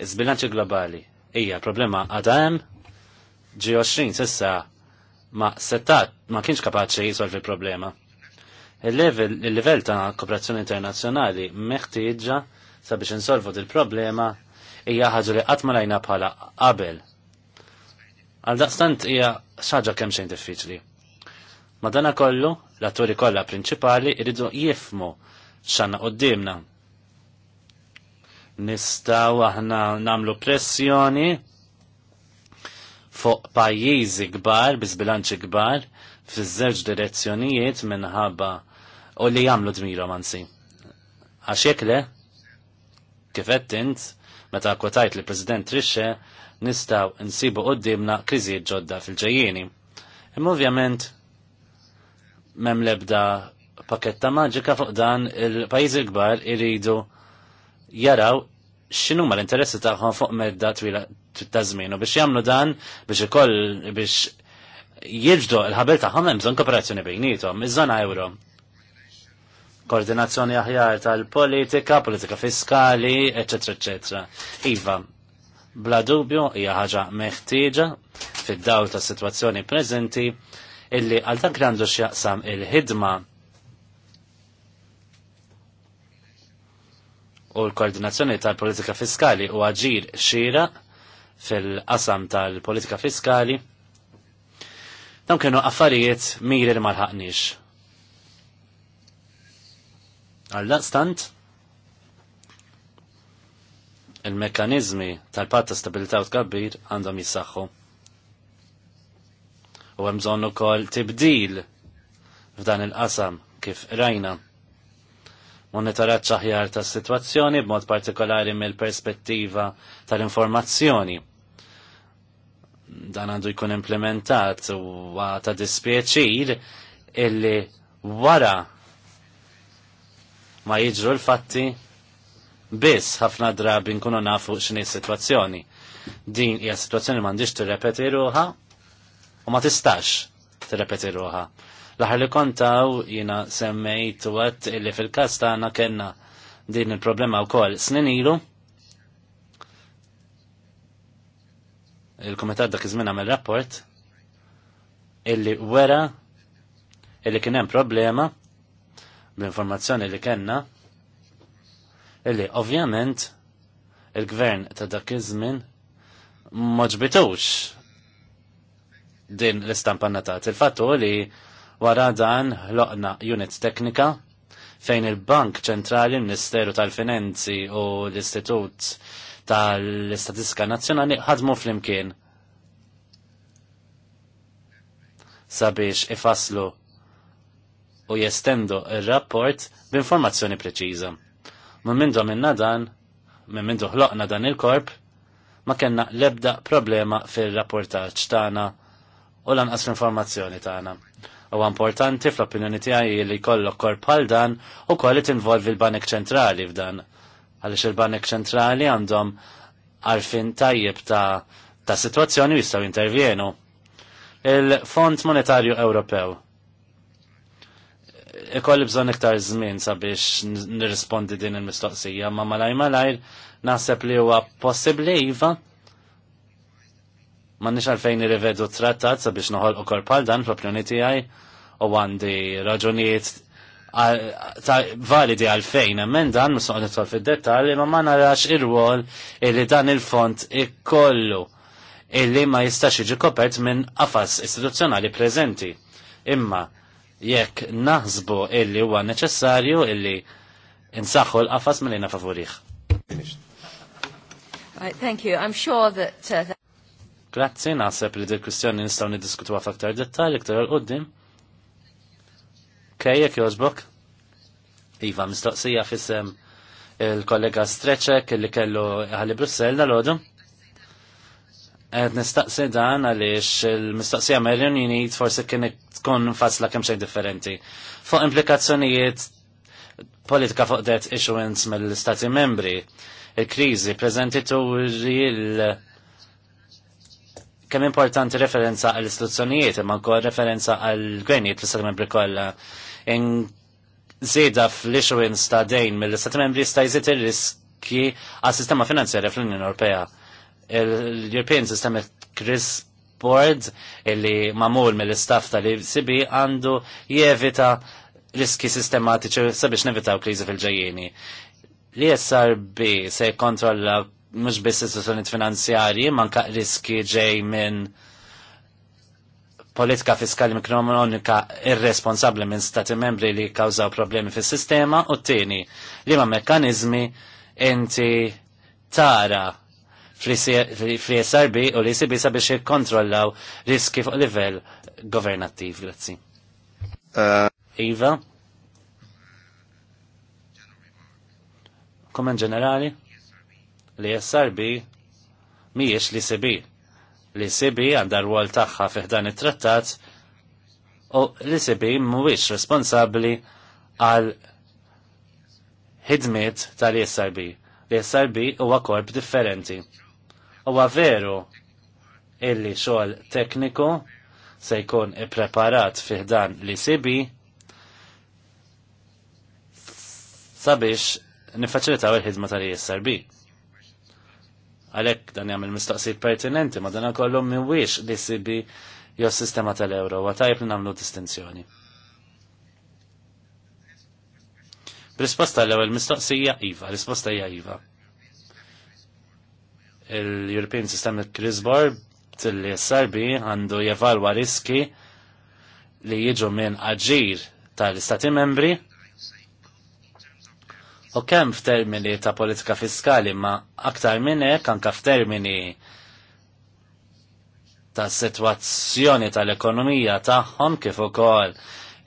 Zbilanċi globali hija problema għadam, ġi G20 sissa ma settat ma kienx kapaċi jisolvi problema Il-level livell ta' kooperazzjoni internazzjonali meħtieġa sabiex insolvu il problema hija ħaġa li qatt ma lajna bħala qabel. Għal daqstant hija xaġa kemm xejn diffiċli. Madana kollu, l-atturi kollha prinċipali jridu jifmu x'għandna qudiemna Nistaw aħna namlu pressjoni fuq pajjiżi kbar, bilanċi kbar, fiż-żewġ direzzjonijiet minħabba u li jagħmlu dmirhom ansi. Għax jekk le, kifett int, meta kotajt li President Trisce, nistaw nsibu qoddimna kriżijiet ġodda fil-ġejjieni. Imma ovvjament mem lebda paketta maġika fuq dan il-pajjiżi kbar iridu jaraw xinu ma l-interessi tagħhom fuq medda twila ta' u biex jagħmlu dan biex ikoll biex jiġdu l-ħabel tagħhom hemm bżonn kooperazzjoni bejnietom, iż-żona euro. Koordinazzjoni aħjar tal-politika, politika fiskali, eċetera, eċetera. Iva, bla dubju hija ħaġa meħtieġa fid-dawl tas-sitwazzjoni preżenti illi għal dak għandu x'jaqsam il-ħidma u l-koordinazzjoni tal-politika fiskali u għagġir xira fil-qasam tal-politika fiskali dawn kienu affarijiet miri li marħaqnix. Għalla stant il mekanizmi tal-patta stabilità u tkabbir għandhom jissaxħu. U hemm bżonn ukoll tibdil f'dan il-qasam kif rajna monitoraġġ aħjar tas-sitwazzjoni b'mod partikolari mill-perspettiva tal-informazzjoni. Dan għandu jkun implementat u ta' dispjaċir illi wara ma jiġru l-fatti biss ħafna drabi nkunu nafu x'inhi situazzjoni. sitwazzjoni Din hija sitwazzjoni m'għandix tirrepeti ruha u ma tistax tirrepeti ruha. Laħar li kontaw jina semmejt u għat illi fil-kas tagħna kena din il-problema wkoll snin ilu. Il-komitat dak iż-żmien għamel rapport illi wera illi kien hemm problema bl-informazzjoni li kellna illi ovvjament il-gvern ta' dak iż-żmien ma ġbitux din l-istampa natat. Il-fattu li Wara dan ħloqna unit teknika fejn il-Bank ċentrali, l-Ministeru tal-Finanzi u l-Istitut tal-Istatistika Nazzjonali ħadmu fl-imkien sabiex ifaslu u jestendu il-rapport b'informazzjoni preċiża. Minn mindu minna dan, minn mindu ħloqna dan il-korp, ma kena lebda problema fil-rapportaċ tagħna u lanqas l-informazzjoni tagħna. U importanti fl-opinjoni tiegħi li jkollok korp bħal dan u li tinvolvi l-Banek Ċentrali f'dan. Għaliex il-Banek Ċentrali għandhom għarfin tajjeb ta', ta situazzjoni jistgħu intervjenu. Il-Fond Monetarju Ewropew. Ikolli bżonn iktar żmien sabiex nirrispondi din il-mistoqsija, ma malaj malajr naħseb li huwa possibbli iva Ma nix għalfejn irrevedu trattat sabiex noħol u korpal dan fl-opinjoni għaj u għandi raġunijiet validi għalfejn emmen dan mis-soqni nitħol fil-detal imma ma narax ir-wol illi dan il-font ikollu illi ma jistax iġi kopert minn qafas istituzzjonali preżenti. Imma jekk naħsbu illi huwa neċessarju illi insaħħu l-qafas mill-lina favorih. Right, thank you. I'm sure that... Uh, Grazzi, naħseb li dik kwistjoni nistgħu niddiskutuha f'aktar dettalj iktar quddiem. Kej Kejjek jogħġbok? Iva, mistoqsija fissem il-kollega Streċek li kellu ħalli Brussell dal-ħodu. Għed nistaqsi dan għaliex il mistoqsija Marion jinit forse kien tkun fasla kemm xejn differenti. Fuq implikazzjonijiet politika fuq debt issuance mill-Stati membri, il-krizi preżenti turi kemm importanti referenza għall istituzzjonijiet imma wkoll referenza għall gwenijiet fl sat Membri kollha. In żieda fl-issuance ta' dejn mill-Istati Membri jista' jżid ir-riski għas-sistema finanzjarja fl-Unjoni Ewropea. Il-European Systemic Risk Board illi mamul mill-istaff tal-ECB għandu jevita riski sistematiċi sabiex nevitaw kriżi fil-ġejjieni. Li SRB se kontrolla mhux biss istituzzjoni finanzjarji, manka riski ġej minn politika fiskali mikroekonomika irresponsabbli minn stati membri li kawżaw problemi fis-sistema u t-tieni li ma' mekkaniżmi inti tara fl SRB u li sibisa biex jikkontrollaw riski fuq livell governattiv. Grazzi. Uh... Iva? Komment ġenerali? li SRB miex li sebi. Li sebi għandha rwol tagħha fih dan it-trattat u li sebi mhuwiex responsabbli għal ħidmiet tal-SRB. L-SRB huwa korp differenti. Huwa veru illi xogħol tekniku se jkun ippreparat fih dan li sebi sabiex nifaċilitaw il-ħidma tal-ISRB. Għalek dan jgħamil mistoqsijiet pertinenti, ma dan minn wix li sibi jo sistema tal-euro, għatajb li namlu distinzjoni. Risposta l-ewel mistoqsija IVA, risposta hija IVA. Il-European Systemic Risk Board li s-sarbi għandu jevalwa riski li jiġu minn aġir tal-istati membri u kemm f'termini ta' politika fiskali ma aktar minn hekk anke f'termini ta' situazzjoni tal-ekonomija tagħhom kif ukoll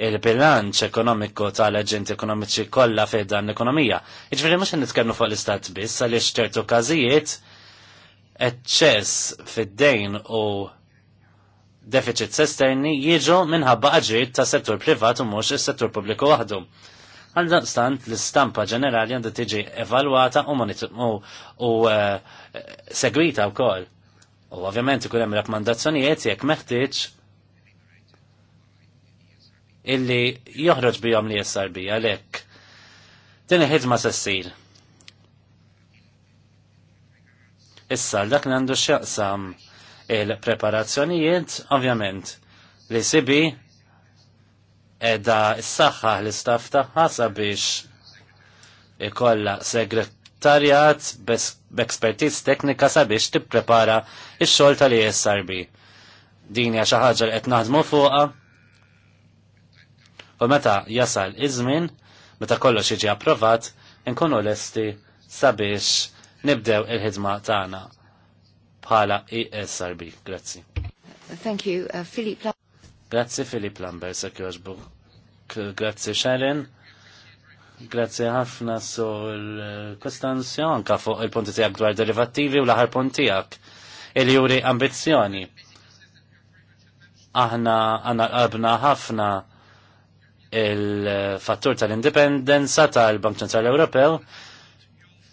il-bilanċ ekonomiku tal-aġenti ekonomiċi kollha fejn dan l-ekonomija. Jiġifieri mhux nitkellmu fuq l-istat biss għaliex ċertu każijiet eċċess fid-dejn u deficit sesterni jiġu minħabba aġir ta' settur privat u mhux is-settur pubbliku waħdu. Għandan l-istampa ġenerali għandha tiġi evalwata u u eh, segwita wkoll. U ovvjament ikun hemm rakkomandazzjonijiet jekk meħtieġ illi joħroġ bihom li jessar bija għalhekk. Din il-ħidma se ssir. Issa, dak li għandu x'jaqsam il-preparazzjonijiet, ovvjament, li sibi edha s-saxħa l-istaff taħħa sabiex ikolla segretarjat b'ekspertiz teknika sabiex tipprepara ix-xogħol tal-ISRB. Din hija xi ħaġa li qed naħdmu fuqha. U meta jasal iż-żmien, meta kollox jiġi approvat, nkunu lesti sabiex nibdew il-ħidma tagħna bħala ISRB. E Grazzi. Thank you, uh, Philip Grazzi Filip Lambert, sekjoġbu grazzi Sharon. Grazzi ħafna sul Kostanzjo, eh, anka fuq il-punti tijak dwar derivativi u l-ħar tijak Il-juri ambizjoni. Aħna għanna qalbna ħafna il-fattur tal-indipendenza tal-Bank Ċentrali Ewropew.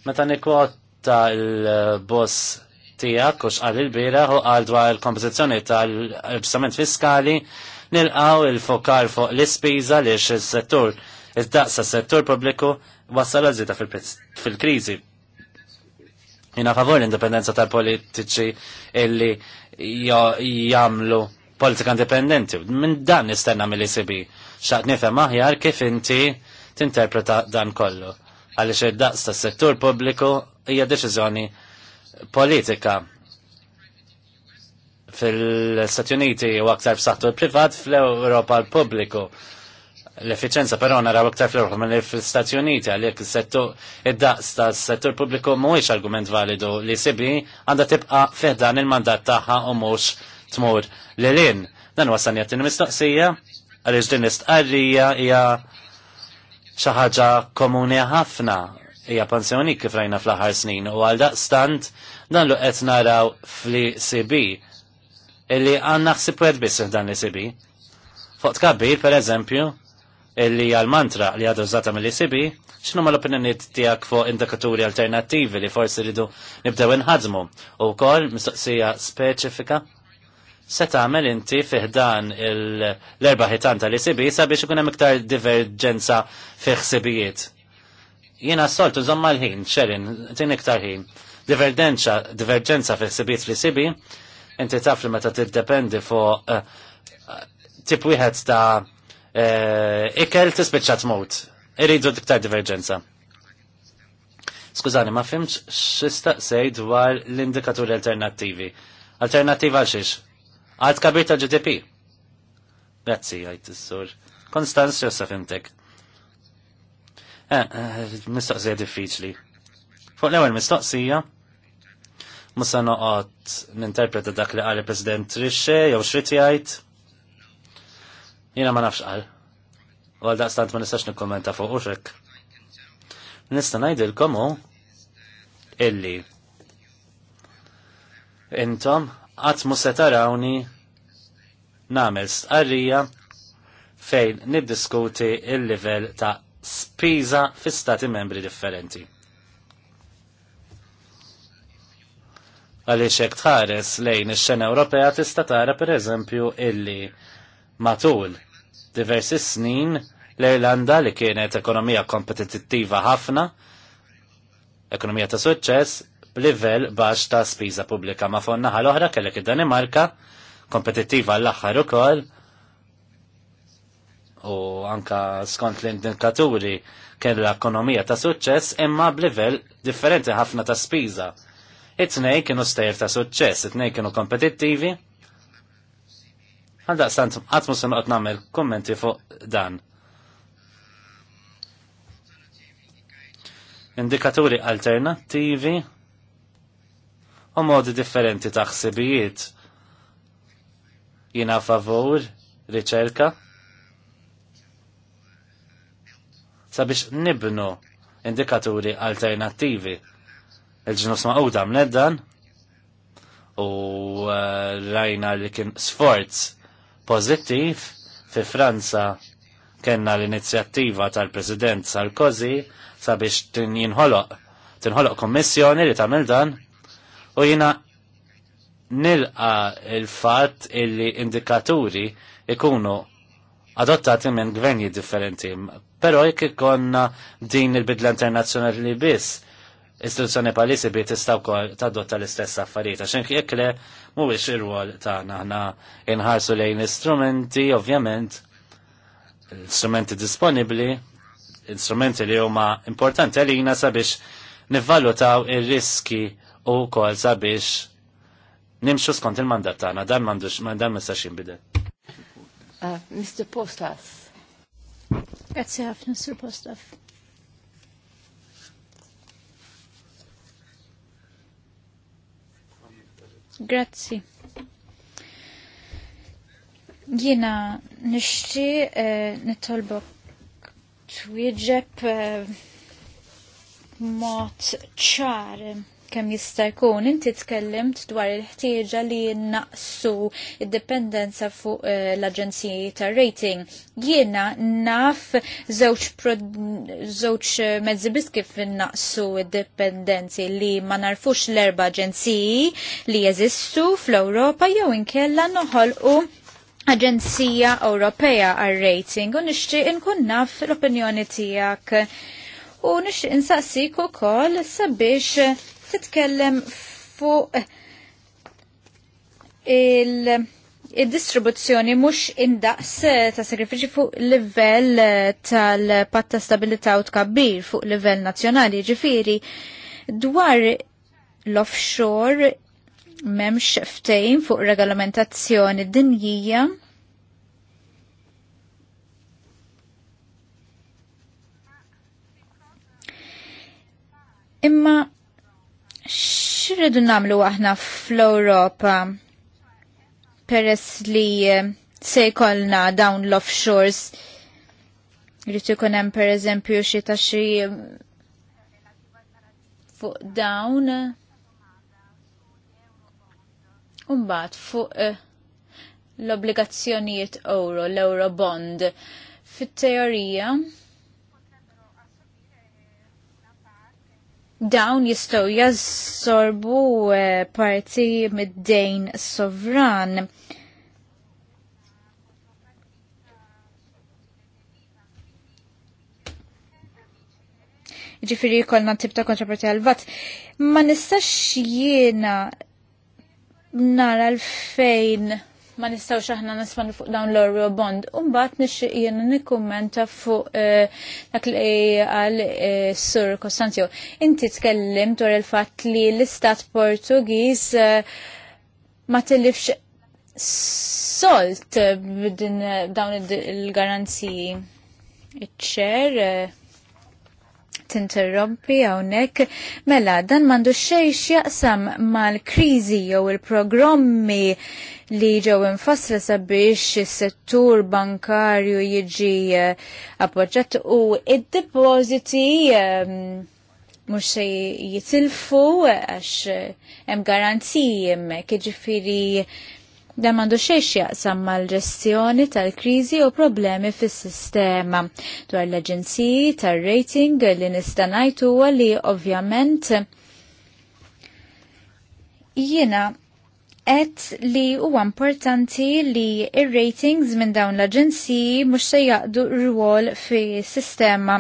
Meta nikwotta il-boss tijak u xqal il-bira u għal dwar il-kompozizjoni tal-ġustament fiskali Nilqaw il-fokar fuq l-ispiża li x-settur, id-daqsa settur pubbliku wassal għazita fil-krizi. Jina favor l-indipendenza tal-politiċi illi jamlu politika indipendenti. Minn dan nistenna mill-ECB. Xaqt nifem aħjar kif inti tinterpreta dan kollu. Għaliex id-daqs tas settur pubbliku hija deċiżjoni politika fil-Stati Uniti u aktar b'saħħtu privat fl-Ewropa l-pubbliku. L-efficienza però naraw aktar fl europa mill fl-Stati Uniti għalhekk is-settur id-daqs tas-settur pubbliku mhuwiex argument validu li sibi għandha tibqa' fedan il-mandat tagħha u mhux tmur lilin. Dan għasan jattin mistoqsija għaliex din istqarrija hija xi ħaġa komuni ħafna hija pensjoni kif rajna fl-aħħar snin u għal daqstant dan lu qed naraw fl-CB illi għanna xsib biss dan li sibi. Fuq tkabbir, per eżempju, illi għal-mantra li għadu użata mill sibi, xinu ma l-opinjoniet tijak fuq indikaturi alternativi li forsi ridu nibdew nħadmu u kol mistoqsija speċifika se tagħmel inti fiħdan l-erba ħitan tal sibi sabiex ikun hemm iktar diverġenza fi ħsibijiet. Jiena s-soltu żomma l-ħin, xerin, tin iktar ħin. Divergenza fi ħsibijiet fl-ECB inti taf li meta tiddependi fuq eh, eh, tip wieħed ta' eh, ikel tispiċċa tmut. Iridu diktar diverġenza. Skużani, ma fimx x'istaqsej dwar l-indikaturi alternattivi. Alternattiva għal xiex? Għad kabir ta' GDP. Grazzi, għajt s-sur. Konstanz, xessa fimtek. Eh, mistoqsija diffiċli. Fuq l-ewel mistoqsija, Ma sa noqgħod ninterpreta dak li qal president Trixxe jew Xrit jgħid. Jiena ma nafx qal. Għal daqstant ma nistax nikkommenta fuq uxek. Nista' ngħidilkom hu illi intom qatt mhux se tarawni nagħmel stqarrija fejn niddiskuti il-livell ta' spiża fi stati membri differenti. Għaliex hekk tħares lejn ix-xena Ewropea tista' tara pereżempju illi matul diversi snin l-Irlanda li kienet ekonomija kompetittiva ħafna, ekonomija ta' suċċess b'livell baxx ta' spiża pubblika ma' fonna naħa l-oħra kellek id-Danimarka, kompetittiva l-aħħar ukoll, u anka skont l-indikaturi kellha ekonomija ta' suċċess imma b'livell differenti ħafna ta' spiża It-tnej kienu stejr ta' suċċess, it-nej kienu kompetittivi. Għaldaq stant, għatmu sen għot namel kommenti fuq dan. Indikaturi alternativi u modi differenti ta' ħsibijiet. Jina favur, riċerka, sabiex nibnu indikaturi alternativi il-ġnus ma' għoda mneddan u eh, rajna li kien sforz pozittiv fi Franza kenna l-inizjattiva tal-President Sarkozy sabiex tinħoloq tinħoloq kommissjoni li tagħmel dan u jina nilqa il-fatt illi indikaturi ikunu adottati minn gvenji differenti. Però jekk ikonna din il-bidla internazzjonali biss istituzzjoni palisi bi tista' wkoll tadotta l-istess affarijiet għax jekle le mhuwiex ir-rwol tagħna aħna inħarsu lejn istrumenti ovvjament l-istrumenti disponibbli, instrumenti li huma importanti għalina sabiex nivvalutaw ir-riski u wkoll sabiex nimxu skont il-mandat tagħna dan m'għandux dan ma jinbidel. Uh, Mr. Postas. Grazie Mr. Postas. Grazzi. Jiena nishti eh, nitolbok twieġeb eh, mod ċar kemm jista' jkun. Inti tkellimt dwar il-ħtieġa li naqsu id-dipendenza fuq eh, l-aġenziji tar-rating. Jiena naf żewġ eh, mezzi biss kif naqsu id-dipendenzi li ma narfux l-erba' aġenziji li jeżistu fl-Ewropa jew inkella noħolqu Aġenzija Ewropea għal-rating u nixtieq inkun naf l-opinjoni tiegħek u nixtieq insaqsik ukoll sabiex titkellem fuq il- distribuzzjoni mux indaqs eh, ta' sakrifiċi fuq livell eh, tal-patta stabilita' u tkabbir fuq livell nazjonali ġifiri dwar l-offshore memx ftejn fuq regolamentazzjoni dinjija imma x'ridu nagħmlu aħna fl europa peress li eh, se jkollna dawn l-offshores jrid ikun hemm pereżempju xi eh, fuq dawn u mbagħad fuq eh, l-obbligazzjonijiet euro, l-euro bond. Fit-teorija, dawn jistgħu jażsorbu eh, parti mid-dejn sovran. ġifiri kolna tip ta' kontraparti għal-vat. Ma nistax jiena nara l-fejn ma nistaw aħna nisman fuq dawn l-Oreo Bond. Umbat nixtieq jien nikkummenta fuq eh, dak li għal eh, Sur Kostanzio. Inti tkellim dwar il-fatt li l-Istat Portugiż eh, ma tillifx solt b'din dawn il garanzi Iċ-ċer tinterrompi hawnhekk. Mela, dan mandu xej x'jaqsam mal-kriżi jew il-programmi li ġew infassla sabiex is-settur bankarju jiġi eh, appoġġjat u id depositi ehm, mhux se jitilfu għax eh, hemm garanziji hemmhekk, jiġifieri dan mandu xiex jaqsam mal-ġestjoni tal-krizi u problemi fis sistema dwar l-aġenziji tal-rating li nistanajtu li ovvjament jiena et li huwa importanti li ir-ratings minn dawn l-aġenziji mhux se jaqdu rwol fi sistema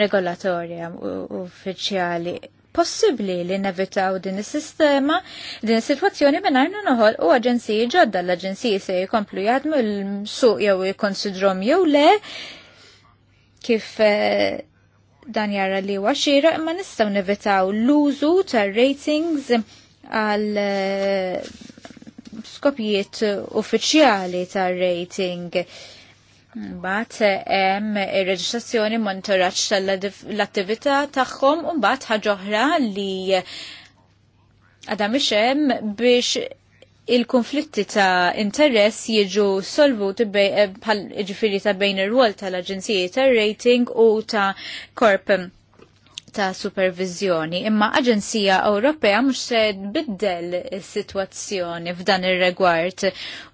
regolatorja u uffiċjali possibbli li nevitaw din is-sistema, din is-sitwazzjoni mingħajr noħol u aġenziji ġodda l-aġenziji se jkomplu jgħadmu l-suq jew jkonsidrom jew le kif eh, dan jara li huwa imma nistgħu nevitaw l-użu tar-ratings għal eh, skopijiet uffiċjali tar-rating Mbagħad hemm ir-reġistrazzjoni monitoraġġ tal-attività tagħhom u mbagħad ħaġa oħra li għadha mhix hemm biex il-konflitti ta' interess jiġu solvuti eh, bħal ġifiri ta' bejn ir-rwol tal aġenzijiet tar rating u ta' korp ta' supervizjoni, imma Aġenzija Ewropea mhux se tbiddel is-sitwazzjoni f'dan ir-regward.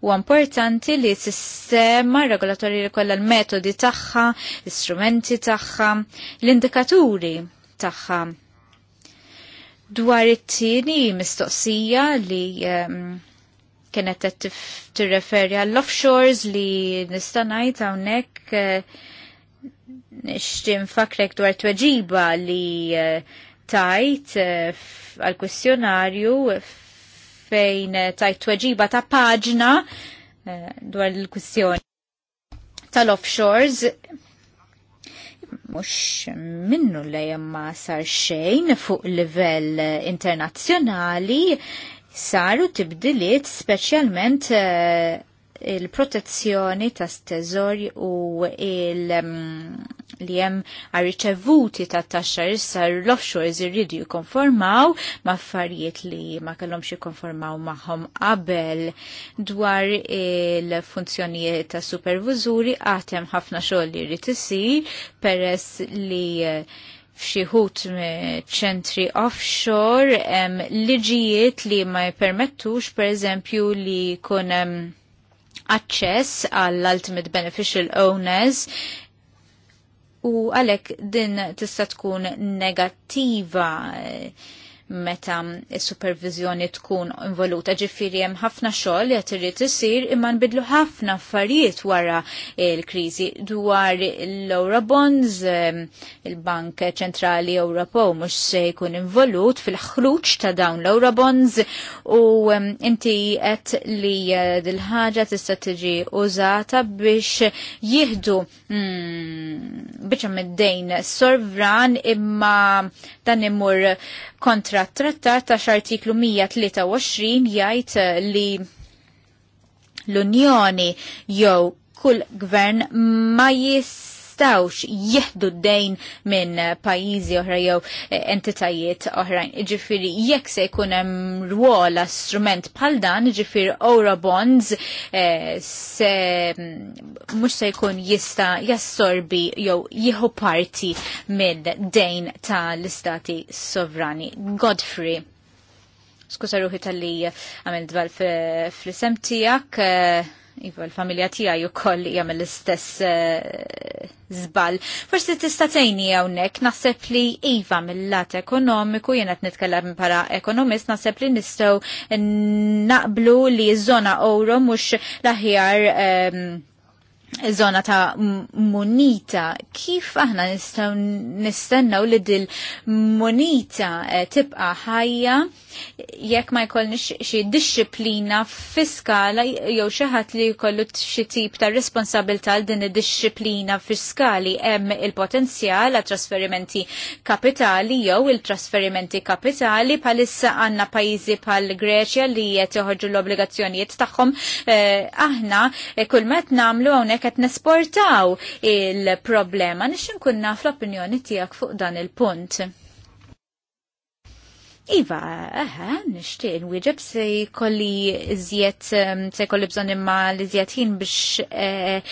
U importanti li s-sistema regolatorji li kollha l-metodi tagħha, l-istrumenti tagħha, l-indikaturi tagħha. Dwar it-tieni mistoqsija li um, kienet qed tirreferi għall-offshores li nista' ngħid hawnhekk uh, Nishtim fakrek dwar tweġiba li eh, tajt eh, għal-kwestjonarju fejn eh, tajt tweġiba ta' paġna dwar l-kwestjoni tal-offshores mux minnu li jemma sar xejn fuq livell internazzjonali saru tibdiliet specialment il-protezzjoni ta' steżor u il- mm, li jem għarriċevuti ta' taxxa jissar l-offshores irridu jikonformaw ma' affarijiet li ma' kellhomx jikonformaw magħhom qabel dwar il-funzjonijiet ta' supervużuri għatem ħafna xogħol li jrid isir peress li eh, fxieħut ċentri offshore liġijiet li ma jpermettux per eżempju li kun aċċess għall-ultimate beneficial owners u għalek din tista' tkun negattiva meta s-supervizjoni tkun involuta ġifiri hemm ħafna xogħol li għatirri irid isir imma nbidlu ħafna affarijiet wara l-kriżi dwar l-Euro bonds il-Bank Ċentrali Ewropew mhux se jkun involut fil-ħruġ ta' dawn l-Euro bonds u inti għet li eh, dil-ħaġa tista' tiġi użata biex jieħdu hmm, biex għamid dejn sovran imma dan imur kontra trattat ta' xartiklu 123 jgħid eh, li l-Unjoni jew kull gvern ma jis jistawx jieħdu d-dejn minn pajjiżi oħra jew eh, entitajiet oħrajn. Ġifiri, jekk se jkun hemm rwol strument bħal dan, ġifiri Ora bonds eh, se mm, mhux se jkun jista' jassorbi jew jieħu parti minn dejn tal-istati sovrani. Godfrey skusa ruħi tal-li għamil dbal fl-isem tijak, eh, Iva, l-familja tija ju koll jgħam l-istess eh, zbal. Forsi tista' tejni hawnhekk naħseb li iva mill-lat ekonomiku jenet qed nitkellem para ekonomist naħseb li nistgħu naqblu li zona żona euro mhux l-aħjar ehm, zona ta' monita, kif aħna nistaw nistennaw li dil monita eh, tibqa ħajja jekk ma jkollniex xi disċiplina fiskala jew xi ħadd li jkollu xi tip ta' responsabilità għal din id-disċiplina fiskali hemm il-potenzjal għat trasferimenti kapitali jew il-trasferimenti kapitali bħalissa għandna pajjiżi bħal Greċja li qed joħorġu l-obbligazzjonijiet tagħhom eh, aħna eh, kull met nagħmlu hawnhekk qed nesportaw il-problema. Nix inkun naf l-opinjoni tiegħek fuq dan il-punt. Iva, aha, nishtiq nwieġeb se kolli iżjed se jkolli bżonn imma l-iżjed ħin biex eh,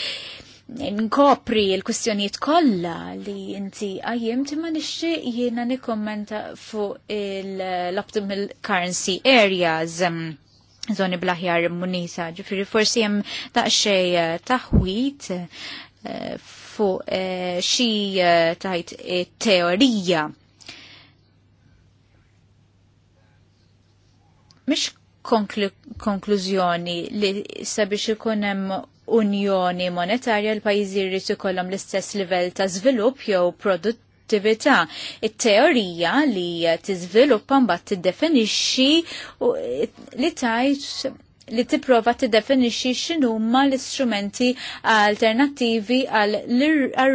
nkopri l-kwistjonijiet kollha li inti qajjim imma nixtieq jiena nikkommenta fuq l-optimal currency areas zoni blaħjar munisa. Ġifiri forsi jem daqxej eh, taħwit eh, fuq eh, xi tajt teorija. Mish konklużjoni li sabiex ikun hemm unjoni monetarja l-pajjiżi jrid ikollhom l-istess livell ta' żvilupp jew produtt attività It-teorija li tiżviluppa mbagħad tiddefinixxi li tajt li tipprova tiddefinixxi x'inhuma l-istrumenti alternattivi għal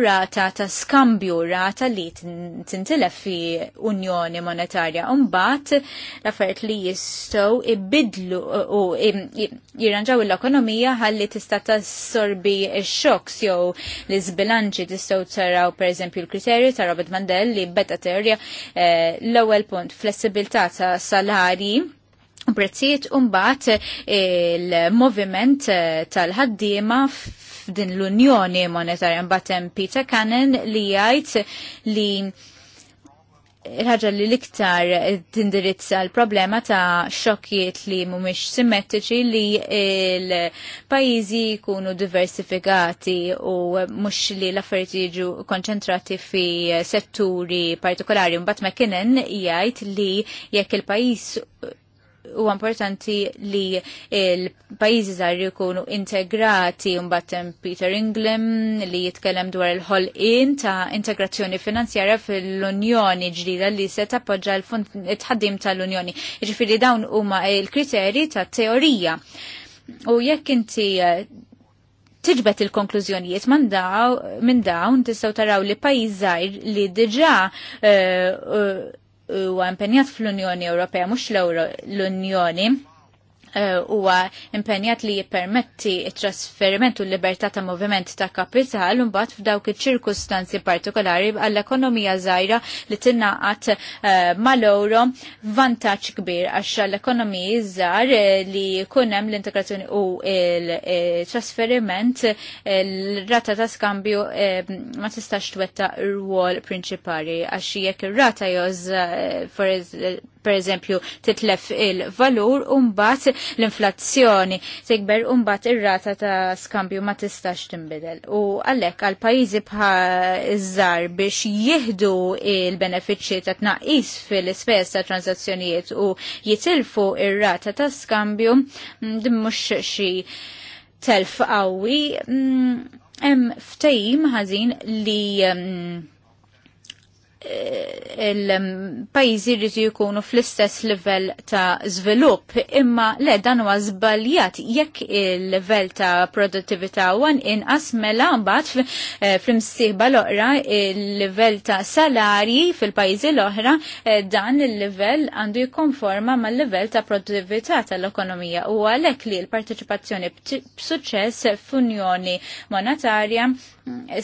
rata ta' skambju rata li tintilef fi Unjoni Monetarja. Mbagħad l-affarijiet li jistgħu ibidlu u jirranġaw l-ekonomija ħalli tista' tassorbi x-xoks jew l-iżbilanċi tistgħu taraw pereżempju l-kriterju ta' Robert Mandel li beta teorja eh, l-ewwel punt flessibilità ta' salari prezzijiet umbat eh, il-moviment eh, tal-ħaddima f'din l-Unjoni Monetarja mbatem Peter Cannon li jgħid li ħaġa li l-iktar tindirizza l-problema ta' xokkiet li mumiex simmetriċi li l-pajizi kunu diversifikati u mux li l-affarijiet jiġu konċentrati fi setturi partikolari. Mbagħad McKinnon jgħid li jekk il-pajjiż huwa importanti li il-pajjiżi żgħar jkunu integrati mbagħad Peter Inglem li jitkellem dwar il-ħolqien ta' integrazzjoni finanzjara fil-Unjoni ġdida li se tappoġġa l-tħaddim tal-Unjoni. Jiġifieri dawn huma l-kriterji ta' teorija. U jekk inti eh, tiġbet il-konklużjonijiet minn dawn tistgħu taraw li pajjiż żgħir li diġà eh, eh, huwa għampenjat fl-Unjoni Ewropea mhux l-Unjoni Eh, huwa impenjat li jippermetti it-trasferiment u l-libertà ta' moviment ta' kapital imbagħad mbagħad f'dawk iċ-ċirkustanzi partikolari għall-ekonomija żgħira li tinnaqat eh, mal-euro vantaġġ kbir għax l-ekonomiji żgħar li jkun hemm l-integrazzjoni u l eh, trasferiment l-rata ta' skambju ma tistax twetta r-wol prinċipali għax jekk ir-rata joz per eżempju titlef il-valur umbat l-inflazzjoni tikber umbat ir-rata ta' skambju ma tistax tinbidel. U għallek għal pajizi bħal biex jihdu il-benefiċċji ta' tnaqis fil ispess ta' tranzazzjonijiet u jitilfu ir-rata ta' skambju mm, dimmux xi telf qawwi mm, hemm ftehim ħażin li mm, il-pajjiżi rritu jkunu fl-istess livell ta' żvilupp, imma le dan huwa żbaljat jekk il-livell ta' produttività wan inqas mela mbagħad eh, fl-imsieħba l-oqra il-livell ta' salarji fil-pajjiżi l-oħra eh, dan il-livell għandu jikkonforma mal-livell ta' produttività tal-ekonomija u għalhekk li l-parteċipazzjoni b'suċċess f'unjoni monetarja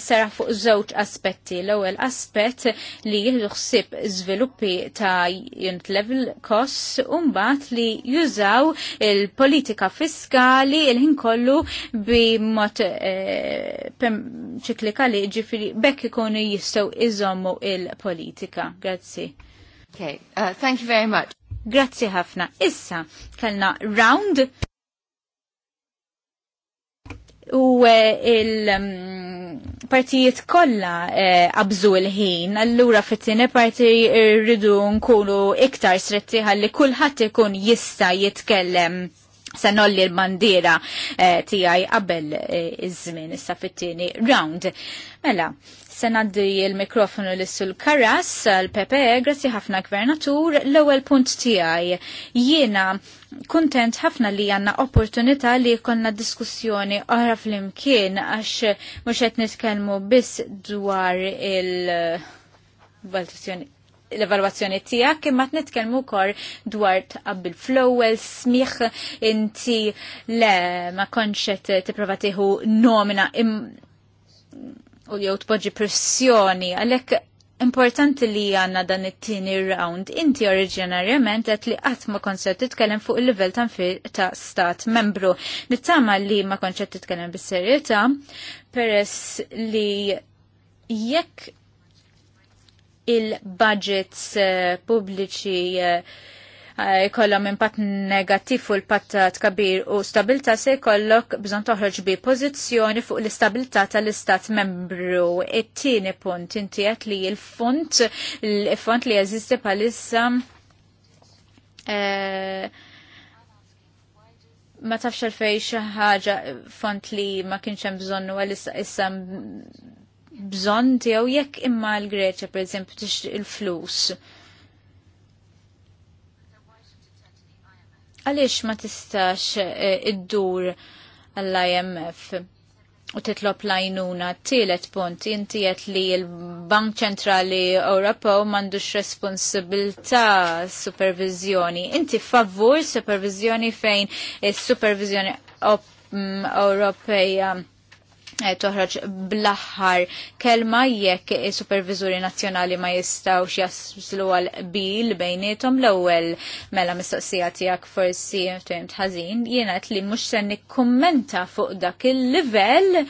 sara fuq żewġ aspetti. L-ewwel aspett li jieħdu ħsieb żviluppi ta' unit level costs u mbagħad li jużaw il-politika fiskali il-ħin kollu b'mod eh, ċiklikali ġifieri bekk ikunu jistgħu iżommu il-politika. Grazzi. Okay, uh, thank you very much. Grazzi ħafna. Issa kellna round u il-partijiet kolla eh, l mm, eh, ħin allura fit-tieni parti rridu nkunu iktar stretti ħalli kulħadd ikun jista' jitkellem se nolli l-bandiera eh, tiegħi qabel eh, iż-żmien issa fit-tieni round. Mela, se naddi il-mikrofonu l sul Karas, l-PPE, grazzi ħafna gvernatur, l-ewwel punt tiegħi. Jiena kuntent ħafna li għanna opportunità li konna diskussjoni oħra fl-imkien għax mux qed nitkellmu biss dwar il- l-evalwazzjoni tijak imma t-nitkelmu kor dwar tqabbil flowel smiħ inti le ma konċet t-prova nomina nomina u jew tpoġġi pressjoni għalek Importanti li għanna dan it-tini round. Inti oriġinarjament għet li qatt ma konċet titkellem fuq il-level ta' stat membru. Nittama li ma konċet titkellem bis-serjetà peress li jekk il-budgets uh, pubbliċi uh, jkollhom eh, impatt negattiv fuq il-patt kabir u stabilta se jkollok bżonn toħroġ bi pożizzjoni fuq l-istabilità tal-istat membru. It-tieni punt inti qed li l-font l-font li jeżisti bħalissa eh, ma tafx għalfej xi ħaġa font li ma kienx hemm bżonn għal issa bżonn tiegħu jekk imma l-Greċja pereżempju tixtri il flus Għaliex ma tistax eh, iddur għall-IMF? u titlob lajnuna t-tielet punt inti li l-Bank Ċentrali Ewropew m'għandux responsabilta supervizjoni. Inti favur supervizjoni fejn is-supervizjoni Ewropeja Eh, toħraġ bl-aħħar kelma jekk supervizuri nazzjonali ma jistaw jaslu għal bil bejnietom l-ewwel mela mistoqsija tiegħek forsi tħazin ħażin jiena li mhux se nikkummenta fuq dak il-livell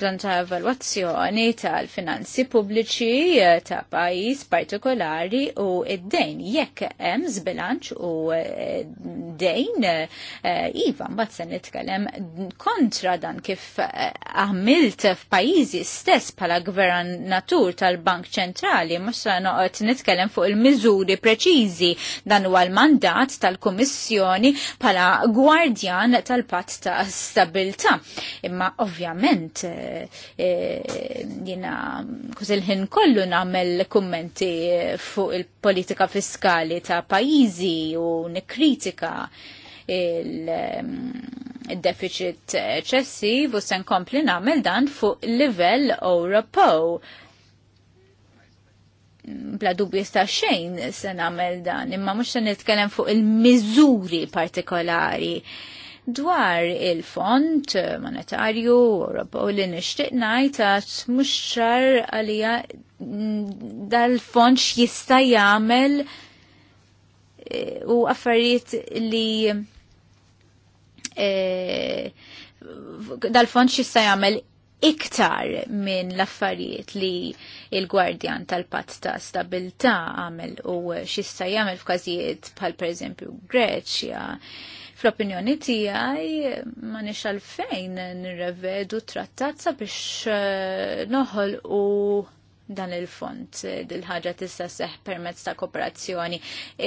dan ta' evalwazzjoni tal-finanzi pubbliċi eh, ta' pajis partikolari u id-dejn jekk hemm zbilanċ u eh, dejn eh, iva mbagħad se nitkellem kontra dan kif għamilt f'pajjiżi stess bħala gvernatur tal-Bank Ċentrali mhux se noqgħod nitkellem fuq il-miżuri preċiżi dan huwa l-mandat tal-Kummissjoni bħala gwardjan tal-Patt ta' Stabilità. Imma ovvjament Eh, eh, jina kużilħin kollu namel kummenti fuq il-politika fiskali ta' pajizi u nikritika il-deficit ċessi u sen kompli namel dan fuq livell Ewropew. Bla dubju sta' xejn se namel dan, imma mux se nitkellem fuq il-miżuri partikolari dwar il-Fond Monetarju u li nixtieq ngħid għax mhux ċar għalija mm, dal font x'jista' jagħmel e, u affarijiet li e, dal font x'jista' jagħmel iktar minn l-affarijiet li il-gwardjan tal-pat ta' stabilta għamel u xista jagħmel f'każijiet bħal pereżempju Greċja Fl-opinjoni tiegħi ma nix għalfejn nirrevedu trattat sabiex eh, noħol u dan il-font dil-ħagġa tista' seħ permezz ta' kooperazzjoni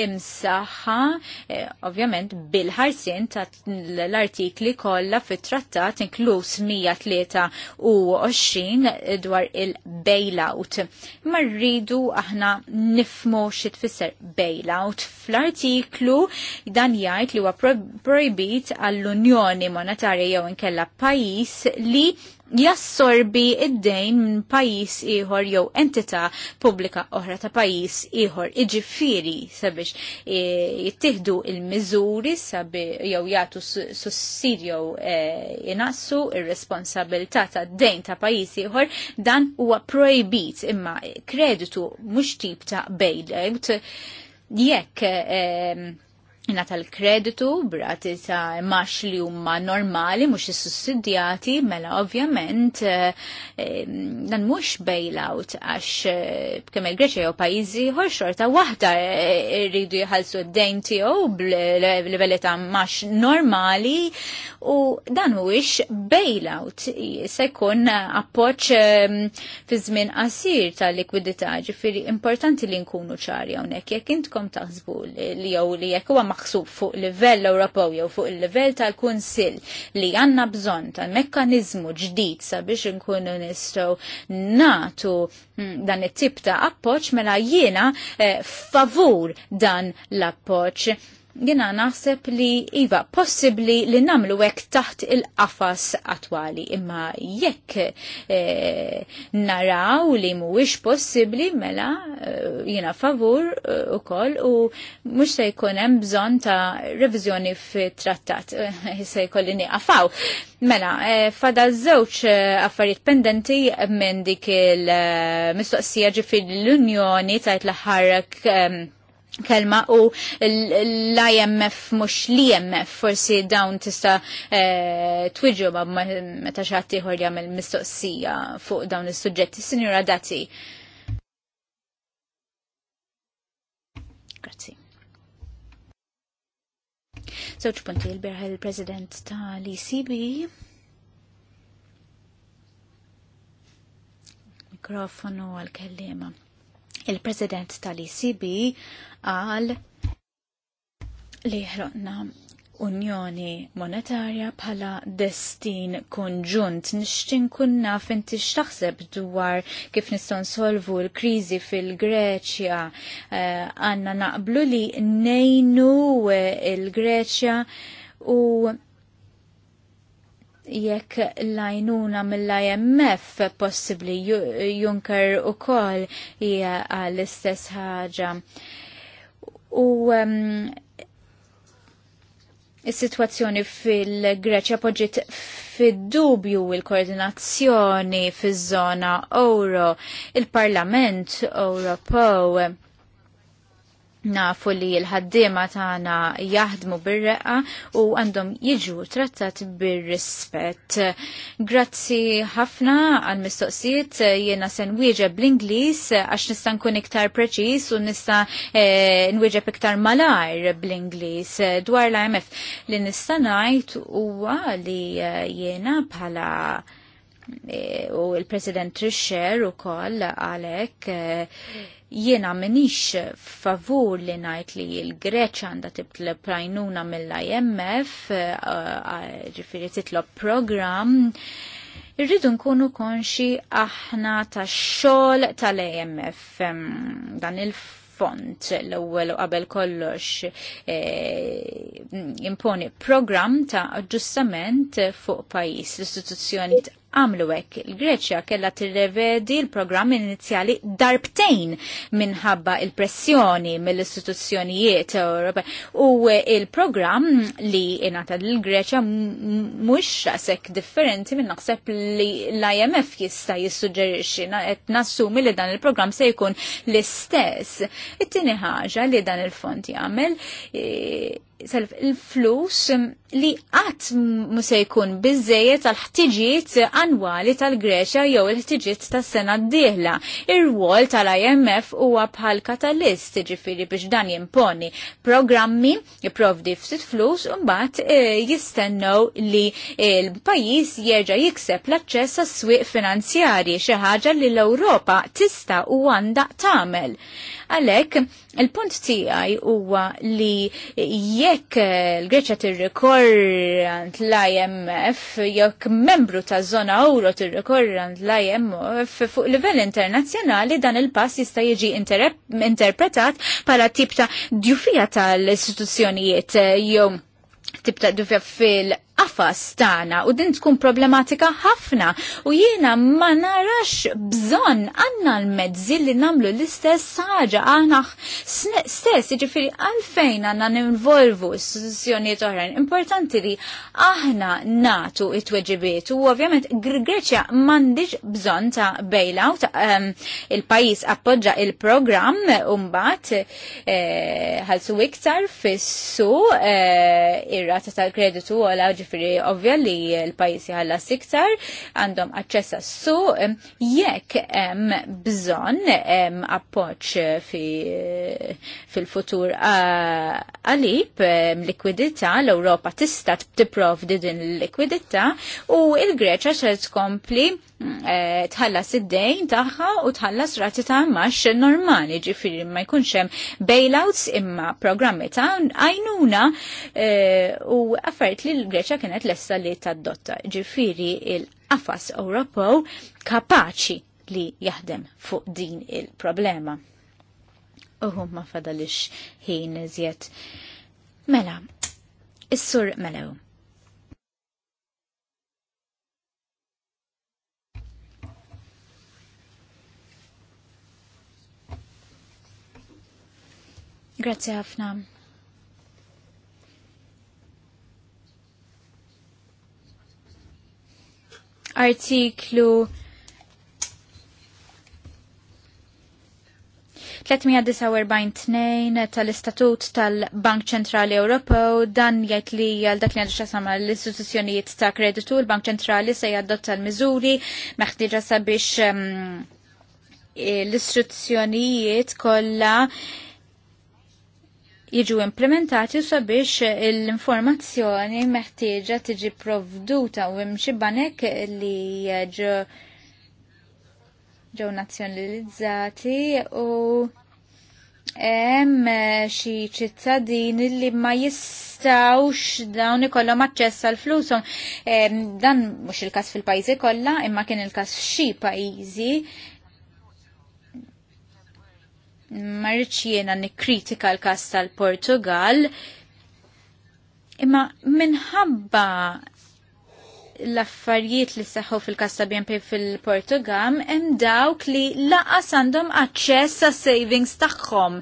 imsaħħa eh, ovvjament bil-ħarsien ta' l-artikli kollha fit-trattat inkluż 123 eh, dwar il-bailout. Ma rridu aħna nifmu xi tfisser bailout fl-artiklu dan jgħid li huwa projbit għall-Unjoni Monetarja jew inkella pajjiż li jassorbi id-dejn minn pajis ieħor jew entità pubblika oħra ta' pajis ieħor. Iġifieri sabiex e, jittihdu il-miżuri sabi jew jagħtu sussidju e, il-responsabilta responsabilità tad-dejn ta' pajis ieħor dan huwa projbit imma kreditu mhux tip ta' bailout jekk jina tal-kreditu brati ta' max li huma normali, mux sussidjati, mela ovvjament eh, dan mux bailout għax b'kemm eh, il-Greċja jew pajjiżi ħor xorta waħda eh, rridu jħallsu d-dejn tiegħu b'livelli ta' max normali u dan mhuwiex bailout se jkun appoġġ fi żmien qasir tal-likwidità, ġifieri importanti li nkunu ċari hawnhekk jekk intkom taħsbu li jew li jekk huwa maħsub fuq livell Ewropew jew fuq il-livell tal-Kunsill li għandna bżonn ta' mekkaniżmu ġdid sabiex inkunu nistgħu natu mm, dan it-tip ta' appoġġ mela jiena eh, favur dan l-appoġġ Jina naħseb li iva possibli li namlu hekk taħt il-qafas attwali imma jekk e, naraw li mhuwiex possibbli mela e, favur e, ukoll u mhux se jkun hemm bżonn ta' reviżjoni fit-trattat se jkolli nieqafaw. Mela, fada żewġ affarijiet pendenti minn dik il-mistoqsija ġifi l-Unjoni tajt l kelma u l-IMF mux l-IMF forsi dawn tista eh, twidġu ma meta xaħti ħor jgħamil mistoqsija fuq dawn il-sujġetti. Sinjura Dati. Grazzi. Soċ punti l birħ il-president ta' l-ECB. Mikrofonu għal-kellima. Il-President tal-ECB għal li ħroqna Unjoni Monetarja bħala destin konġunt. Nishtin kunna finti xtaħseb dwar kif nistgħu nsolvu l-kriżi fil-Greċja. Eh, għanna naqblu li nejnu eh, l-Greċja u jekk lajnuna mill-IMF possibli Junker u kol hija l-istess ħaġa. U um, Is-sitwazzjoni fil-Greċja poġġiet fid-dubju il-koordinazzjoni fiż-żona Euro, il-Parlament Ewropew nafu li l-ħaddima tagħna jaħdmu bir-reqqa u għandhom jiġu trattat bir-rispett. Grazzi ħafna għal mistoqsijiet jiena se nwieġeb bl inglis għax nista' nkun iktar preċiż u nista' eh, nwieġeb iktar malar bl inglis dwar l-IMF li nista' ngħid huwa li eh, jiena bħala eh, u l-President Trisher u koll għalek Jiena minix favur li najt li il-Greċ għanda tibtle prajnuna mill-IMF, eh, eh, ġifiri titlob program, irridu nkunu konxi aħna ta' xol tal-IMF, dan il font l-ewwel qabel kollox eh, imponi program ta' aġġustament fuq pajjiż l-istituzzjoni għamlu hekk. Il-Greċja kellha tirrevedi l-programm inizjali darbtejn minħabba il-pressjoni mill-istituzzjonijiet Ewropej u eh, il-programm li ingħata l-Greċja mux rasek differenti minn naħseb li l-IMF jista' jissuġġerixxi qed nassumi li dan il-programm se jkun l-istess. It-tieni ħaġa li dan il-fond jagħmel eh, il-flus li qatt se jkun bizzejiet tal-ħtiġiet annwali tal-Greċja jew il-ħtiġiet tas-sena d-dieħla. Ir-rwol tal-IMF huwa bħal katalist, ġifieri biex dan jimponi programmi jipprovdi ftit flus u mbagħad eh, jistennew li l-pajjiż jerġa' jikseb l-aċċess għas-swieq finanzjarji xi ħaġa li l-Ewropa tista' u għandha tagħmel. Għalhekk il-punt tiegħi huwa li jekk eh, l-Greċja tirrikord tirrikorri għand l-IMF, jekk membru ta' zona euro tirrikorri għand l-IMF fuq livell internazzjonali dan il-pass jista' jiġi interpretat bħala tip ta' djufija tal-istituzzjonijiet jew tibta' djufija fil- qafas tagħna u din tkun problematika ħafna u jiena ma narax bżonn għandna l-mezzi li nagħmlu l-istess saġa għana stess, jiġifieri għalfejn għandna s-sessjoniet oħrajn. Importanti li aħna natu it weġibiet u ovvjament Greċja m'għandix bżonn ta' bailout ehm, il-pajjiż appoġġa il-programm u mbagħad eh, ħalsu iktar fissu su eh, ir-rata tal-kreditu għal ġifiri ovvja li l-pajis jħallas iktar, għandhom aċċess su jekk hemm bżonn hemm appoġġ fil-futur għalib likwidità l-Ewropa tista' tipprovdi din l-likwidità u l-Greċa se tkompli Eh, tħallas id-dejn tagħha u tħallas rati ta' max normali ġifiri ma jkunx hemm bailouts imma programmi ta' għajnuna eh, u affarijiet li l-Greċja kienet l-essa li tad-dotta ġifiri il-qafas Ewropew kapaċi li jaħdem fuq din il-problema. Uhu ma fadalix ħin iżjed. Mela, is-sur melew. Grazzi ħafna. Artiklu 349 tal-Istatut tal-Bank Ċentrali Ewropew dan jgħid li għal dak li għandu xasama l-istituzzjonijiet ta' kreditu, l-Bank Ċentrali se jaddotta l-miżuri meħtieġa sabiex ehm, l-istruzzjonijiet kollha jiġu implementati sabiex l-informazzjoni meħtieġa tiġi provduta u hemm banek li ġew ġew nazzjonalizzati u hemm xi ċittadini li ma jistawx dawn ikollhom aċċess għal flushom. Dan mhux il-każ fil-pajjiżi kollha, imma kien il-każ f'xi pajjiżi marriċ jiena nikkritika l-kas tal-Portugal, imma minħabba l-affarijiet li seħħu fil-kas ta' BNP fil-Portugal, hemm dawk li laqas għandhom aċċess sa' savings tagħhom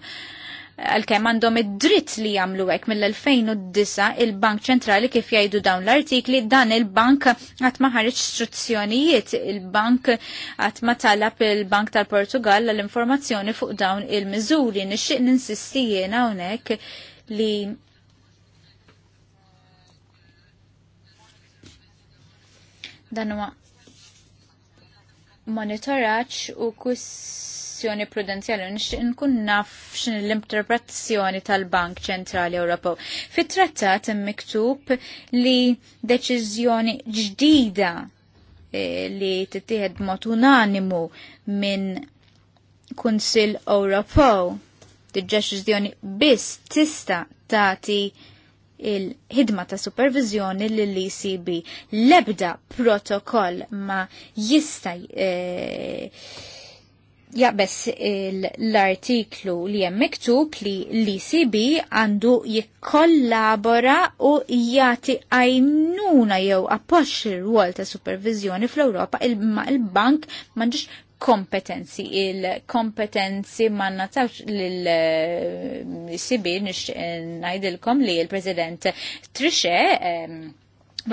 għalkemm għandhom id-dritt li jagħmlu hekk mill-2009 il-Bank Ċentrali kif jgħidu dawn l-artikli dan il-bank qatt ma ħareġ struzzjonijiet il-bank qatt ma talab il-Bank tal-Portugal l-informazzjoni fuq dawn il-miżuri nixtieq ninsisti jiena hawnhekk li dan huwa monitoraċ u kussjoni prudenzjali nixtieq nkun naf l-interpretazzjoni tal-Bank Ċentrali Ewropew. Fit-trattat miktub li deċiżjoni ġdida eh, li tittieħed mod unanimu minn Kunsill Ewropew. Diġġa ġiżjoni biss tista' tagħti il-ħidma ta' supervizjoni l-ECB. Lebda protokoll ma jista e, jaqbess l-artiklu li hemm miktub li l-ECB għandu jikkollabora u jagħti għajnuna jew appoġġ il rwol ta' supervizjoni fl-Ewropa il-bank m'għandux kompetenzi. Il-kompetenzi ma natawx l-sibir eh, nix eh, najdilkom li il-President Trishe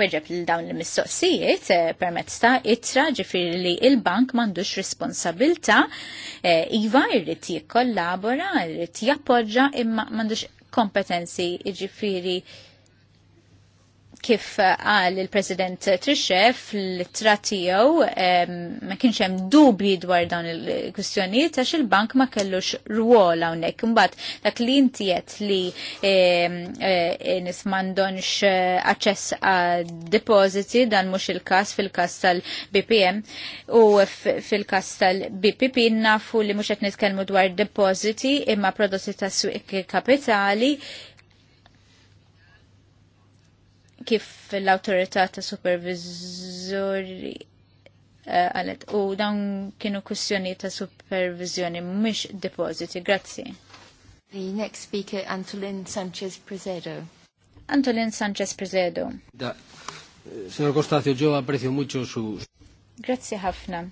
weġeb l dawn l-mistoqsijiet eh, permezz ta' itra ġifir li il-bank mandux responsabilta iva irrit jikkollabora, irrit jappoġġa imma mandux kompetenzi ġifiri kif uh, għal il-President Trishef, l-trattijaw, um, ma kienx hemm dubji dwar dawn il-kwistjonijiet għax il-bank ma kellux ruol hawnhekk. Imbagħad dak li intiet li um, uh, nis m'għandhomx uh, aċċess għad depositi dan mhux il-każ fil-każ tal-BPM u fil-każ tal-BPP nafu li mhux qed nitkellmu dwar depositi imma prodotti tas-swieq kapitali kif l-autorità ta' supervizori. Eh, għalet u dawn kienu kussjoni ta' supervizjoni mhux depositi. Grazzi. The next speaker, Antolin Sanchez Prezedo. Antolin Sanchez Prezedo. Da, eh, Senor Costatio, io aprecio mucho su... Grazie ħafna.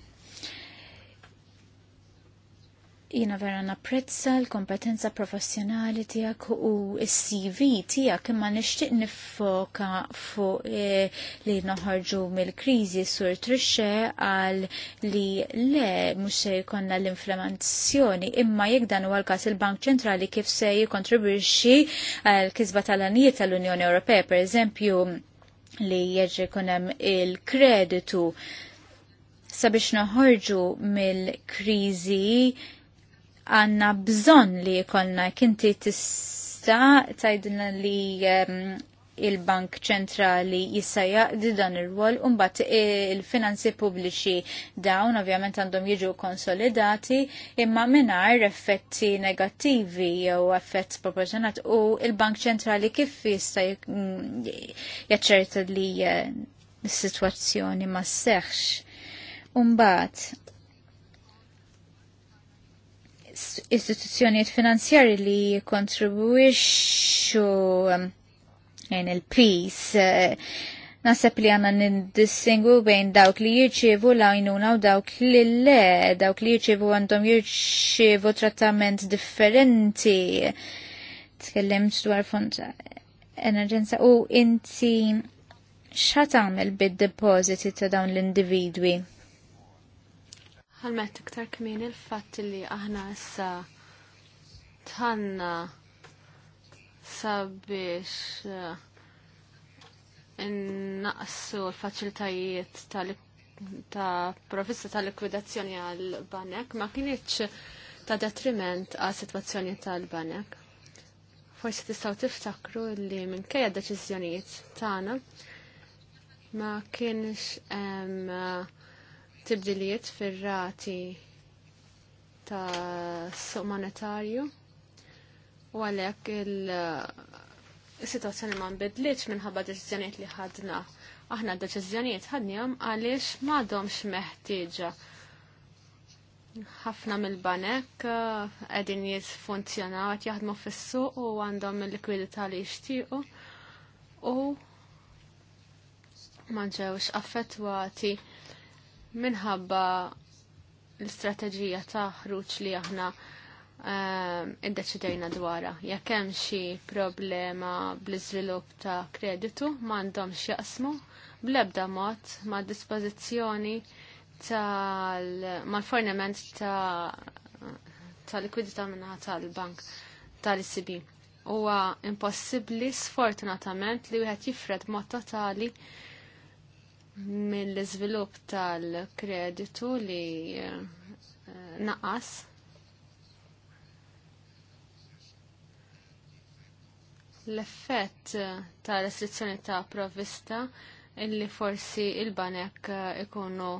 Jina vera napprezza l-kompetenza professjonali tijak u s-CV tijak imma nishtiq nifoka fuq e, li noħarġu mill-krizi sur trixxe għal li le mux se jkonna l-inflamazzjoni imma jek dan huwa l każ il-Bank Ċentrali kif se jikontribwixxi għal kisba tal-anijiet tal-Unjoni Ewropea per eżempju li jeġri kunem il-kreditu sabiex noħorġu mill-krizi għanna bżon li jkollna kinti tista tajdna li um, il-Bank ċentrali jissa jaqdi dan ir-rwol u mbagħad il-finanzi pubbliċi dawn ovvjament għandhom jiġu konsolidati imma mingħajr effetti negattivi jew effett proporzjonat u il-Bank ċentrali kif jista' jaċċerta li eh, s-sitwazzjoni ma sseħħx. Umbat, istituzzjonijiet finanzjari li kontribuixxu um, in il-peace eh, Nasab li għanna nindistingu bejn dawk li jirċivu jnuna u dawk li le, dawk li jirċivu għandhom jirċivu trattament differenti. Tkellimt dwar font enerġenza u inti xħat għamil bid-depositi ta' dawn l-individwi? Għalmet iktar kmin il fat li aħna issa tħanna sabiex eh, innaqsu l-faċilitajiet tal ta' provvista ta' likwidazzjoni għal banek ma kienieċ ta' detriment għal situazzjoni tal-banek. Forsi tistaw tiftakru li minkejja deċiżjonijiet tagħna ma kienx hemm eh, tibdiliet fir-rati ta' suq monetarju u għalhekk il-sitwazzjoni ma nbidlitx minħabba deċiżjonijiet li ħadna. Aħna deċiżjonijiet ħadnihom għaliex m'għadhomx meħtieġa. Ħafna mill-banek eh, għedin jisfunzjonaw qed jaħdmu fis-suq u għandhom il-likwidità li jixtiequ u ma ġewx affettwati minħabba l-istrateġija ta' ħruġ li aħna ehm, id-deċidejna dwara. Jekk hemm xi problema bl-iżvilupp ta' kreditu m'għandhomx jaqsmu bl-ebda mod ma' dispożizzjoni tal mal-fornament ta' ta' likwidità minna tal-bank tal-ICB. Huwa impossibbli sfortunatament li wieħed jifred mod totali ta mill-izvilup tal-kreditu li eh, naqas l-effett ta' restrizzjoni ta' provvista illi forsi il-banek eh, ikunu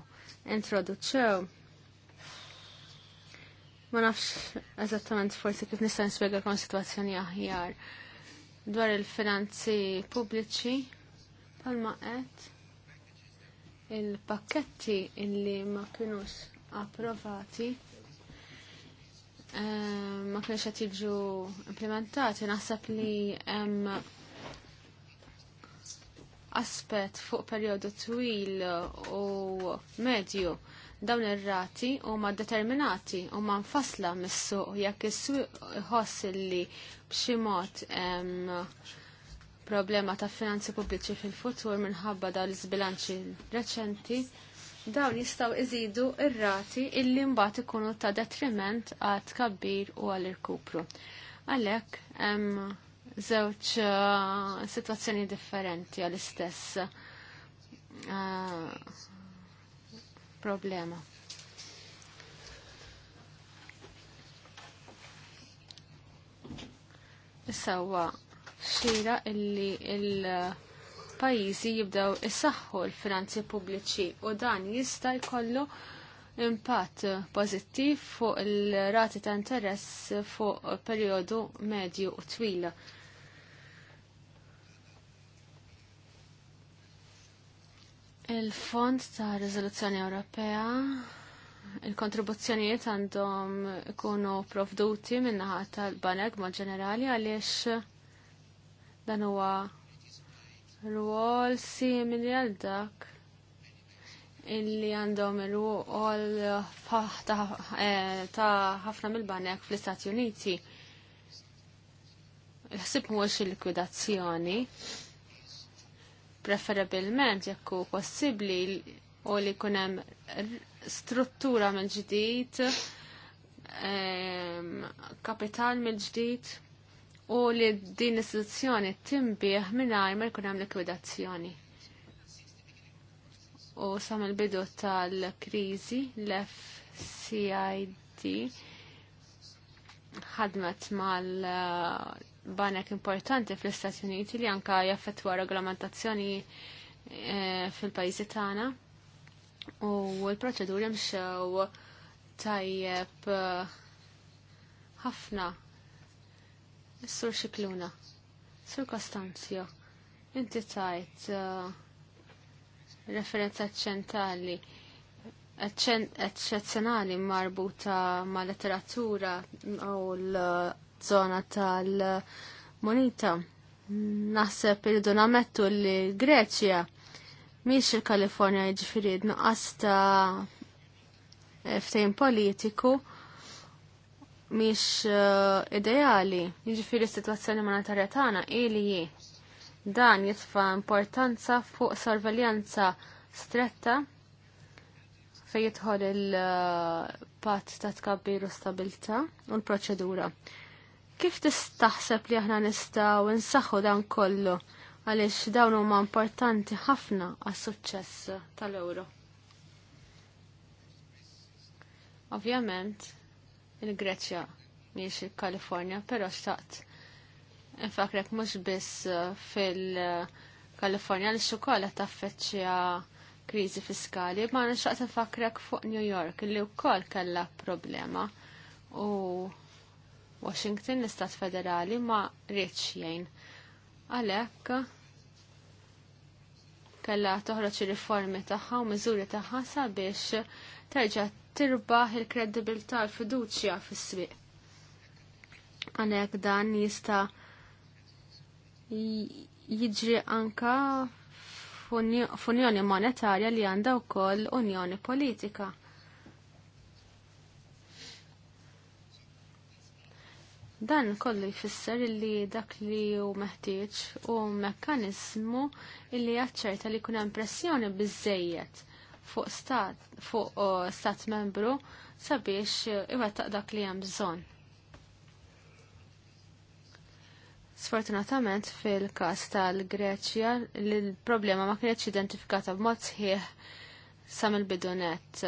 introduċew. Ma nafx eżattament forsi kif nista' kon situazzjoni aħjar dwar il-finanzi pubbliċi palma qed il-pakketti illi ma kienux approvati eh, ma kienx qed jiġu implementati naħseb li hemm aspett fuq perjodu twil u medju dawn ir-rati huma determinati huma nfassla mis-suq jekk is-suq iħoss li b'xi mod problema ta' finanzi pubbliċi fil-futur minħabba dal l-izbilanċi reċenti, dawn jistaw iżidu ir-rati illi mbagħad ikunu ta' detriment għal tkabbir u għal irkupru. Għalhekk hemm żewġ eh, sitwazzjoni differenti għall-istess uh, problema. Issa huwa xira illi il-pajizi jibdaw isaħħu l-finanzi pubbliċi u dan jista' jkollu impatt pożittiv fuq il-rati ta' interess fuq perjodu medju u twila. Il-Fond ta' Riżoluzzjoni Ewropea il-kontribuzzjonijiet għandhom ikunu provduti minnaħa tal-banek mod ġenerali għaliex Dan huwa rwol simili għal dak illi għandhom il eh, ta' ħafna mill-banek fl-Istati Uniti. Il-ħsib il-likwidazzjoni, preferabilment jekk hu possibbli u li jkun hemm struttura mill-ġdid, ehm, kapital mill-ġdid u li din l-istituzzjoni timbieħ mingħajr ma jkun hemm likwidazzjoni. U sam il-bidu tal-kriżi l-FCID ħadmet mal-banek importanti fl-Istati Uniti li anka jaffettwa regolamentazzjoni eh, fil-pajjiżi tagħna. U l-proċeduri mxew tajjeb eh, ħafna uh, Sur Xikluna, Sur Costanzio, inti tajt uh, referenza ċentrali eccezzjonali marbuta ma' letteratura u l-zona tal-monita. Naħseb irridu namettu li Greċja miex il-Kalifornja ġifiri nuqqas ftejn politiku miex uh, eh, ideali, jiġifieri s-sitwazzjoni monetarja tagħna ili dan jitfa' importanza fuq sorveljanza stretta fejn jidħol il-patt eh, ta' tkabbir u stabilta u l-proċedura. Kif tistaħseb li aħna nistgħu nsaħħu dan kollu għaliex dawn huma importanti ħafna għas-suċċess tal-Ewro? Ovvjament, il-Greċja miex il-Kalifornja, pero xtaqt. Infakrek mux biss uh, fil-Kalifornja li xukola taffeċċja krizi fiskali, ma nxaqt infakrek fuq New York li wkoll kalla problema u Washington l-Istat Federali ma rridx jgħin. Għalhekk kella toħroġ riformi tagħha u miżuri taħħa sabiex terġa' tirbaħ il-kredibilità l-fiduċja fis-swieq. Għalhekk dan jista' jiġri anka f'unjoni monetarja li għandha wkoll unjoni politika. Dan kollu jfisser li dak li hu meħtieġ u mekkanismu illi jaċċerta li jkun hemm pressjoni fuq stat, fuq stat membru sabiex iwettaq dak li hemm bżonn. Sfortunatament fil-każ tal-Greċja l-problema ma kienx identifikata b'mod sħiħ sa mill-bidunet.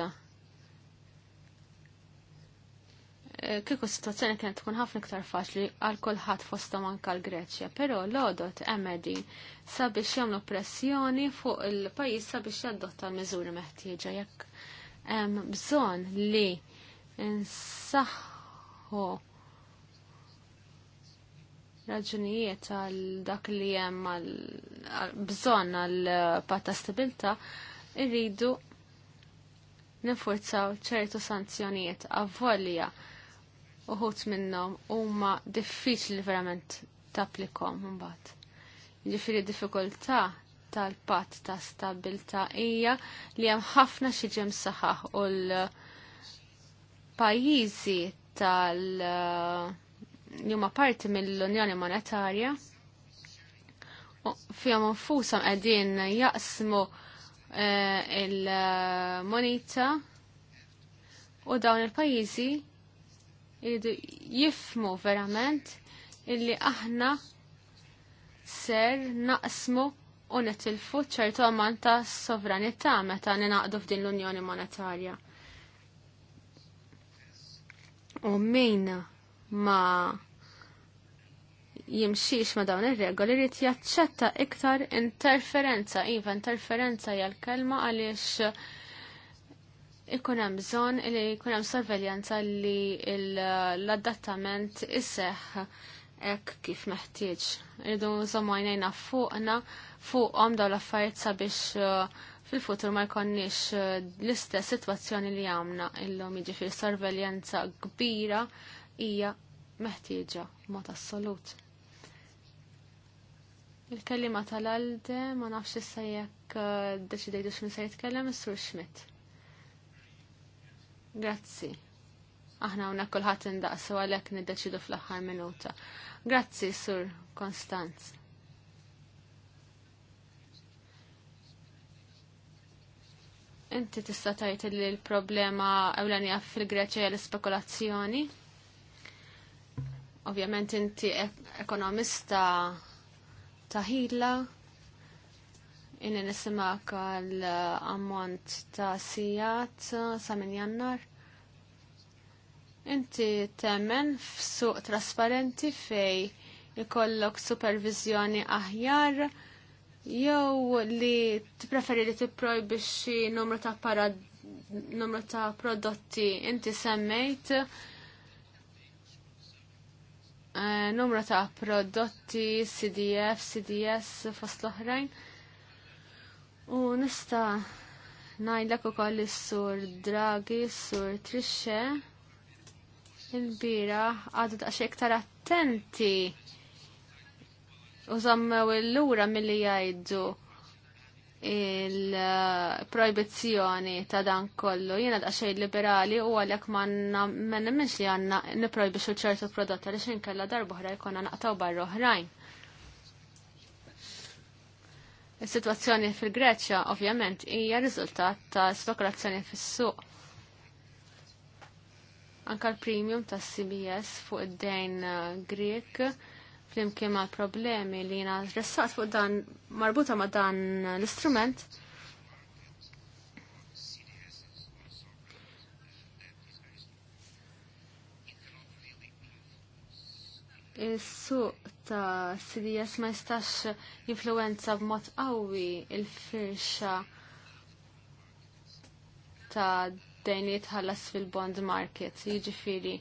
Eh, kieku situazzjoni kienet tkun ħafna iktar faċli għal kulħadd fosta manka l-Greċja, però l-għodot emedi sabiex jagħmlu pressjoni fuq il-pajjiż sabiex jaddotta l-miżuri meħtieġa jekk hemm bżonn li nsaħħu raġunijiet għal dak li hemm għal bżonn għal patta stabilta irridu nifurzaw ċertu sanzjonijiet avvolja. volja uħut minnom huma diffiċli verament taplikom mbagħad. Ġifiri diffikultà tal-patt ta' stabilta hija li hemm ħafna xi ġem u l-pajjiżi tal- juma parti mill-Unjoni Monetarja u fihom unfusam qegħdin jaqsmu eh, il-monita u dawn il-pajjiżi iridu jifmu verament illi aħna ser naqsmu u netilfu ċertu għaman ta' sovranità meta ninaqdu f'din l-Unjoni Monetarja. U min ma' jimxiex ma dawn ir-regoli rrit jaċċetta iktar interferenza, iva interferenza hija l kelma għaliex ikun hemm bżonn li jkun hemm sorveljanza li l-adattament iseħħ hekk kif meħtieġ. Irdu nżommu għajnejna fuqna fuqhom dawn l-affarijiet sabiex uh, fil-futur ma jkonniex uh, l-istess sitwazzjoni li għamna illum jiġifieri sorveljanza kbira hija meħtieġa mod assolut. il kelliema tal-alde ma nafx issa jekk uh, deċidejdu x'min se jitkellem is-Sur Schmidt. Grazzi. Aħna unna kullħat indaqsu għalek niddeċidu fl-axħar minuta. Grazzi, Sur Konstanz. Inti tista' tajt li l-problema ewlenija fil-Greċja l-spekulazzjoni. Ovvjament inti ek ekonomista taħilla, inni nisimak l-ammont uh, ta' sijat uh, sa' minn jannar. Inti temmen f'suq trasparenti fej jikollok supervizjoni aħjar jew li t-preferi li t-projbixi numru ta' parad numru ta' prodotti inti semmejt eh, numru ta' prodotti CDF, CDS fost l-oħrajn U nista ngħidlek ukoll is-sur Draghi, s sur Trisce, il-bira għadu daqsxejn iktar attenti u zammew il-lura milli jgħidu il-proibizjoni ta' dan kollu. Jiena daqxej liberali u għalek manna menna minx li għanna niprojbixu ċertu prodotta li xin kella darbohra jkun naqtaw barra oħrajn. Is-sitwazzjoni fil-Greċja ovvjament hija riżultat ta' spekulazzjoni fis-suq. Anka l-premium tas CBS fuq id-dejn uh, Grek flimkien ma' problemi li jina ressaqt fuq dan marbuta ma' dan uh, l-istrument. Is-suq ta' CDS ma jistax influenza b'mod qawwi il-firxa ta' dejn li jitħallas fil-bond market, jiġifieri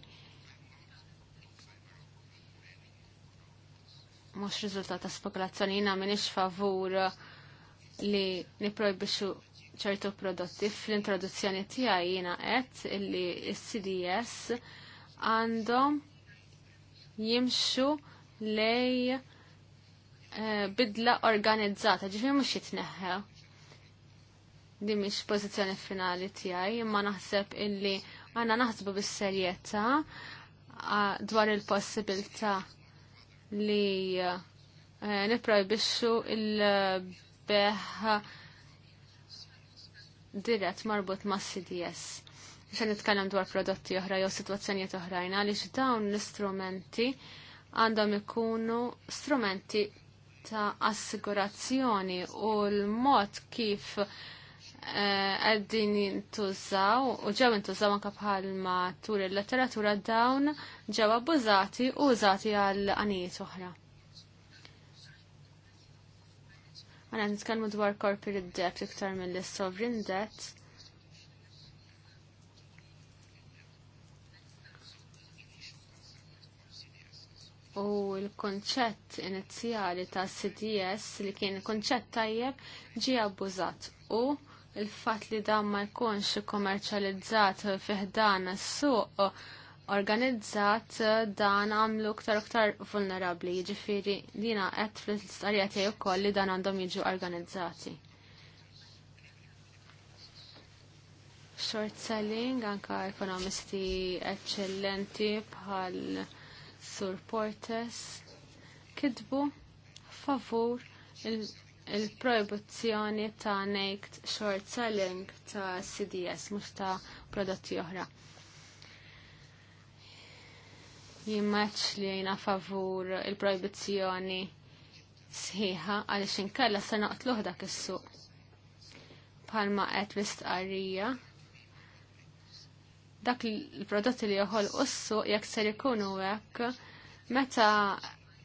mhux riżultat ta' spekulazzjoni jiena m'iniex favur li niprojbixu ċertu prodotti fl-introduzzjoni tiegħi jiena qed illi s-CDS għandhom jimxu lej eh, bidla organizzata, ġifiri mux jitneħħa. Di miex pozizjoni finali tijaj, imma naħseb illi għanna naħsbu bis-serjeta dwar il-possibilta li eh, niprojbixxu il-beħ dirett marbut ma' CDS. Xa nitkellem dwar prodotti oħra jew sitwazzjonijiet oħrajna għaliex dawn l-istrumenti għandhom ikunu strumenti ta' assigurazzjoni u l-mod kif eh, għeddin intużaw jintużaw u ġew intużaw anka bħalma tur il-letteratura dawn ġew abbużati u użati għal għanijiet oħra. Għana nitkellmu dwar corporate debt iktar mill-sovereign debt u l-konċett inizjali ta' CDS li kien konċett tajjeb ġie abbużat u l fatt li dan ma jkunx kommerċjalizzat fiħdan s-suq organizzat dan għamlu ktar ktar vulnerabli, ġifiri dina għed fl-istarja tiegħi wkoll li dan għandhom jiġu organizzati. Short selling, anka ekonomisti eccellenti bħal Sur Portes kidbu favur il-proibuzzjoni il ta' naked short selling ta' CDS mhux ta' prodotti oħra. Jimmaċ li jina favur il-proibuzzjoni sħiħa għaliex inkella se naqtluh dak is-suq. Palma qed l-istqarrija dak il-prodotti li joħol ussu jekk ser ikunu hekk meta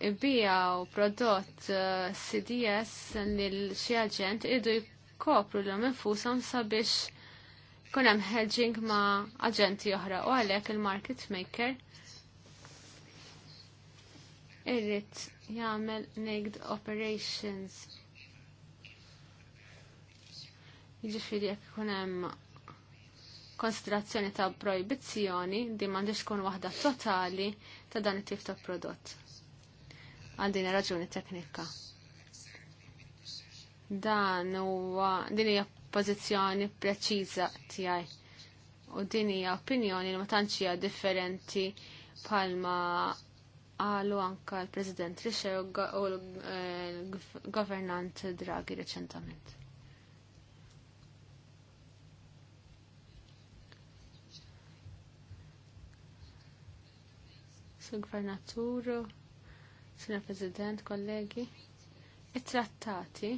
ibijaw prodott eh, CDS lil xi aġent idu jkopru l infushom sabiex kun hemm hedging ma' aġenti oħra u għalhekk il-market maker irrid jagħmel naked operations. Jiġifieri jekk ikun hemm konsiderazzjoni ta' proibizzjoni di m'għandix tkun waħda totali ta' dan it-tip ta' prodott. Għandina raġuni teknika. Dan huwa din hija pożizzjoni preċiża tiegħi u din hija opinjoni li ma tantx hija differenti palma għalu anka l-President Rishe u l-Governant eh, Draghi reċentament. Sur Gvernaturu, Sina President, kollegi. It-trattati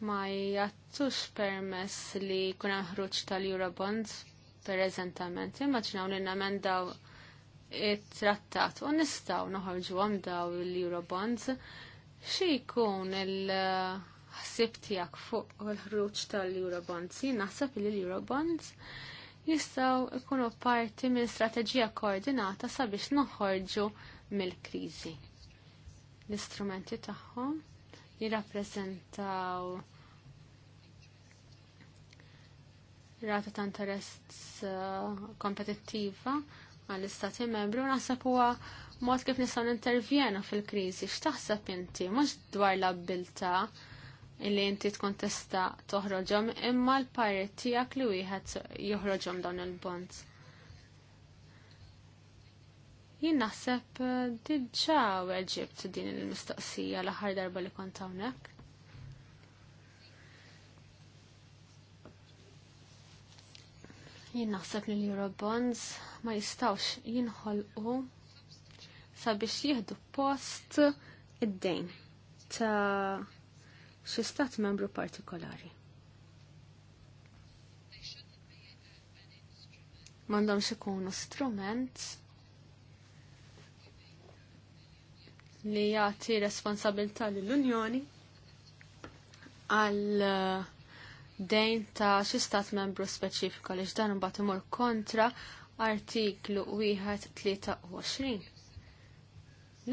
ma jattux permess li kuna ħruċ tal-Eurobonds per eżentament. Immaġinaw li daw it-trattat u nistaw noħorġu għom daw l-Eurobonds xie jkun il-ħsib tijak fuq l-ħruċ tal-Eurobonds. Jien naħseb li l-Eurobonds jistaw ikunu parti minn strateġija koordinata sabiex noħorġu mill-kriżi. L-istrumenti tagħhom jirrappreżentaw rata ta' interess uh, kompetittiva għall-istati membri u naħseb huwa mod kif nistgħu nintervjenu fil-kriżi x'taħseb inti mhux dwar l-abbilta' illi inti tkun tista toħroġhom imma l-parir tiegħek li wieħed joħroġhom dawn il-bonds. Jien naħseb eh, diġà weġibt din il-mistoqsija l-aħħar darba li kont hawnhekk. Jien naħseb li l-Eurobonds ma jistawx jinħolqu sabiex jieħdu post id-dejn ta' xi stat membru partikolari. M'għandhomx ikunu strument li jagħti responsabilità lill-Unjoni għal uh, dejn ta' xi stat membru speċifiku li dan imbagħad imur kontra artiklu 23.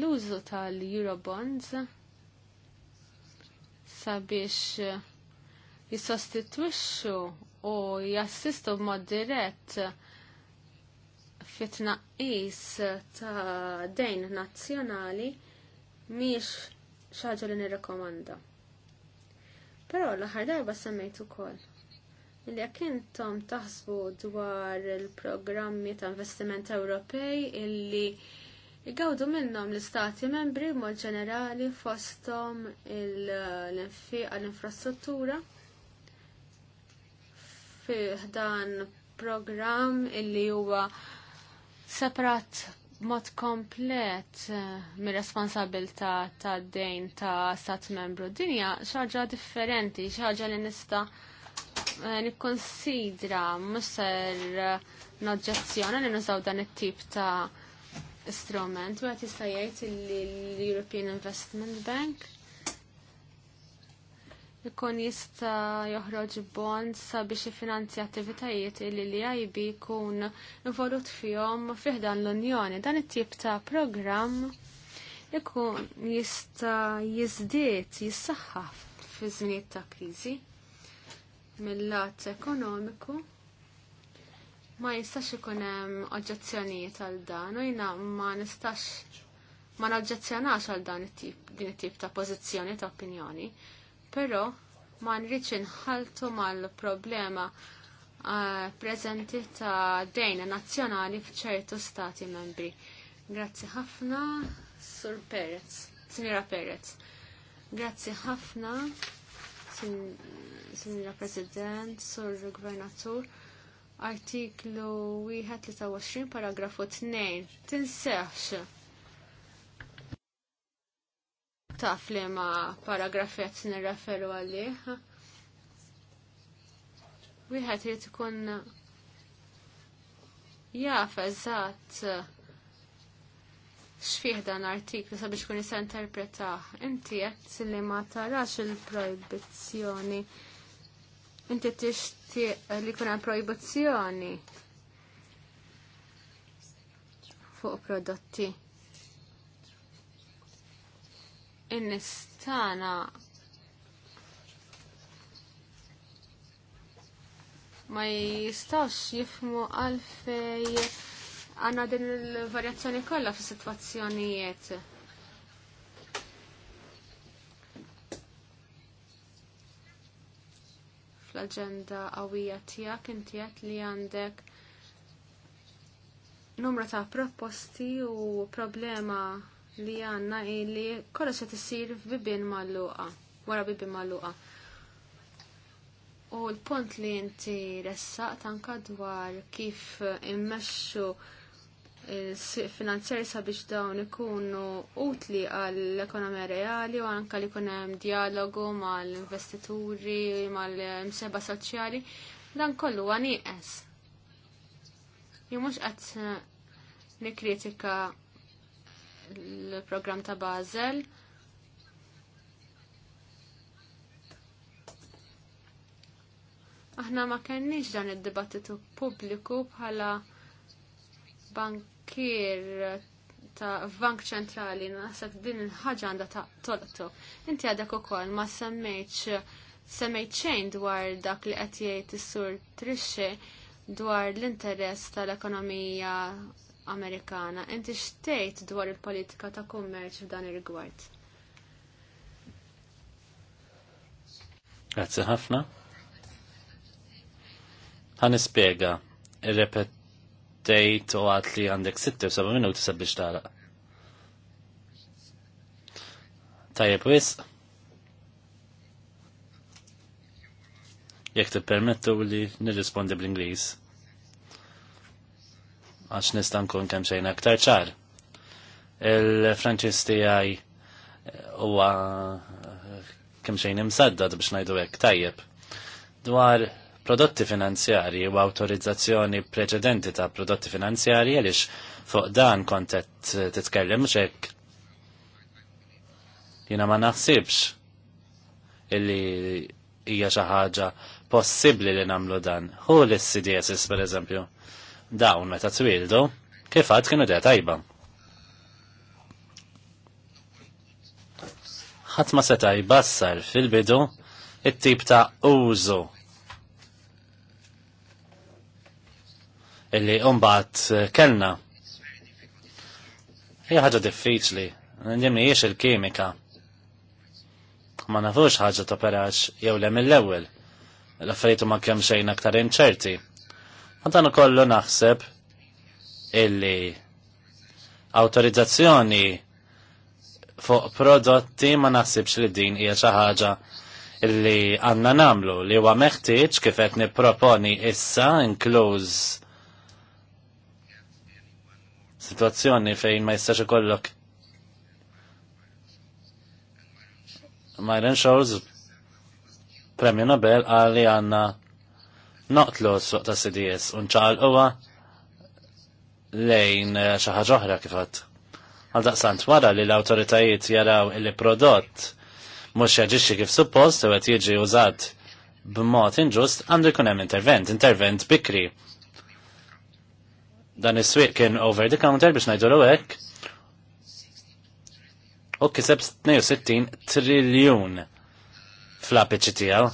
L-użu tal-Eurobonds sabiex eh, jissostitwixxu u jassistu b'mod dirett fit-tnaqqis ta' dejn nazzjonali miex xaġa li nirrekomanda. Però l-aħħar darba semmejt ukoll li jekk intom taħsbu dwar il-programmi ta' investiment Ewropej illi Igawdu minnom l-istati membri mod ġenerali fostom l-infiqa l-infrastruttura fi dan program illi huwa separat mod komplet eh, mir responsabilta ta' dejn ta' stat membru. Dinja xaġa differenti, xaġa li nista' eh, nikkonsidra mhux ser eh, noġġezzjoni li nużaw dan it-tip ta' strument, u għat jistajajt l-European Investment Bank ikun jista joħroġ bond sabiex jifinanzja attivitajiet li li IB kun involut fihom fiħdan l-Unjoni. Dan it-tip ta' programm ikun jista jizdiet, jissaħħaf fi żminijiet ta' kriżi mill-lat ekonomiku. Ma jistax ikun hemm oġġezzjonijiet għal dan u jina ma nistax ma naġġezzjonax għal dan it-tip din it-tip ta' pożizzjoni ta' opinjoni, però ma nridx inħaltu mal-problema uh, preżenti ta' dejna nazzjonali f'ċertu stati membri. Grazzi ħafna, Sur Perez, Sinjora Perez. Grazzi ħafna, Sinjora President, Sur Gvernatur artiklu 23 paragrafu 2 tinsefx taf li ma paragrafet nirreferu għalih wieħed li ikun jaf eżatt xfih dan artiklu sabiex kun jisa interpretaħ Inti qed li ma tarax il-projbizzjoni Inti tixtieq li jkun hemm proibizzjoni fuq prodotti. Innistana ma jistax jifmu għalfej għanna din il-varjazzjoni kollha fis-sitwazzjonijiet. fl-agenda qawwija tiegħek inti li għandek numru ta' proposti u problema li għandna ili kollha se tisir f'bibien mal-luqa, wara bibien mal-luqa. U l-punt li inti ressaqt anka dwar kif immexxu finanzjari sabiex dawn ikunu utli għall-ekonomija reali u anka li jkun hemm dialogu mal-investituri, mal-mseba soċjali, dan kollu għani Jien mhux qed eh, nikkritika l-programm ta' Basel. aħna ma kenniex dan id-dibattitu pubbliku bħala bank tfakkir ta' Bank Ċentrali naħseb din il-ħaġa għandha ta' tolqtu. Inti għadek ukoll ma semmejtx semmejt xejn dwar dak li qed jgħid is-sur Trixxi dwar l-interess tal-ekonomija Amerikana. Inti xtejt dwar il-politika ta' kummerċ f'dan ir-rigward? Grazzi ħafna. Ħanispjega ir-repet bdejt u għat li għandek 6-7 minuti sabiex tara. Tajjeb wis. Jek tippermettu li nirrispondi bl-Ingliż. Għax nista' nkun kemm xejn aktar ċar. Il-Franċis tiegħi huwa kemm xejn imsaddad biex ngħidu hekk tajjeb. Dwar prodotti finanzjarji u autorizzazzjoni preċedenti ta' prodotti finanzjarji għaliex fuq dan kontet titkellem xek jina ma naħsibx illi hija xi ħaġa possibbli li nagħmlu dan. Hu l-CDSS pereżempju. Dawn meta twildu kif għad kienu dea tajba. ħadd ma seta' jbassar fil-bidu it-tip ta' użu illi umbat eh, kellna. Hija ħaġa diffiċli, nimni jiex il-kimika. Ma nafux ħaġa toperax jew le mill-ewwel. L-affarijiet ma kemm xejn aktar inċerti. Ma dan ukollu naħseb illi autorizzazzjoni fuq prodotti ma naħsibx li din hija xi ħaġa illi għanna namlu li huwa meħtieġ kif qed nipproponi issa inkluż situazzjoni fejn ma jistax ikollok Myron Scholes premju Nobel għalli għanna noqtlu s-suq ta' CDS unċal uwa lejn eh, xaħġa oħra kifat. Għal daqsant wara li l-autoritajiet jaraw illi prodott mux jaġixxi kif suppost u għet jieġi użat b'mod inġust għandu jkun hemm intervent, intervent bikri Dan is-swieq kien over the counter biex ngħidu hekk u kiseb 62 triljun fl-apiċi tiegħu.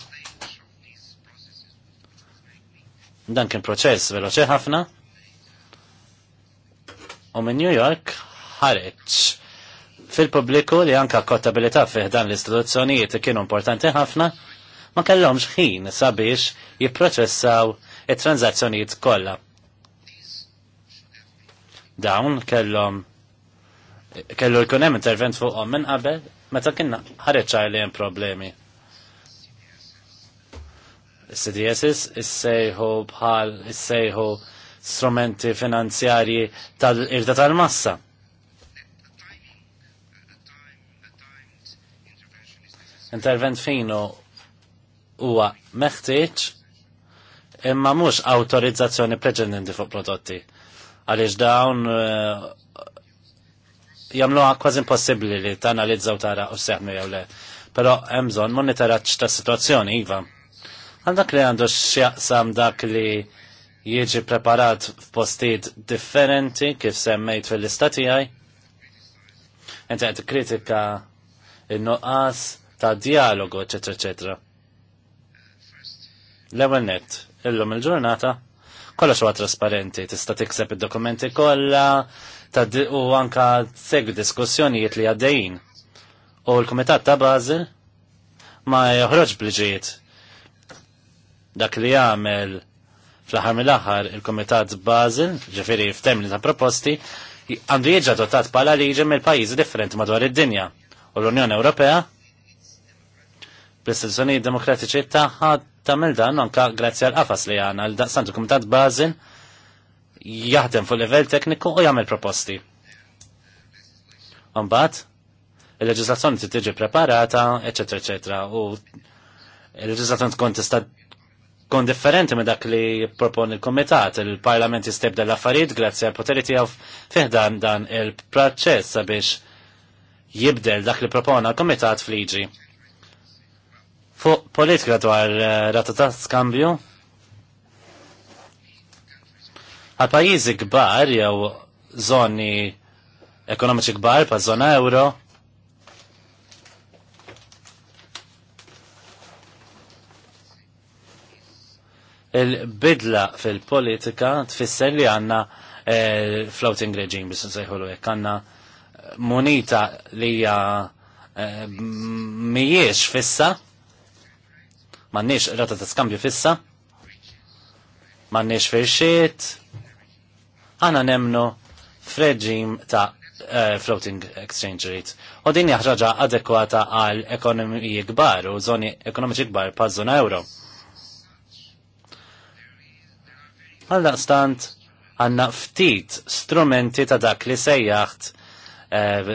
Dan kien proċess veloċi ħafna. U minn New York ħareġ fil-pubbliku li anka kottabilità fih dan l-istituzzjonijiet kienu importanti ħafna ma kellhomx ħin sabiex jipproċessaw it-tranzazzjonijiet kollha. Dawn kellhom kellu jkun hemm intervent fuqhom minn qabel meta kienna ħareċ li hemm problemi. Is-CDSs issejħu bħal issejħu strumenti finanzjarji tal-irda tal-massa. Intervent fino huwa meħtieġ imma mhux awtorizzazzjoni preċedenti fuq prodotti għaliex dawn eh, jagħmluha kważi impossibbli li tanalizzaw tara u seħnu jew le. Però hemm bżonn monitoraġġ ta' situazzjoni iva. Għandak li għandu x'jaqsam dak li jieġi preparat f'postijiet differenti kif semmejt fil-istati għaj. Inti għed kritika il-nuqqas ta' dialogu, eccetera, eccetera. l illum il-ġurnata, kollox huwa trasparenti, tista' tikseb id-dokumenti kollha u anka segwi diskussjonijiet li għaddejjin. U l-Kumitat ta' Basel ma joħroġ bliġiet dak li jagħmel fl-aħħar mill-aħħar il-Kumitat Basel, ġifieri f'termini ta' proposti, għandu jieġa dotat pala liġi mill pajjiżi differenti madwar id-dinja. U l-Unjoni Ewropea l istituzzjonijiet demokratiċi tagħha tagħmel dan anka grazzi għal qafas li għandna l daqsantu kumitat jaħdem fuq livell tekniku u jagħmel proposti. Mbagħad il leġislazzjoni ti tiġi preparata, eċetera, eċetera, u il-leġiżlazzjoni tkun tista' kon differenti minn dak li propon il-Komitat, il-Parlament jistebda l-affarijiet grazzi għal poteri tiegħu fiħdan dan il-proċess sabiex jibdel dak li propona l-Komitat fliġi. Fuq politika dwar eh, rata ta' skambju għal pajjiżi kbar jew zoni ekonomiċi kbar pa' zona euro il-bidla fil-politika tfisser li għanna eh, floating regime bis nsejħulu jekk għanna monita li hija eh, mijiex mhijiex fissa Mannix rata ta' skambju fissa, mannix firxiet, għana nemnu freġim ta' uh, floating exchange rate. U din jaħraġa adekwata għal ekonomiji gbar u zoni ekonomiċi gbar pa' zona euro. Għalla stant għanna ftit strumenti ta' dak li sejjaħt uh,